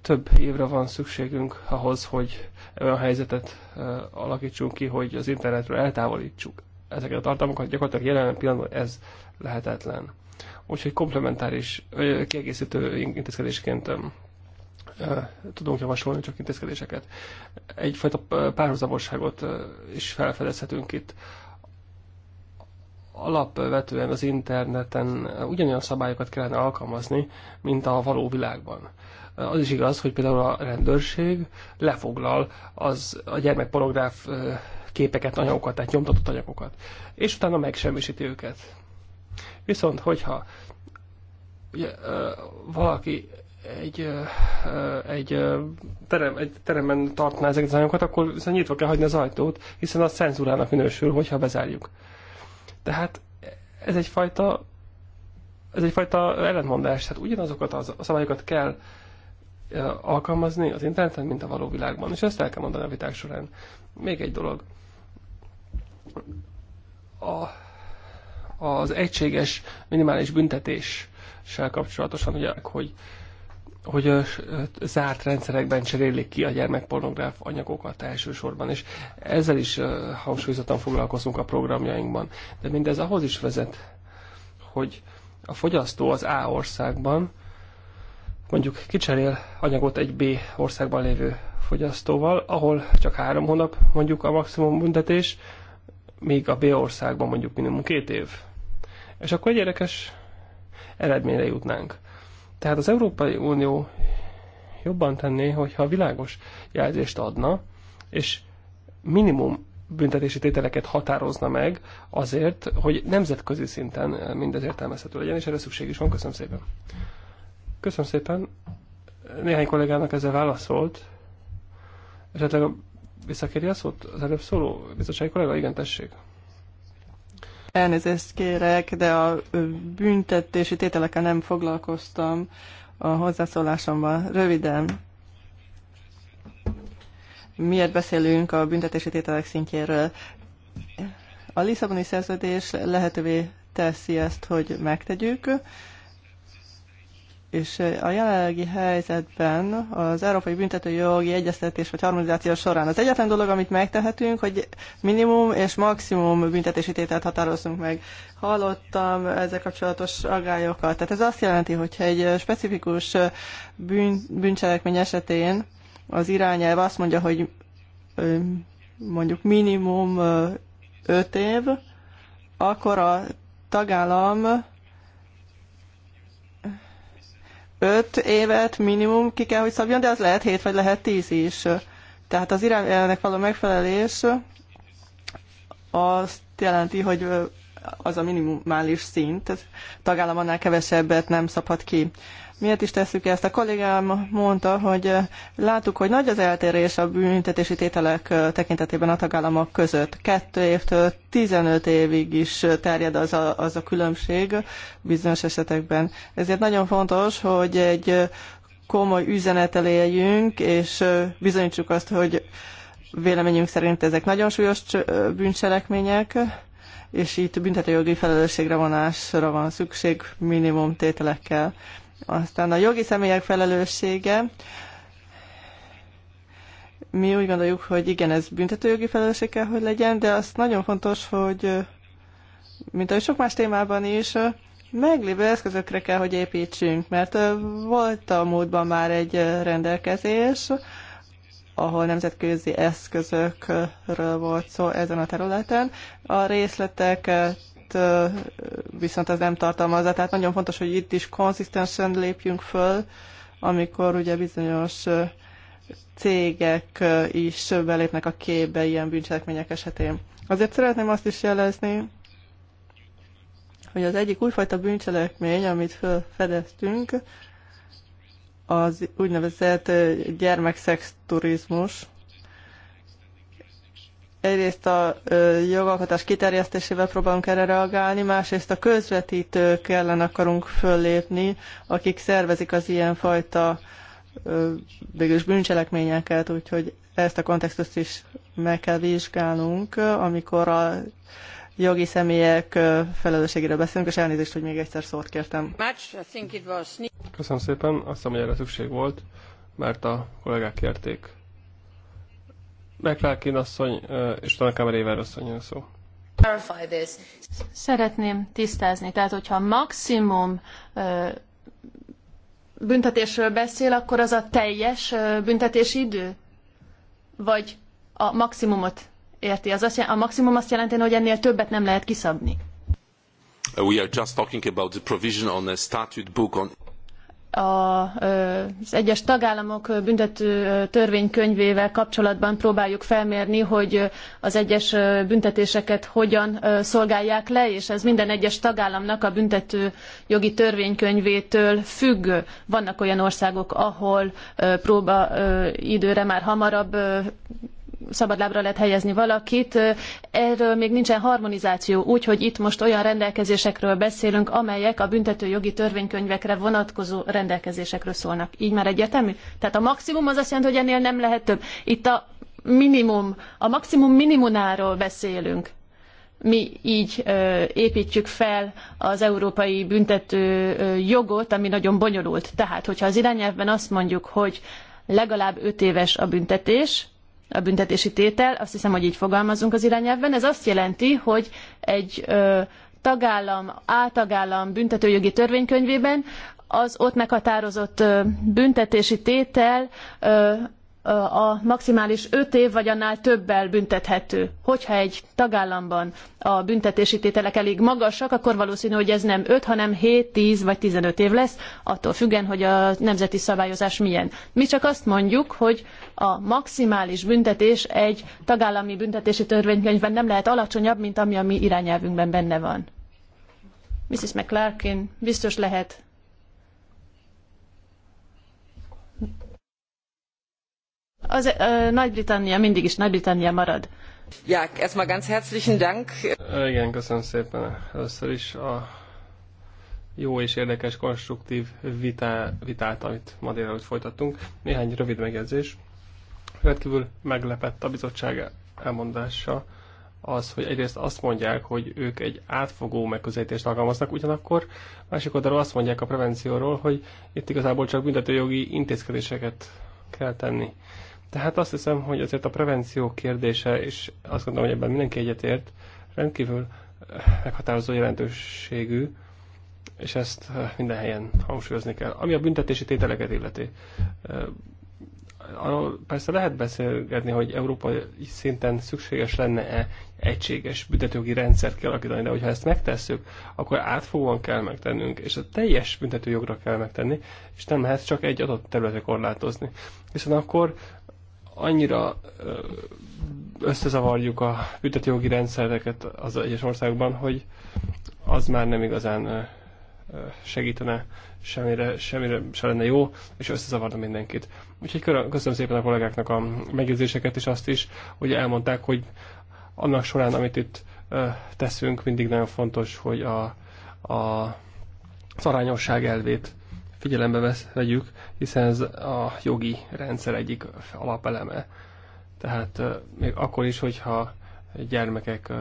több évre van szükségünk ahhoz, hogy olyan helyzetet alakítsunk ki, hogy az internetről eltávolítsuk ezeket a tartalmakat. Gyakorlatilag jelen pillanatban ez lehetetlen. Úgyhogy komplementáris, kiegészítő intézkedésként tudunk javasolni, csak intézkedéseket. Egyfajta párhuzamosságot is felfedezhetünk itt. Alapvetően az interneten ugyanolyan szabályokat kellene alkalmazni, mint a való világban. Az is igaz, hogy például a rendőrség lefoglal az a gyermekpornográf képeket, anyagokat, tehát nyomtatott anyagokat, és utána megsemmisíti őket. Viszont, hogyha ugye, valaki egy, egy, terem, egy teremben tartná ezeket az anyagokat, akkor viszont nyitva kell hagyni az ajtót, hiszen az cenzúrának minősül, hogyha bezárjuk. Tehát ez egyfajta, ez egyfajta ellentmondás. Tehát ugyanazokat a szabályokat kell alkalmazni az interneten, mint a való világban. És ezt el kell mondani a viták során. Még egy dolog. A, az egységes minimális büntetéssel kapcsolatosan, ugye, hogy hogy a zárt rendszerekben cserélik ki a gyermekpornográf anyagokat elsősorban, és ezzel is hangsúlyozottan foglalkozunk a programjainkban. De mindez ahhoz is vezet, hogy a fogyasztó az A országban mondjuk kicserél anyagot egy B országban lévő fogyasztóval, ahol csak három hónap mondjuk a maximum büntetés, míg a B országban mondjuk minimum két év. És akkor egy érdekes eredményre jutnánk. Tehát az Európai Unió jobban tenné, hogyha világos jelzést adna, és minimum büntetési tételeket határozna meg azért, hogy nemzetközi szinten mindez értelmezhető legyen, és erre szükség is van. Köszönöm szépen. Köszönöm szépen. Néhány kollégának ezzel válaszolt. Esetleg visszakérje a szót az előbb szóló bizottsági kollega? Igen, tessék. Elnézést kérek, de a büntetési tételekkel nem foglalkoztam a hozzászólásomban. Röviden, miért beszélünk a büntetési tételek szintjéről? A Lisszaboni szerződés lehetővé teszi ezt, hogy megtegyük, és eh, a jelenlegi helyzetben az Európai Büntetőjogi Egyeztetés vagy Harmonizáció során az egyetlen dolog, amit megtehetünk, hogy minimum és maximum büntetési tételt határozzunk meg. Hallottam ezzel kapcsolatos agályokat. Tehát ez azt jelenti, hogyha egy eh, specifikus eh, bűn, bűncselekmény esetén az irányelv azt mondja, hogy mondjuk minimum 5 év, akkor a tagállam öt évet minimum ki kell, hogy szabjon, de az lehet hét, vagy lehet tíz is. Tehát az irányelvnek való megfelelés azt jelenti, hogy az a minimális szint, tagállam annál kevesebbet nem szabhat ki. Miért is tesszük ezt? A kollégám mondta, hogy eh, láttuk, hogy nagy az eltérés a büntetési tételek eh, tekintetében a tagállamok között. Kettő évtől 15 évig is terjed az a, az a különbség bizonyos esetekben. Ezért nagyon fontos, hogy egy eh, komoly üzenetel éljünk, és bizonyítsuk azt, hogy véleményünk szerint ezek nagyon súlyos bűncselekmények, és itt büntetőjogi felelősségre vonásra van szükség minimum tételekkel. Aztán a jogi személyek felelőssége. Mi úgy gondoljuk, hogy igen, ez büntetőjogi felelősség kell, hogy legyen, de az nagyon fontos, hogy mint ahogy sok más témában is, meglévő eszközökre kell, hogy építsünk, mert volt a múltban már egy rendelkezés, ahol nemzetközi eszközökről volt szó ezen a területen. A részletek amit viszont ez nem tartalmazza. Tehát nagyon fontos, hogy itt is konzisztensen lépjünk föl, amikor ugye bizonyos cégek is belépnek a képbe ilyen bűncselekmények esetén. Azért szeretném azt is jelezni, hogy az egyik újfajta bűncselekmény, amit felfedeztünk, az úgynevezett gyermekszex turizmus, egyrészt a jogalkotás kiterjesztésével próbálunk erre reagálni, másrészt a közvetítők ellen akarunk föllépni, akik szervezik az ilyenfajta végülis bűncselekményeket, úgyhogy ezt a kontextust is meg kell vizsgálnunk, amikor a jogi személyek felelősségéről beszélünk, és elnézést, hogy még egyszer szót kértem. Köszönöm szépen, azt hiszem, hogy erre szükség volt, mert a kollégák kérték. McLarkin asszony és Tanakám Réver asszony szó. Szeretném tisztázni, tehát hogyha maximum büntetésről beszél, akkor az a teljes büntetési idő? Vagy a maximumot érti? Az azt, a maximum azt jelenti, hogy ennél többet nem lehet kiszabni. We are just talking about the provision on a statute book on az egyes tagállamok büntető törvénykönyvével kapcsolatban próbáljuk felmérni, hogy az egyes büntetéseket hogyan szolgálják le, és ez minden egyes tagállamnak a büntető jogi törvénykönyvétől függ. Vannak olyan országok, ahol próbaidőre már hamarabb szabadlábra lehet helyezni valakit. Erről még nincsen harmonizáció, úgyhogy itt most olyan rendelkezésekről beszélünk, amelyek a jogi törvénykönyvekre vonatkozó rendelkezésekről szólnak. Így már egyetemű? Tehát a maximum az azt jelenti, hogy ennél nem lehet több. Itt a minimum, a maximum minimumáról beszélünk mi így ö, építjük fel az európai büntető jogot, ami nagyon bonyolult. Tehát, hogyha az irányelvben azt mondjuk, hogy legalább öt éves a büntetés, a büntetési tétel, azt hiszem, hogy így fogalmazunk az irányelvben. Ez azt jelenti, hogy egy ö, tagállam, áltagállam büntetőjogi törvénykönyvében az ott meghatározott büntetési tétel a maximális 5 év vagy annál többel büntethető. Hogyha egy tagállamban a büntetési tételek elég magasak, akkor valószínű, hogy ez nem 5, hanem 7, 10 vagy 15 év lesz, attól függően, hogy a nemzeti szabályozás milyen. Mi csak azt mondjuk, hogy a maximális büntetés egy tagállami büntetési törvénykönyvben nem lehet alacsonyabb, mint ami a mi irányelvünkben benne van. Mrs. McClarkin biztos lehet az Nagy-Britannia mindig is Nagy-Britannia marad. Ja, erstmal ganz herzlichen Dank. Igen, köszönöm szépen. Először is a jó és érdekes, konstruktív vitát, amit ma délelőtt folytattunk. Néhány rövid megjegyzés. Rendkívül meglepett a bizottság elmondása az, hogy egyrészt azt mondják, hogy ők egy átfogó megközelítést alkalmaznak, ugyanakkor másik oldalról azt mondják a prevencióról, hogy itt igazából csak büntetőjogi intézkedéseket kell tenni. Tehát azt hiszem, hogy azért a prevenció kérdése, és azt gondolom, hogy ebben mindenki egyetért, rendkívül eh, meghatározó jelentőségű, és ezt eh, minden helyen hangsúlyozni kell. Ami a büntetési tételeket illeti. Eh, arról persze lehet beszélgetni, hogy európai szinten szükséges lenne-e egységes büntetőjogi rendszert kialakítani, de hogyha ezt megtesszük, akkor átfogóan kell megtennünk, és a teljes büntetőjogra kell megtenni, és nem lehet csak egy adott területre korlátozni. Hiszen akkor annyira összezavarjuk a büntetőjogi rendszereket az egyes országokban, hogy az már nem igazán segítene, semmire, semmire se lenne jó, és összezavarna mindenkit. Úgyhogy köszönöm szépen a kollégáknak a megjegyzéseket, és azt is, hogy elmondták, hogy annak során, amit itt teszünk, mindig nagyon fontos, hogy a, a az arányosság elvét figyelembe vesz, vegyük, hiszen ez a jogi rendszer egyik alapeleme. Tehát még akkor is, hogyha gyermekek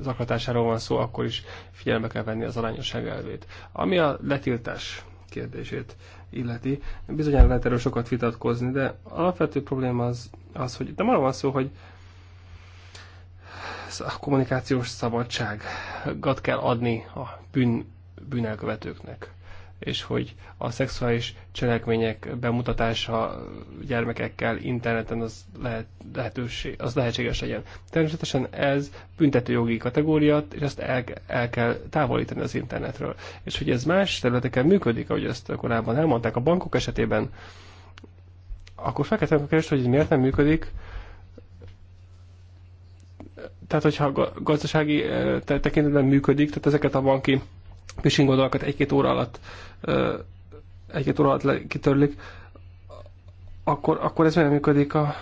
zaklatásáról van szó, akkor is figyelembe kell venni az arányosság elvét. Ami a letiltás kérdését illeti, bizonyára lehet erről sokat vitatkozni, de alapvető probléma az, az hogy nem arra van szó, hogy a kommunikációs szabadságot kell adni a bűn, bűnelkövetőknek és hogy a szexuális cselekmények bemutatása gyermekekkel interneten az, lehet, lehetőség, az lehetséges legyen. Természetesen ez büntetőjogi kategóriát és ezt el, el kell távolítani az internetről. És hogy ez más területeken működik, ahogy ezt korábban elmondták a bankok esetében, akkor fel kell a keresni, hogy ez miért nem működik, tehát hogyha gazdasági eh, tekintetben működik, tehát ezeket a banki pishing oldalakat egy-két óra alatt egy-két óra alatt kitörlik, akkor, akkor ez miért működik a,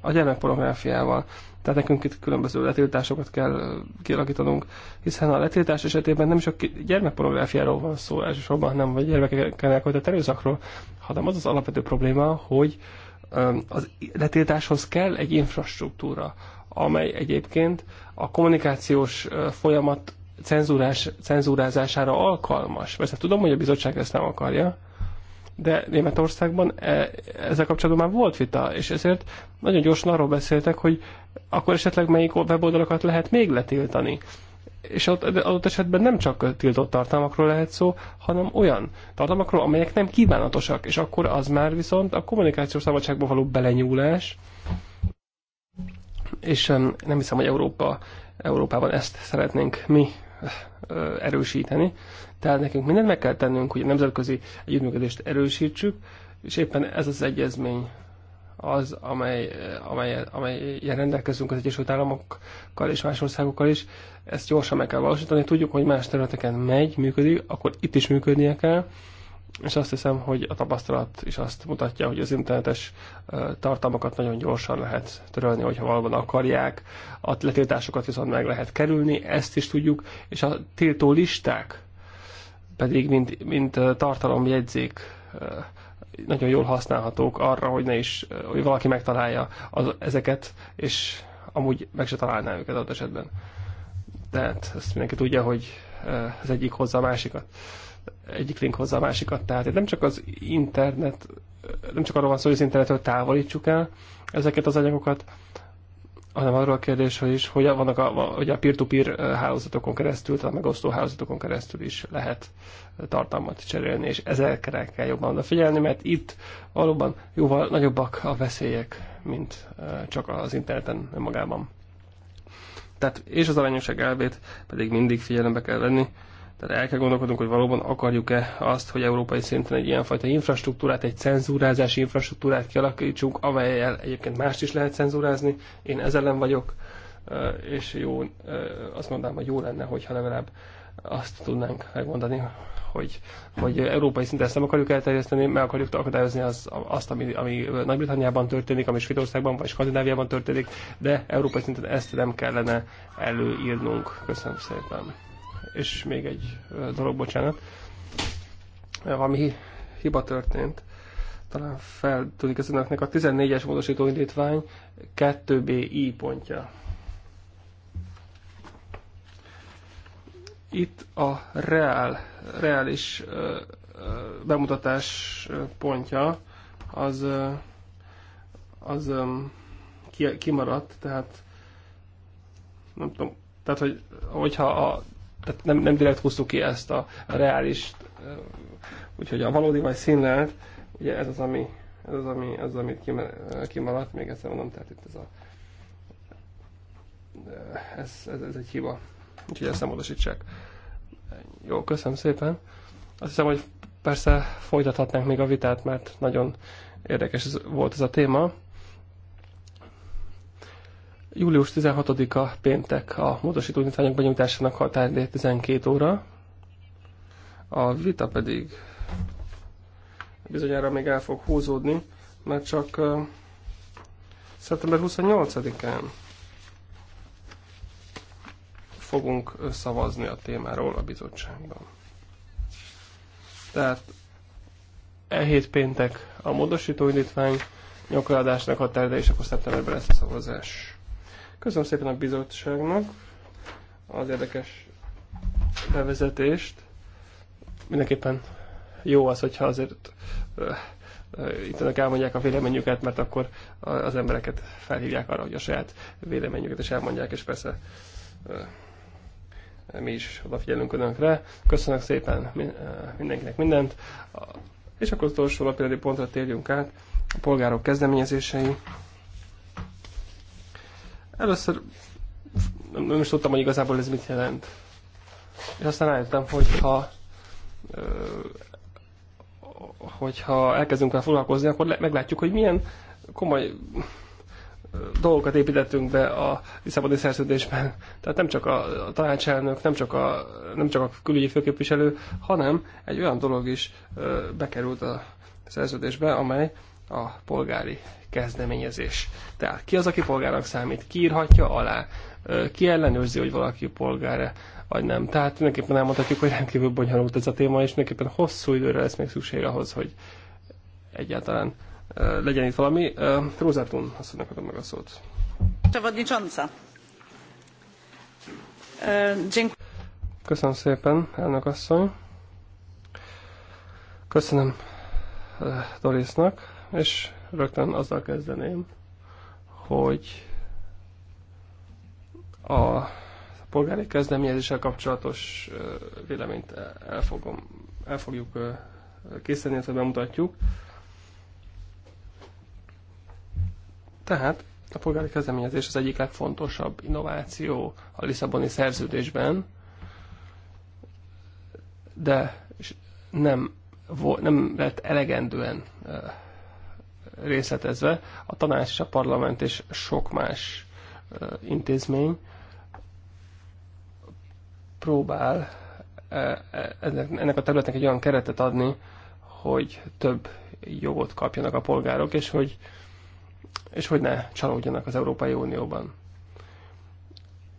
a gyermekpornográfiával? Tehát nekünk itt különböző letiltásokat kell kialakítanunk, hiszen a letiltás esetében nem is a gyermekpornográfiáról van szó elsősorban, hanem vagy gyermekeken elkövetett erőszakról, hanem az az alapvető probléma, hogy az letiltáshoz kell egy infrastruktúra, amely egyébként a kommunikációs folyamat cenzúrás, cenzúrázására alkalmas. Persze tudom, hogy a bizottság ezt nem akarja, de Németországban e, ezzel kapcsolatban már volt vita, és ezért nagyon gyorsan arról beszéltek, hogy akkor esetleg melyik weboldalakat lehet még letiltani. És adott esetben nem csak tiltott tartalmakról lehet szó, hanem olyan tartalmakról, amelyek nem kívánatosak, és akkor az már viszont a kommunikációs szabadságba való belenyúlás, és nem hiszem, hogy Európa, Európában ezt szeretnénk mi erősíteni. Tehát nekünk mindent meg kell tennünk, hogy a nemzetközi együttműködést erősítsük, és éppen ez az egyezmény az, amely, amely, amely rendelkezünk az Egyesült Államokkal és más országokkal is, ezt gyorsan meg kell valósítani. Tudjuk, hogy más területeken megy, működik, akkor itt is működnie kell és azt hiszem, hogy a tapasztalat is azt mutatja, hogy az internetes tartalmakat nagyon gyorsan lehet törölni, hogyha valóban akarják. A letiltásokat viszont meg lehet kerülni, ezt is tudjuk, és a tiltó listák pedig, mint, mint tartalomjegyzék, nagyon jól használhatók arra, hogy ne is, hogy valaki megtalálja az, ezeket, és amúgy meg se találná őket adott esetben. Tehát ezt mindenki tudja, hogy az egyik hozza a másikat egyik link hozzá a másikat. Tehát nem csak az internet, nem csak arról van szó, hogy az internetről távolítsuk el ezeket az anyagokat, hanem arról a hogy, is, hogy vannak a, hogy a peer-to-peer hálózatokon keresztül, tehát a megosztó hálózatokon keresztül is lehet tartalmat cserélni, és ezekre kell jobban odafigyelni, mert itt valóban jóval nagyobbak a veszélyek, mint csak az interneten magában. Tehát, és az arányosság elvét pedig mindig figyelembe kell venni, tehát el kell gondolkodnunk, hogy valóban akarjuk-e azt, hogy európai szinten egy ilyenfajta infrastruktúrát, egy cenzúrázási infrastruktúrát kialakítsunk, amelyel egyébként mást is lehet cenzúrázni. Én ezzel ellen vagyok, és jó, azt mondanám, hogy jó lenne, hogyha legalább azt tudnánk megmondani, hogy, hogy európai szinten ezt nem akarjuk elterjeszteni, meg akarjuk akadályozni az, azt, ami, ami Nagy-Britanniában történik, ami Svédországban vagy Skandináviában történik, de európai szinten ezt nem kellene előírnunk. Köszönöm szépen és még egy dolog, bocsánat, Valami hiba történt. Talán feltűnik ez önöknek a 14-es módosító indítvány 2BI pontja. Itt a reál, reális bemutatás pontja az, az kimaradt, tehát nem tudom, tehát hogy, hogyha a tehát nem, nem direkt húztuk ki ezt a, a reális, úgyhogy a valódi vagy színlelt, ugye ez az, ami, ez az, ami, ez az amit kimaradt, még egyszer mondom, tehát itt ez a, ez, ez, ez egy hiba, úgyhogy ezt nem odasítsák. Jó, köszönöm szépen. Azt hiszem, hogy persze folytathatnánk még a vitát, mert nagyon érdekes volt ez a téma. Július 16-a péntek a módosító nyitványok benyújtásának határidő 12 óra. A vita pedig bizonyára még el fog húzódni, mert csak uh, szeptember 28-án fogunk szavazni a témáról a bizottságban. Tehát e hét péntek a módosító indítvány, a határideje, és akkor szeptemberben lesz a szavazás. Köszönöm szépen a bizottságnak az érdekes bevezetést. Mindenképpen jó az, hogyha azért itt önök elmondják a véleményüket, mert akkor az embereket felhívják arra, hogy a saját véleményüket is elmondják, és persze mi is odafigyelünk önökre. Köszönöm szépen mindenkinek mindent. És akkor az utolsó napjelenti pontra térjünk át, a polgárok kezdeményezései. Először nem is tudtam, hogy igazából ez mit jelent. És aztán rájöttem, hogyha hogyha elkezdünk el foglalkozni, akkor meglátjuk, hogy milyen komoly dolgokat építettünk be a Lisszaboni szerződésben. Tehát nem csak a tanácselnök, nem csak a, nem csak a külügyi főképviselő, hanem egy olyan dolog is bekerült a szerződésbe, amely a polgári kezdeményezés. Tehát ki az, aki polgárnak számít, ki írhatja alá, ki ellenőrzi, hogy valaki polgára vagy nem. Tehát mindenképpen elmondhatjuk, hogy rendkívül bonyolult ez a téma, és mindenképpen hosszú időre lesz még szükség ahhoz, hogy egyáltalán legyen itt valami. Uh, Rózátun, azt mondjuk adom meg a szót. E, Köszönöm szépen, elnök asszony. Köszönöm Dorisnak és rögtön azzal kezdeném, hogy a polgári kezdeményezéssel kapcsolatos véleményt el, fogom, el fogjuk készíteni, illetve bemutatjuk. Tehát a polgári kezdeményezés az egyik legfontosabb innováció a Lisszaboni szerződésben, de nem, nem lett elegendően részletezve, a tanács és a parlament és sok más intézmény próbál e, e, ennek a területnek egy olyan keretet adni, hogy több jogot kapjanak a polgárok, és hogy, és hogy ne csalódjanak az Európai Unióban.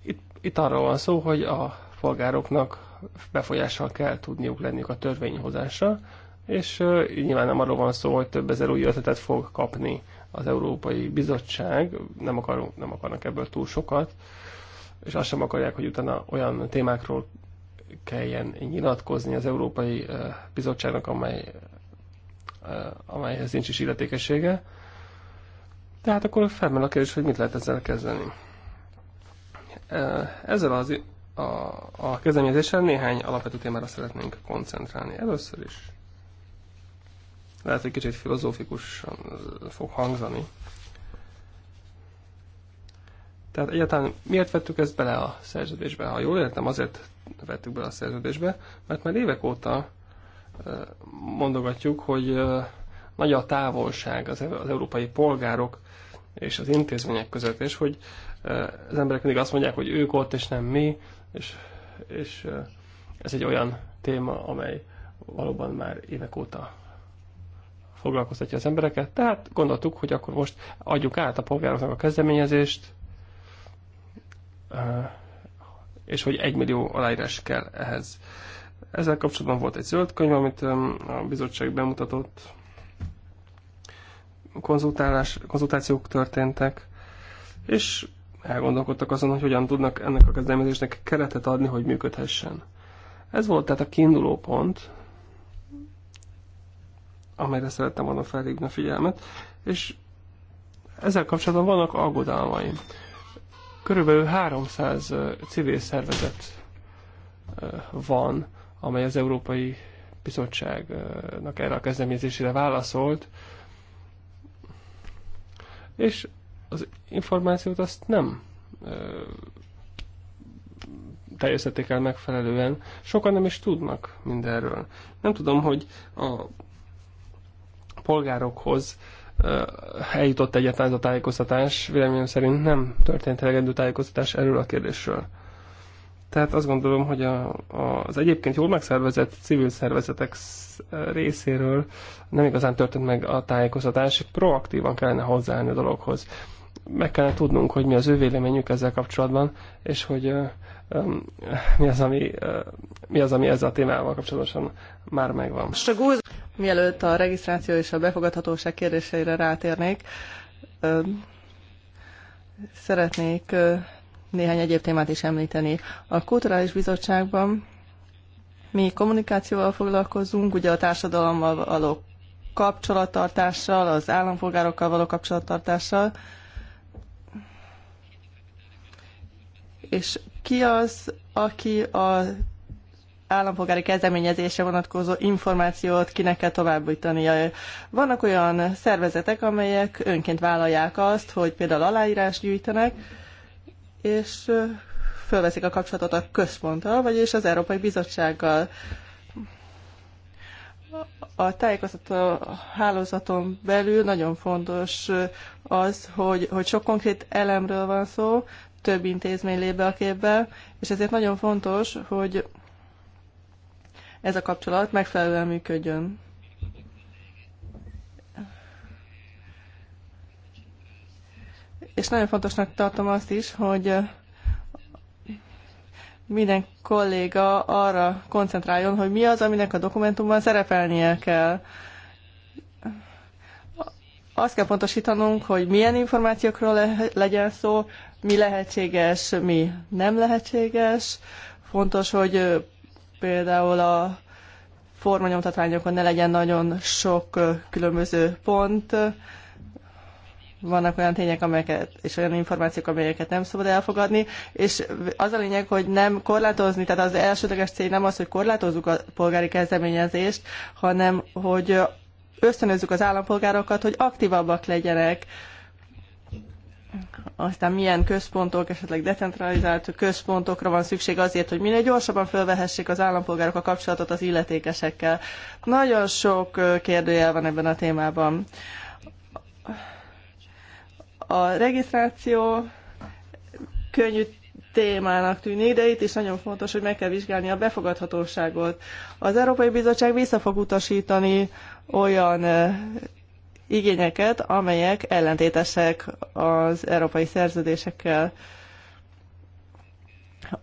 Itt, itt arról van szó, hogy a polgároknak befolyással kell tudniuk lenniük a törvényhozásra, és nyilván nem arról van szó, hogy több ezer új ötletet fog kapni az Európai Bizottság, nem, akarunk, nem akarnak ebből túl sokat, és azt sem akarják, hogy utána olyan témákról kelljen nyilatkozni az Európai Bizottságnak, amely, amelyhez nincs is illetékessége. Tehát akkor felmerül a kérdés, hogy mit lehet ezzel kezdeni. Ezzel az, a, a kezdeményezéssel néhány alapvető témára szeretnénk koncentrálni. Először is lehet, hogy kicsit filozófikusan eh, fog hangzani. Tehát egyáltalán miért vettük ezt bele a szerződésbe? Ha jól értem, azért vettük bele a szerződésbe, mert már évek óta eh, mondogatjuk, hogy eh, nagy a távolság e- az, európai polgárok és az intézmények között, és hogy az emberek mindig azt mondják, hogy ők ott, és nem mi, és, és ez egy olyan téma, amely valóban már évek óta foglalkoztatja az embereket, tehát gondoltuk, hogy akkor most adjuk át a polgároknak a kezdeményezést, eh, és hogy egy millió aláírás kell ehhez. Ezzel kapcsolatban volt egy zöld könyv, amit a bizottság bemutatott, konzultálás, konzultációk történtek, és elgondolkodtak azon, hogy hogyan tudnak ennek a kezdeményezésnek keretet adni, hogy működhessen. Ez volt tehát a kiinduló pont, amelyre szerettem volna felhívni a figyelmet, és ezzel kapcsolatban vannak aggodalmaim. Körülbelül 300 civil szervezet van, amely az Európai Bizottságnak erre a kezdeményezésére válaszolt, és az információt azt nem teljesítették el megfelelően. Sokan nem is tudnak mindenről. Nem tudom, hogy a polgárokhoz eljutott egyetlen ez a tájékoztatás. Véleményem szerint nem történt elegendő tájékoztatás erről a kérdésről. Tehát azt gondolom, hogy a, a, az egyébként jól megszervezett civil szervezetek részéről nem igazán történt meg a tájékoztatás, proaktívan kellene hozzáállni a dologhoz. Meg kellene tudnunk, hogy mi az ő véleményük ezzel kapcsolatban, és hogy ö, ö, mi, az, ami, ö, mi az, ami ezzel a témával kapcsolatosan már megvan. Mielőtt a regisztráció és a befogadhatóság kérdéseire rátérnék, szeretnék néhány egyéb témát is említeni. A Kulturális Bizottságban mi kommunikációval foglalkozunk, ugye a társadalommal való kapcsolattartással, az állampolgárokkal való kapcsolattartással, és ki az, aki a állampolgári kezdeményezésre vonatkozó információt kinek kell továbbítania. Vannak olyan szervezetek, amelyek önként vállalják azt, hogy például aláírás gyűjtenek, és fölveszik a kapcsolatot a központtal, vagyis az Európai Bizottsággal. A tájékoztató hálózaton belül nagyon fontos az, hogy, hogy sok konkrét elemről van szó, több intézmény lép be a képbe, és ezért nagyon fontos, hogy ez a kapcsolat megfelelően működjön. És nagyon fontosnak tartom azt is, hogy eh, minden kolléga arra koncentráljon, hogy mi az, aminek a dokumentumban szerepelnie kell. Azt kell pontosítanunk, hogy milyen információkról le- legyen szó, mi lehetséges, mi nem lehetséges. Fontos, hogy eh, például a formanyomtatványokon ne legyen nagyon sok különböző pont, vannak olyan tények, amelyeket, és olyan információk, amelyeket nem szabad elfogadni, és az a lényeg, hogy nem korlátozni, tehát az elsődleges cél nem az, hogy korlátozzuk a polgári kezdeményezést, hanem hogy ösztönözzük az állampolgárokat, hogy aktívabbak legyenek, aztán milyen központok, esetleg decentralizált központokra van szükség azért, hogy minél gyorsabban fölvehessék az állampolgárok a kapcsolatot az illetékesekkel. Nagyon sok kérdőjel van ebben a témában. A regisztráció könnyű témának tűnik, de itt is nagyon fontos, hogy meg kell vizsgálni a befogadhatóságot. Az Európai Bizottság vissza fog utasítani olyan igényeket, amelyek ellentétesek az európai szerződésekkel.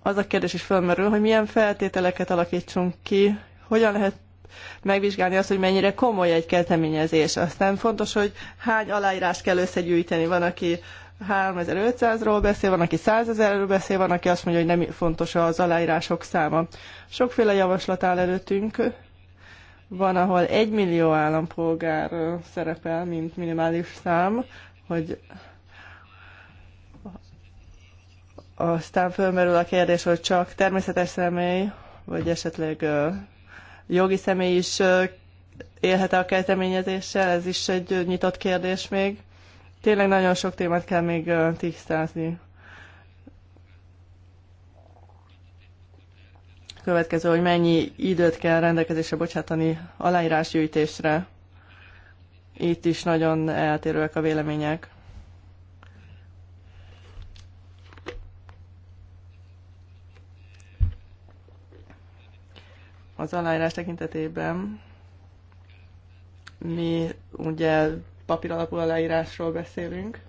Az a kérdés is fölmerül, hogy milyen feltételeket alakítsunk ki, hogyan lehet megvizsgálni azt, hogy mennyire komoly egy kezdeményezés. Aztán fontos, hogy hány aláírás kell összegyűjteni. Van, aki 3500-ról beszél, van, aki 100 ről beszél, van, aki azt mondja, hogy nem fontos az aláírások száma. Sokféle javaslat áll előttünk, van, ahol egy millió állampolgár szerepel, mint minimális szám, hogy aztán fölmerül a kérdés, hogy csak természetes személy, vagy esetleg jogi személy is élhet -e a kezdeményezéssel, ez is egy nyitott kérdés még. Tényleg nagyon sok témát kell még tisztázni. következő, hogy mennyi időt kell rendelkezésre bocsátani aláírásgyűjtésre. Itt is nagyon eltérőek a vélemények. Az aláírás tekintetében mi ugye papíralapú aláírásról beszélünk,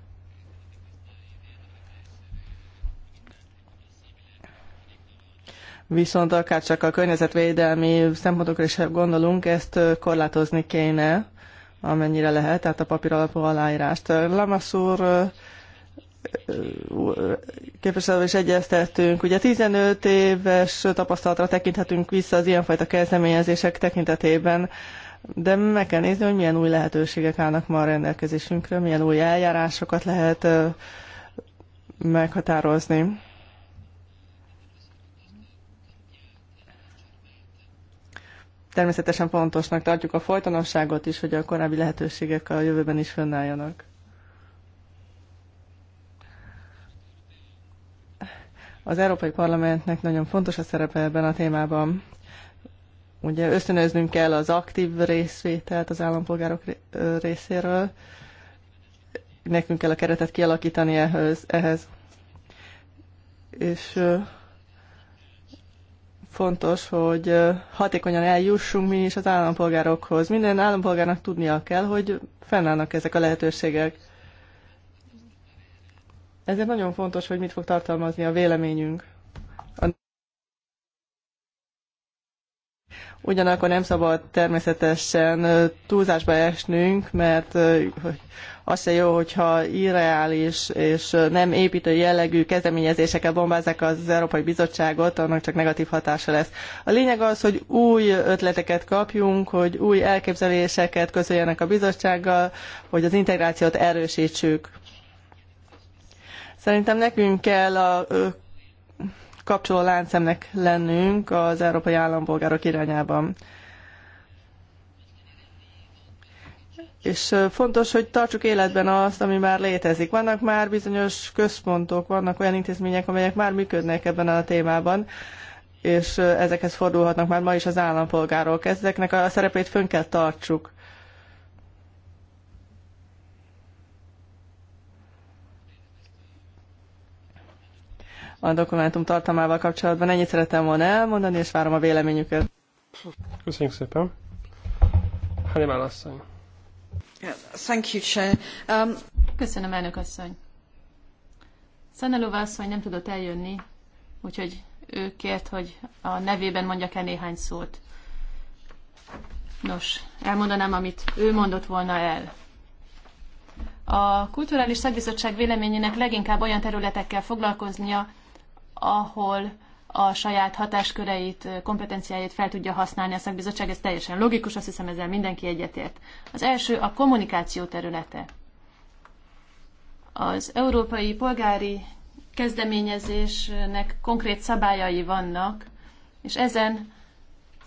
viszont akár csak a környezetvédelmi szempontokra is gondolunk, ezt korlátozni kéne, amennyire lehet, tehát a papír alapú aláírást. Lamassur képviselő is egyeztettünk. Ugye 15 éves tapasztalatra tekinthetünk vissza az ilyenfajta kezdeményezések tekintetében, de meg kell nézni, hogy milyen új lehetőségek állnak ma a rendelkezésünkre, milyen új eljárásokat lehet meghatározni. Természetesen fontosnak tartjuk a folytonosságot is, hogy a korábbi lehetőségek a jövőben is fönnálljanak. Az Európai Parlamentnek nagyon fontos a szerepe ebben a témában. Ugye ösztönöznünk kell az aktív részvételt az állampolgárok részéről. Nekünk kell a keretet kialakítani ehhez. ehhez. És fontos, hogy hatékonyan eljussunk mi is az állampolgárokhoz. Minden állampolgárnak tudnia kell, hogy fennállnak ezek a lehetőségek. Ezért nagyon fontos, hogy mit fog tartalmazni a véleményünk. Ugyanakkor nem szabad természetesen túlzásba esnünk, mert az se jó, hogyha irreális és nem építő jellegű kezdeményezésekkel bombázzák az Európai Bizottságot, annak csak negatív hatása lesz. A lényeg az, hogy új ötleteket kapjunk, hogy új elképzeléseket közöljenek a bizottsággal, hogy az integrációt erősítsük. Szerintem nekünk kell a kapcsoló láncemnek lennünk az európai állampolgárok irányában. és fontos, hogy tartsuk életben azt, ami már létezik. Vannak már bizonyos központok, vannak olyan intézmények, amelyek már működnek ebben a témában, és ezekhez fordulhatnak már ma is az állampolgárok. Ezeknek a szerepét fönn kell tartsuk. A dokumentum tartalmával kapcsolatban ennyit szeretem volna elmondani, és várom a véleményüket. Köszönjük szépen. Hannibal asszony. Um, Köszönöm, elnök asszony. Szanelova asszony nem tudott eljönni, úgyhogy ő kért, hogy a nevében mondjak el néhány szót. Nos, elmondanám, amit ő mondott volna el. A Kulturális Szakbizottság véleményének leginkább olyan területekkel foglalkoznia, ahol a saját hatásköreit, kompetenciáit fel tudja használni a szakbizottság, ez teljesen logikus, azt hiszem ezzel mindenki egyetért. Az első a kommunikáció területe. Az európai polgári kezdeményezésnek konkrét szabályai vannak, és ezen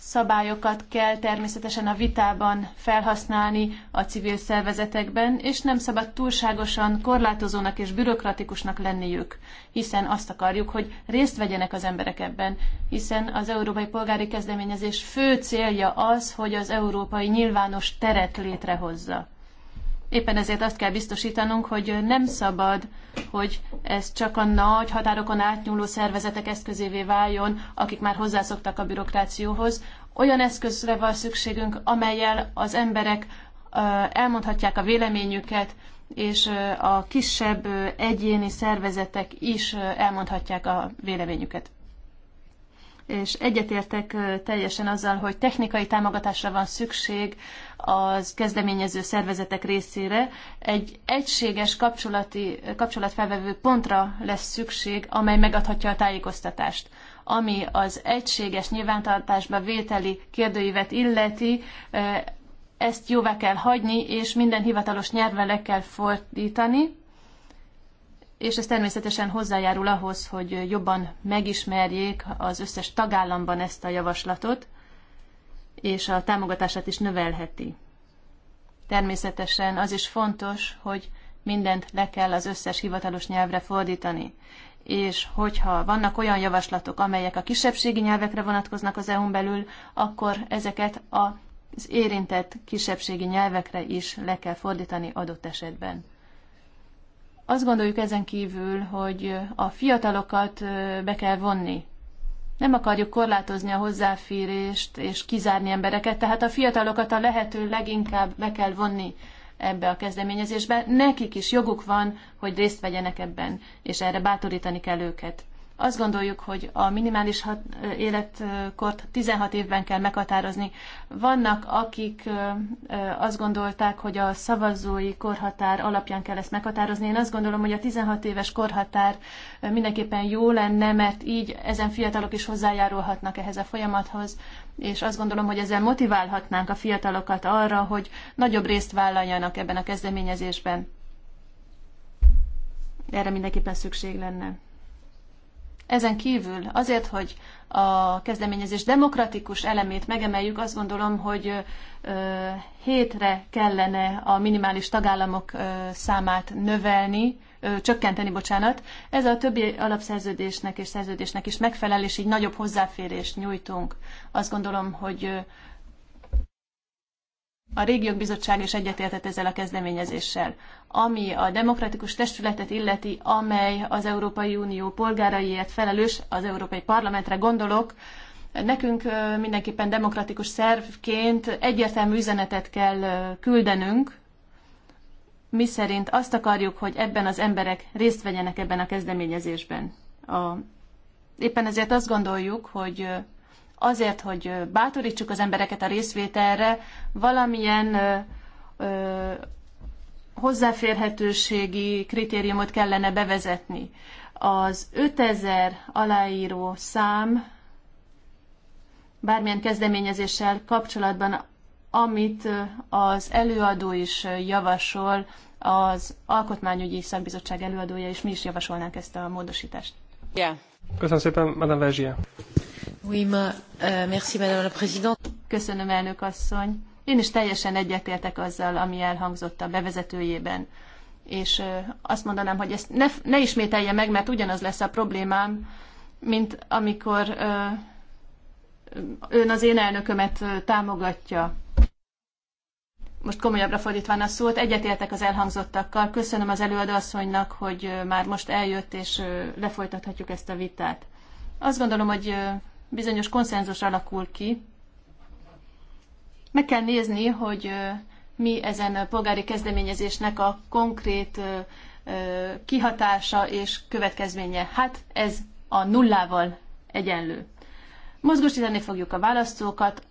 szabályokat kell természetesen a vitában felhasználni a civil szervezetekben, és nem szabad túlságosan korlátozónak és bürokratikusnak lenniük, hiszen azt akarjuk, hogy részt vegyenek az emberek ebben, hiszen az Európai Polgári Kezdeményezés fő célja az, hogy az európai nyilvános teret létrehozza. Éppen ezért azt kell biztosítanunk, hogy nem szabad, hogy ez csak a nagy határokon átnyúló szervezetek eszközévé váljon, akik már hozzászoktak a bürokrációhoz. Olyan eszközre van szükségünk, amelyel az emberek elmondhatják a véleményüket, és a kisebb egyéni szervezetek is elmondhatják a véleményüket és egyetértek teljesen azzal, hogy technikai támogatásra van szükség az kezdeményező szervezetek részére. Egy egységes kapcsolati, kapcsolatfelvevő pontra lesz szükség, amely megadhatja a tájékoztatást ami az egységes nyilvántartásba vételi kérdőívet illeti, ezt jóvá kell hagyni, és minden hivatalos nyelvvel le kell fordítani és ez természetesen hozzájárul ahhoz, hogy jobban megismerjék az összes tagállamban ezt a javaslatot, és a támogatását is növelheti. Természetesen az is fontos, hogy mindent le kell az összes hivatalos nyelvre fordítani. És hogyha vannak olyan javaslatok, amelyek a kisebbségi nyelvekre vonatkoznak az EU-n belül, akkor ezeket az érintett kisebbségi nyelvekre is le kell fordítani adott esetben. Azt gondoljuk ezen kívül, hogy a fiatalokat be kell vonni. Nem akarjuk korlátozni a hozzáférést és kizárni embereket, tehát a fiatalokat a lehető leginkább be kell vonni ebbe a kezdeményezésbe. Nekik is joguk van, hogy részt vegyenek ebben, és erre bátorítani kell őket. Azt gondoljuk, hogy a minimális hat, életkort 16 évben kell meghatározni. Vannak, akik azt gondolták, hogy a szavazói korhatár alapján kell ezt meghatározni. Én azt gondolom, hogy a 16 éves korhatár mindenképpen jó lenne, mert így ezen fiatalok is hozzájárulhatnak ehhez a folyamathoz, és azt gondolom, hogy ezzel motiválhatnánk a fiatalokat arra, hogy nagyobb részt vállaljanak ebben a kezdeményezésben. Erre mindenképpen szükség lenne. Ezen kívül azért, hogy a kezdeményezés demokratikus elemét megemeljük, azt gondolom, hogy hétre kellene a minimális tagállamok számát növelni, csökkenteni, bocsánat. Ez a többi alapszerződésnek és szerződésnek is megfelel, és így nagyobb hozzáférést nyújtunk. Azt gondolom, hogy a régiók bizottság is egyetértett ezzel a kezdeményezéssel. Ami a demokratikus testületet illeti, amely az Európai Unió polgáraiért felelős, az Európai Parlamentre gondolok, nekünk mindenképpen demokratikus szervként egyértelmű üzenetet kell küldenünk, mi szerint azt akarjuk, hogy ebben az emberek részt vegyenek ebben a kezdeményezésben. A, éppen ezért azt gondoljuk, hogy azért, hogy bátorítsuk az embereket a részvételre, valamilyen ö, hozzáférhetőségi kritériumot kellene bevezetni. Az 5000 aláíró szám bármilyen kezdeményezéssel kapcsolatban, amit az előadó is javasol, az Alkotmányügyi Szakbizottság előadója, és mi is javasolnánk ezt a módosítást. Yeah. Köszönöm szépen, Madame Vezsia. Euh, Köszönöm, elnök asszony. Én is teljesen egyetértek azzal, ami elhangzott a bevezetőjében. És azt mondanám, hogy ezt ne, ne ismételje meg, mert ugyanaz lesz a problémám, mint amikor ön az én elnökömet támogatja. Most komolyabbra fordítván a szót, egyetértek az elhangzottakkal. Köszönöm az előadóasszonynak, hogy már most eljött, és lefolytathatjuk ezt a vitát. Azt gondolom, hogy bizonyos konszenzus alakul ki. Meg kell nézni, hogy mi ezen a polgári kezdeményezésnek a konkrét kihatása és következménye. Hát ez a nullával egyenlő. Mozgósítani fogjuk a választókat,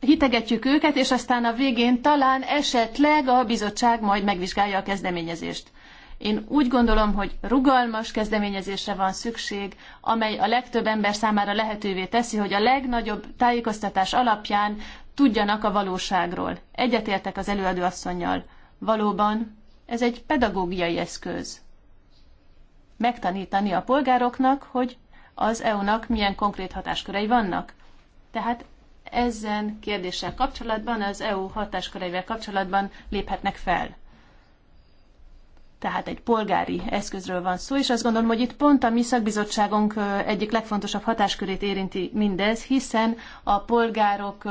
hitegetjük őket, és aztán a végén talán esetleg a bizottság majd megvizsgálja a kezdeményezést. Én úgy gondolom, hogy rugalmas kezdeményezésre van szükség, amely a legtöbb ember számára lehetővé teszi, hogy a legnagyobb tájékoztatás alapján tudjanak a valóságról. Egyetértek az előadóasszonynal. Valóban ez egy pedagógiai eszköz. Megtanítani a polgároknak, hogy az EU-nak milyen konkrét hatáskörei vannak. Tehát ezen kérdéssel kapcsolatban, az EU hatáskörével kapcsolatban léphetnek fel tehát egy polgári eszközről van szó, és azt gondolom, hogy itt pont a mi szakbizottságunk egyik legfontosabb hatáskörét érinti mindez, hiszen a polgárok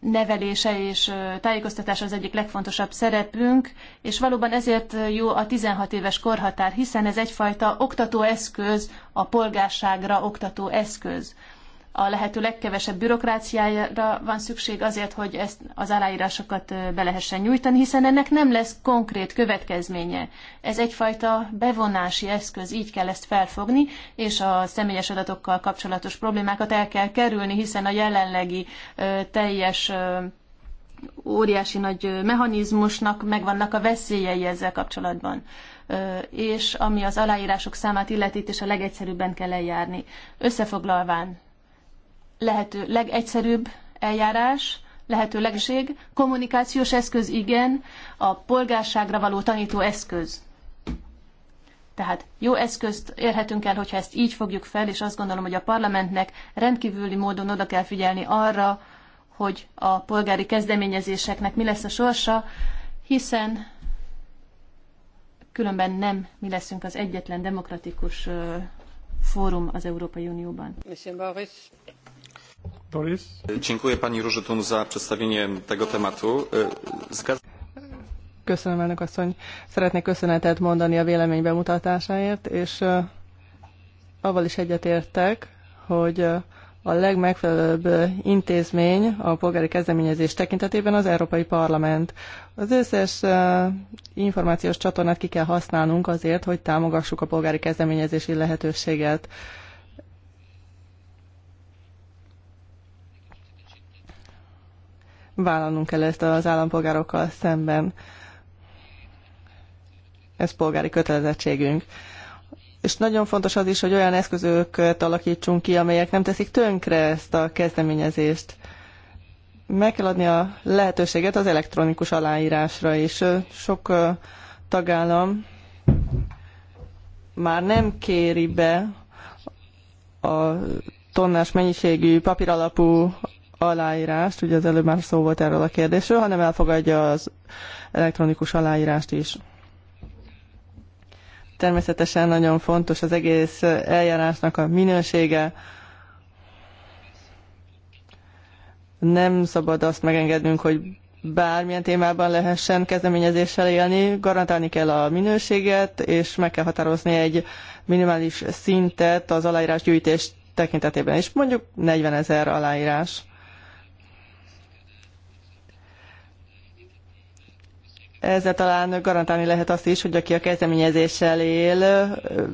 nevelése és tájékoztatása az egyik legfontosabb szerepünk, és valóban ezért jó a 16 éves korhatár, hiszen ez egyfajta oktató eszköz, a polgárságra oktató eszköz a lehető legkevesebb bürokráciára van szükség azért, hogy ezt az aláírásokat be lehessen nyújtani, hiszen ennek nem lesz konkrét következménye. Ez egyfajta bevonási eszköz, így kell ezt felfogni, és a személyes adatokkal kapcsolatos problémákat el kell kerülni, hiszen a jelenlegi teljes óriási nagy mechanizmusnak megvannak a veszélyei ezzel kapcsolatban és ami az aláírások számát illeti, és a legegyszerűbben kell eljárni. Összefoglalván, lehető legegyszerűbb eljárás, lehető legség, kommunikációs eszköz igen, a polgárságra való tanító eszköz. Tehát jó eszközt érhetünk el, hogyha ezt így fogjuk fel, és azt gondolom, hogy a parlamentnek rendkívüli módon oda kell figyelni arra, hogy a polgári kezdeményezéseknek mi lesz a sorsa, hiszen különben nem mi leszünk az egyetlen demokratikus fórum az Európai Unióban. Monsieur Boris. Doris? Dziękuję pani Różytun za przedstawienie tego tematu. E, Zgadzam Köszönöm, elnök asszony. Szeretnék köszönetet mondani a vélemény bemutatásáért, és e, avval is egyetértek, hogy e, a legmegfelelőbb intézmény a polgári kezdeményezés tekintetében az Európai Parlament. Az összes információs csatornát ki kell használnunk azért, hogy támogassuk a polgári kezdeményezési lehetőséget. vállalnunk kell ezt az állampolgárokkal szemben. Ez polgári kötelezettségünk. És nagyon fontos az is, hogy olyan eszközöket alakítsunk ki, amelyek nem teszik tönkre ezt a kezdeményezést. Meg kell adni a lehetőséget az elektronikus aláírásra is. Sok tagállam már nem kéri be a tonnás mennyiségű papíralapú aláírást, ugye az előbb már szó volt erről a kérdésről, hanem elfogadja az elektronikus aláírást is. Természetesen nagyon fontos az egész eljárásnak a minősége. Nem szabad azt megengednünk, hogy bármilyen témában lehessen kezdeményezéssel élni, garantálni kell a minőséget, és meg kell határozni egy minimális szintet az aláírás gyűjtés tekintetében is, mondjuk 40 ezer aláírás. Ezzel talán garantálni lehet azt is, hogy aki a kezdeményezéssel él,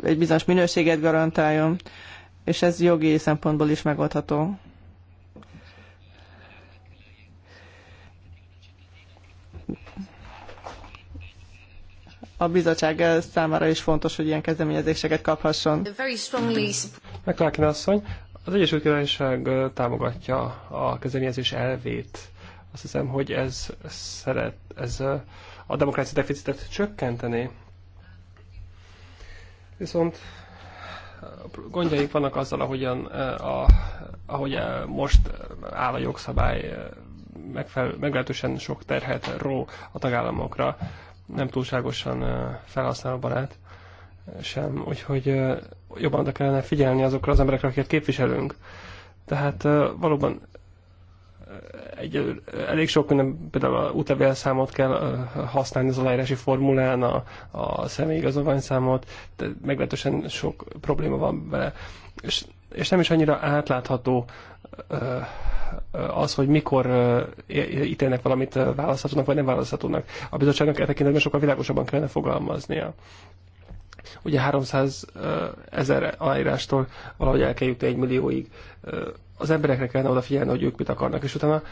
egy bizonyos minőséget garantáljon, és ez jogi szempontból is megoldható. a bizottság számára is fontos, hogy ilyen kezdeményezéseket kaphasson. McClarkin asszony, az Egyesült Királyság támogatja a kezdeményezés elvét. Azt hiszem, hogy ez szeret, ez a demokrácia deficitet csökkenteni. Viszont gondjaik vannak azzal, ahogyan, eh, a, ahogy eh, most eh, áll a jogszabály, megfel, meglehetősen sok terhet ró a tagállamokra, nem túlságosan barát sem, úgyhogy jobban oda kellene figyelni azokra az emberekre, akiket képviselünk. Tehát valóban egy, elég sok, például a számot kell használni az aláírási formulán, a, a számot, meglehetősen sok probléma van vele. És, és nem is annyira átlátható az, hogy mikor ítélnek valamit választhatónak vagy nem választhatónak. A bizottságnak e tekintetben sokkal világosabban kellene fogalmaznia. Ugye 300 ezer aláírástól valahogy el kell jutni egy millióig. Az emberekre kellene odafigyelni, hogy ők mit akarnak, és utána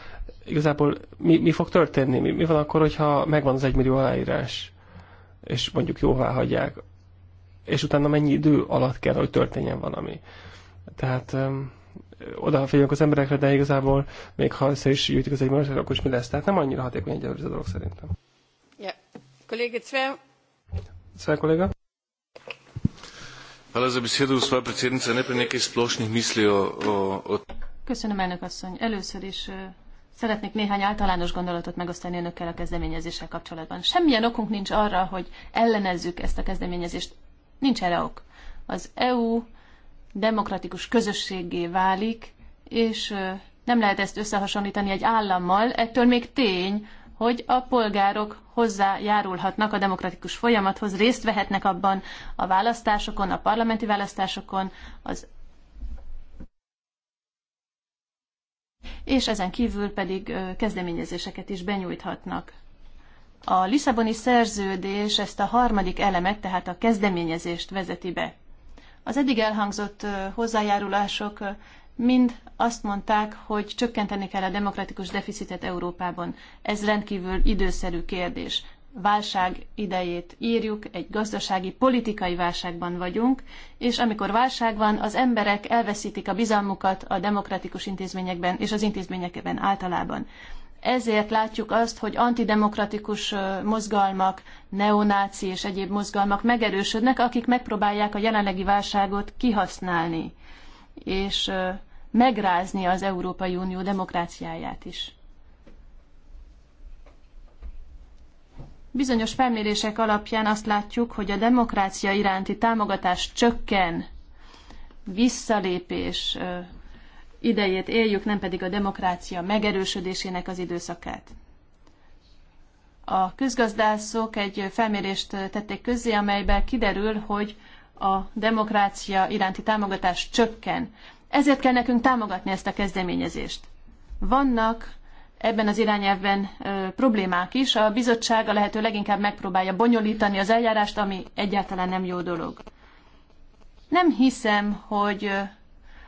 igazából mi, mi fog történni? Mi, mi van akkor, hogyha megvan az egymillió aláírás, és mondjuk jóvá hagyják, és utána mennyi idő alatt kell, hogy történjen valami? Tehát odafigyelünk az emberekre, de igazából még ha össze is gyűjtik az egymást, akkor is mi lesz. Tehát nem annyira hatékony egyelőre ez a dolog szerintem. Ja. kollégi Cver. Cver kolléga. Hvala za besedo, gospa predsednica. Najprej nekaj splošnih misli o, o, o... Köszönöm, elnök asszony. Először is Szeretnék néhány általános gondolatot megosztani önökkel a kezdeményezéssel kapcsolatban. Semmilyen okunk nincs arra, hogy ellenezzük ezt a kezdeményezést. Nincs erre ok. Az EU demokratikus közösségé válik, és nem lehet ezt összehasonlítani egy állammal. Ettől még tény, hogy a polgárok hozzájárulhatnak a demokratikus folyamathoz, részt vehetnek abban a választásokon, a parlamenti választásokon, az és ezen kívül pedig kezdeményezéseket is benyújthatnak. A Lisszaboni szerződés ezt a harmadik elemet, tehát a kezdeményezést vezeti be. Az eddig elhangzott hozzájárulások mind azt mondták, hogy csökkenteni kell a demokratikus deficitet Európában. Ez rendkívül időszerű kérdés. Válság idejét írjuk, egy gazdasági, politikai válságban vagyunk, és amikor válság van, az emberek elveszítik a bizalmukat a demokratikus intézményekben és az intézményekben általában. Ezért látjuk azt, hogy antidemokratikus mozgalmak, neonáci és egyéb mozgalmak megerősödnek, akik megpróbálják a jelenlegi válságot kihasználni és megrázni az Európai Unió demokráciáját is. Bizonyos felmérések alapján azt látjuk, hogy a demokrácia iránti támogatás csökken, visszalépés idejét éljük, nem pedig a demokrácia megerősödésének az időszakát. A közgazdászok egy felmérést tették közzé, amelyben kiderül, hogy a demokrácia iránti támogatás csökken. Ezért kell nekünk támogatni ezt a kezdeményezést. Vannak ebben az irányelvben ö, problémák is. A bizottság a lehető leginkább megpróbálja bonyolítani az eljárást, ami egyáltalán nem jó dolog. Nem hiszem, hogy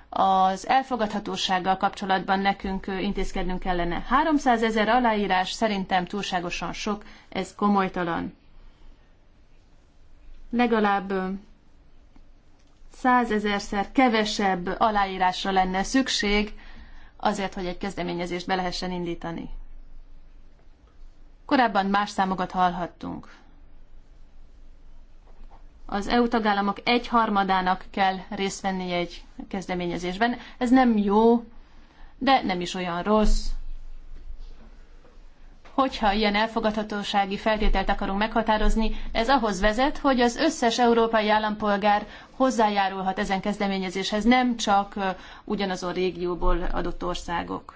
az elfogadhatósággal kapcsolatban nekünk intézkednünk kellene. 300 ezer aláírás szerintem túlságosan sok, ez komolytalan. Legalább százezerszer kevesebb aláírásra lenne szükség azért, hogy egy kezdeményezést be lehessen indítani. Korábban más számokat hallhattunk. Az EU tagállamok egy harmadának kell részt venni egy kezdeményezésben. Ez nem jó, de nem is olyan rossz. Hogyha ilyen elfogadhatósági feltételt akarunk meghatározni, ez ahhoz vezet, hogy az összes európai állampolgár hozzájárulhat ezen kezdeményezéshez, nem csak ugyanazon régióból adott országok.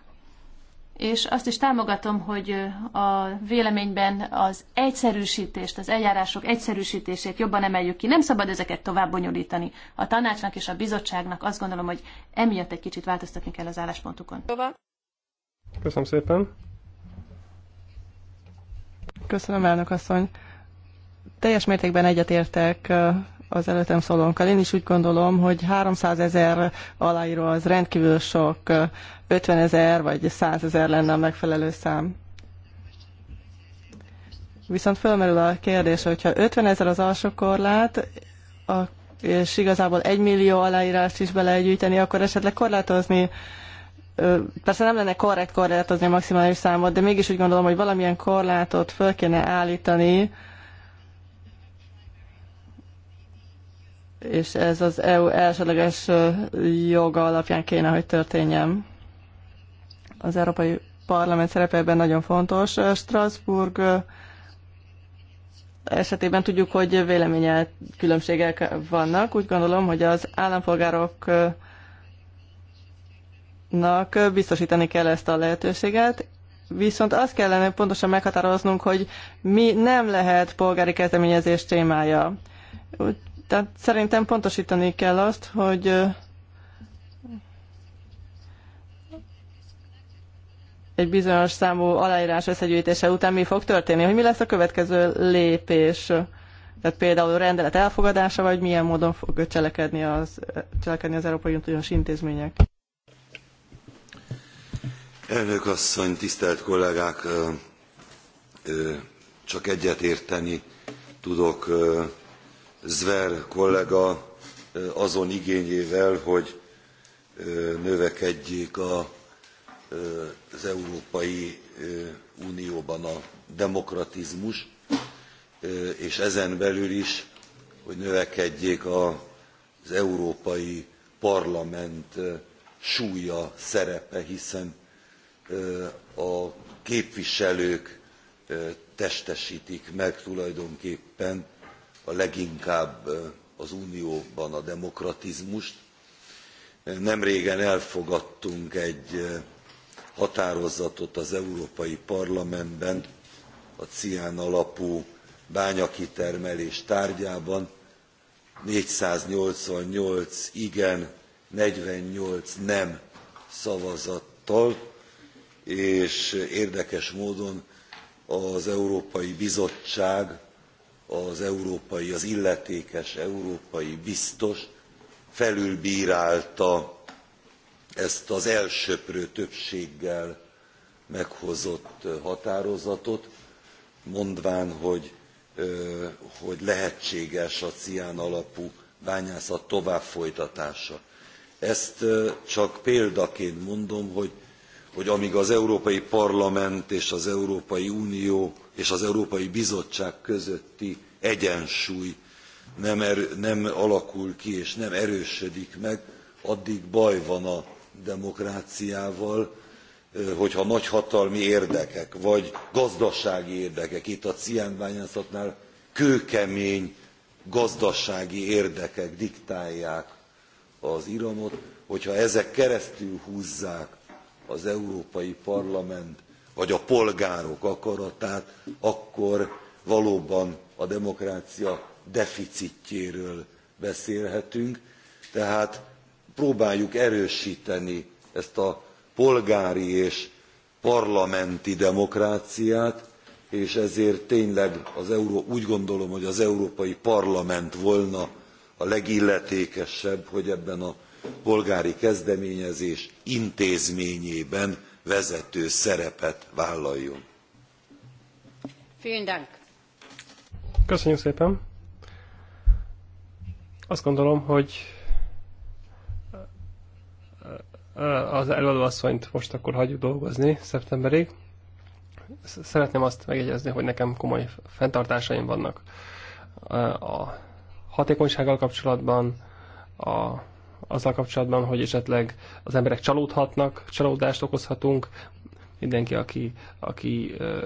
És azt is támogatom, hogy a véleményben az egyszerűsítést, az eljárások egyszerűsítését jobban emeljük ki. Nem szabad ezeket tovább bonyolítani. A tanácsnak és a bizottságnak azt gondolom, hogy emiatt egy kicsit változtatni kell az álláspontukon. Köszönöm szépen. Köszönöm, elnök asszony. Teljes mértékben egyetértek az előttem szólónkkal. Én is úgy gondolom, hogy 300 ezer aláíró az rendkívül sok, 50 ezer vagy 100 ezer lenne a megfelelő szám. Viszont fölmerül a kérdés, hogyha 50 ezer az alsó korlát, és igazából 1 millió aláírást is belegyűjteni, akkor esetleg korlátozni persze nem lenne korrekt korlátozni a maximális számot, de mégis úgy gondolom, hogy valamilyen korlátot föl kéne állítani, és ez az EU elsődleges joga alapján kéne, hogy történjen. Az Európai Parlament szerepe ebben nagyon fontos. Strasbourg esetében tudjuk, hogy véleménye különbségek vannak. Úgy gondolom, hogy az állampolgároknak biztosítani kell ezt a lehetőséget, viszont azt kellene pontosan meghatároznunk, hogy mi nem lehet polgári kezdeményezés témája. Úgy tehát szerintem pontosítani kell azt, hogy egy bizonyos számú aláírás összegyűjtése után mi fog történni, hogy mi lesz a következő lépés, tehát például a rendelet elfogadása, vagy milyen módon fog cselekedni az, cselekedni az Európai Uniós intézmények. Elnök asszony, tisztelt kollégák, csak egyet érteni tudok Zver kollega azon igényével, hogy növekedjék a, az Európai Unióban a demokratizmus, és ezen belül is, hogy növekedjék az Európai Parlament súlya, szerepe, hiszen a képviselők testesítik meg tulajdonképpen a leginkább az unióban a demokratizmust. Nemrégen elfogadtunk egy határozatot az Európai Parlamentben a cián alapú bányakitermelés tárgyában. 488 igen, 48 nem szavazattal, és érdekes módon az Európai Bizottság az európai, az illetékes európai biztos felülbrálta ezt az elsöprő többséggel meghozott határozatot, mondván, hogy, hogy lehetséges a cián alapú bányászat továbbfolytatása. Ezt csak példaként mondom, hogy hogy amg az európai parlament és az európai unió és az európai bizottság közötti egyensúly nem, er, alakul ki és nem erősödik meg addig baj van a demokráciával hogyha nagyhatalmi érdekek vagy gazdasági érdekek itt a ciánbányászatnál kőkemény gazdasági érdekek diktálják az iramot hogyha ezek keresztül húzzák az európai parlament vagy a polgárok akaratát akkor valóban a demokrácia deficitjéről beszélhetünk tehát próbáljuk erősteni ezt a polgári és parlamenti demokráciát és ezért tényleg az Euró... úgy gondolom hogy az európai parlament volna a legilletékesebb hogy ebben a polgári kezdeményezés intézményében vezető szerepet vállaljon. Köszönjük szépen! Azt gondolom, hogy az előadóasszonyt most akkor hagyjuk dolgozni szeptemberig. Szeretném azt megjegyezni, hogy nekem komoly fenntartásaim vannak a hatékonysággal kapcsolatban, a azzal kapcsolatban, hogy esetleg az emberek csalódhatnak, csalódást okozhatunk, mindenki, aki, aki ö,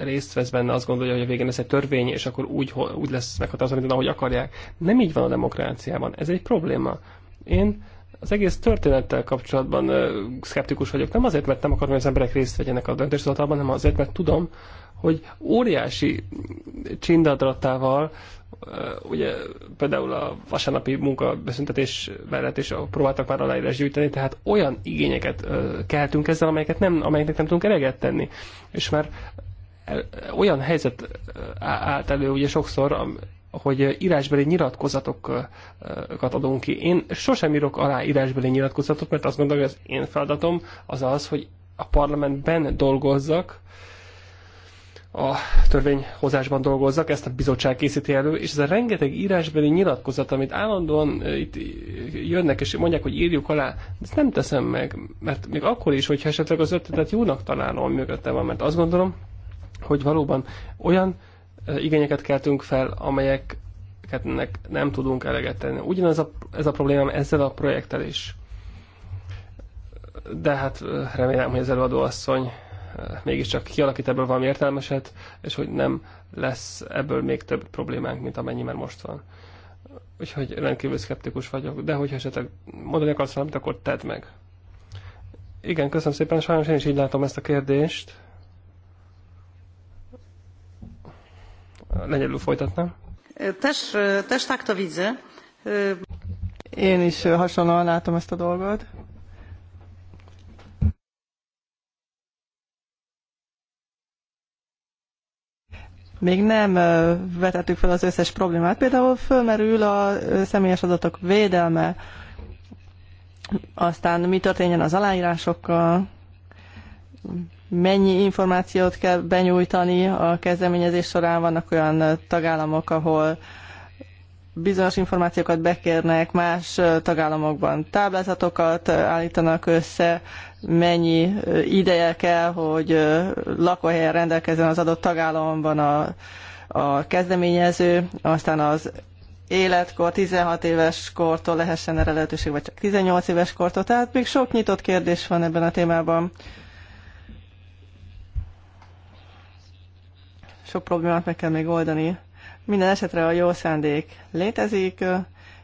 részt vesz benne, azt gondolja, hogy a végén lesz egy törvény, és akkor úgy, úgy lesz meghatározva mint ahogy akarják. Nem így van a demokráciában. Ez egy probléma. Én az egész történettel kapcsolatban szkeptikus vagyok. Nem azért, mert nem akarom, hogy az emberek részt vegyenek a döntéshozatalban, hanem azért, mert tudom, hogy óriási csindadratával ugye például a vasárnapi munkabeszüntetés mellett is próbáltak már aláírás gyűjteni, tehát olyan igényeket keltünk ezzel, amelyeket nem, amelyeknek nem tudunk eleget tenni. És már olyan helyzet állt elő ugye sokszor, hogy írásbeli nyilatkozatokat adunk ki. Én sosem írok alá írásbeli nyilatkozatot, mert azt gondolom, hogy az én feladatom az az, hogy a parlamentben dolgozzak, a törvényhozásban dolgozzak, ezt a bizottság készíti elő, és ez a rengeteg írásbeli nyilatkozat, amit állandóan e, itt jönnek, és mondják, hogy írjuk alá, ezt nem teszem meg, mert még akkor is, hogyha esetleg az ötletet jónak találom, mögötte van, mert azt gondolom, hogy valóban olyan e, igényeket keltünk fel, amelyeket nem tudunk eleget tenni. Ugyanez a, ez a problémám ezzel a projekttel is. De hát e, remélem, hogy az előadó asszony mégiscsak kialakít ebből valami értelmeset, és hogy nem lesz ebből még több problémánk, mint amennyi már most van. Úgyhogy rendkívül szkeptikus vagyok, de hogyha esetleg mondani akarsz valamit, akkor tedd meg. Igen, köszönöm szépen, sajnos én is így látom ezt a kérdést. Lenyelül folytatnám. Też, też tak Én is hasonlóan látom ezt a dolgot. Még nem vetettük fel az összes problémát, például fölmerül a személyes adatok védelme, aztán mi történjen az aláírásokkal, mennyi információt kell benyújtani a kezdeményezés során, vannak olyan tagállamok, ahol bizonyos információkat bekérnek más tagállamokban, táblázatokat állítanak össze, mennyi ideje kell, hogy lakóhelyen rendelkezzen az adott tagállamban a, a kezdeményező, aztán az életkor, 16 éves kortól lehessen erre lehetőség, vagy csak 18 éves kortól. Tehát még sok nyitott kérdés van ebben a témában. Sok problémát meg kell még oldani. Minden esetre a jó szándék létezik,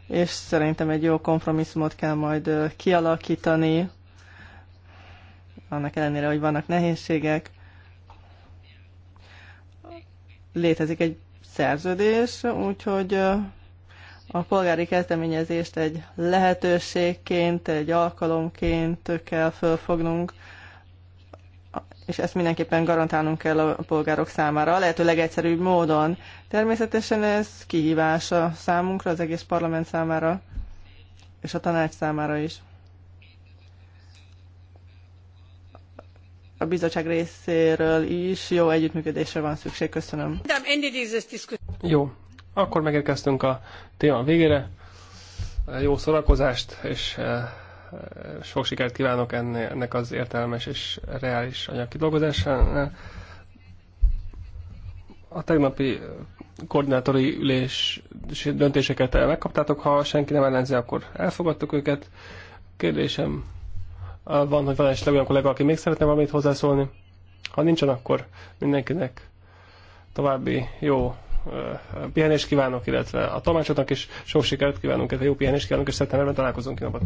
és szerintem egy jó kompromisszumot kell majd kialakítani, annak ellenére, hogy vannak nehézségek. Létezik egy szerződés, úgyhogy a polgári kezdeményezést egy lehetőségként, egy alkalomként kell fölfognunk, és ezt mindenképpen garantálnunk kell a polgárok számára, a lehető legegyszerűbb módon. Természetesen ez kihívás a számunkra, az egész parlament számára, és a tanács számára is. A bizottság részéről is jó együttműködésre van szükség. Köszönöm. Jó, akkor megérkeztünk a téma végére. Jó szórakozást, és eh, sok sikert kívánok ennek az értelmes és reális anyag kidolgozásánál. A tegnapi koordinátori ülés döntéseket megkaptátok, ha senki nem ellenzi, akkor elfogadtuk őket. Kérdésem van, hogy van esetleg olyan kollega, aki még szeretne valamit hozzászólni. Ha nincsen, akkor mindenkinek további jó pihenést kívánok, illetve a tanácsotnak is sok sikert kívánunk, illetve jó pihenést kívánunk, és szeptemberben találkozunk, ki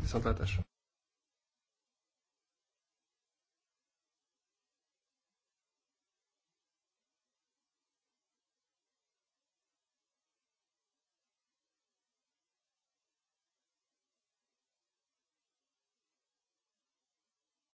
viszontlátásra.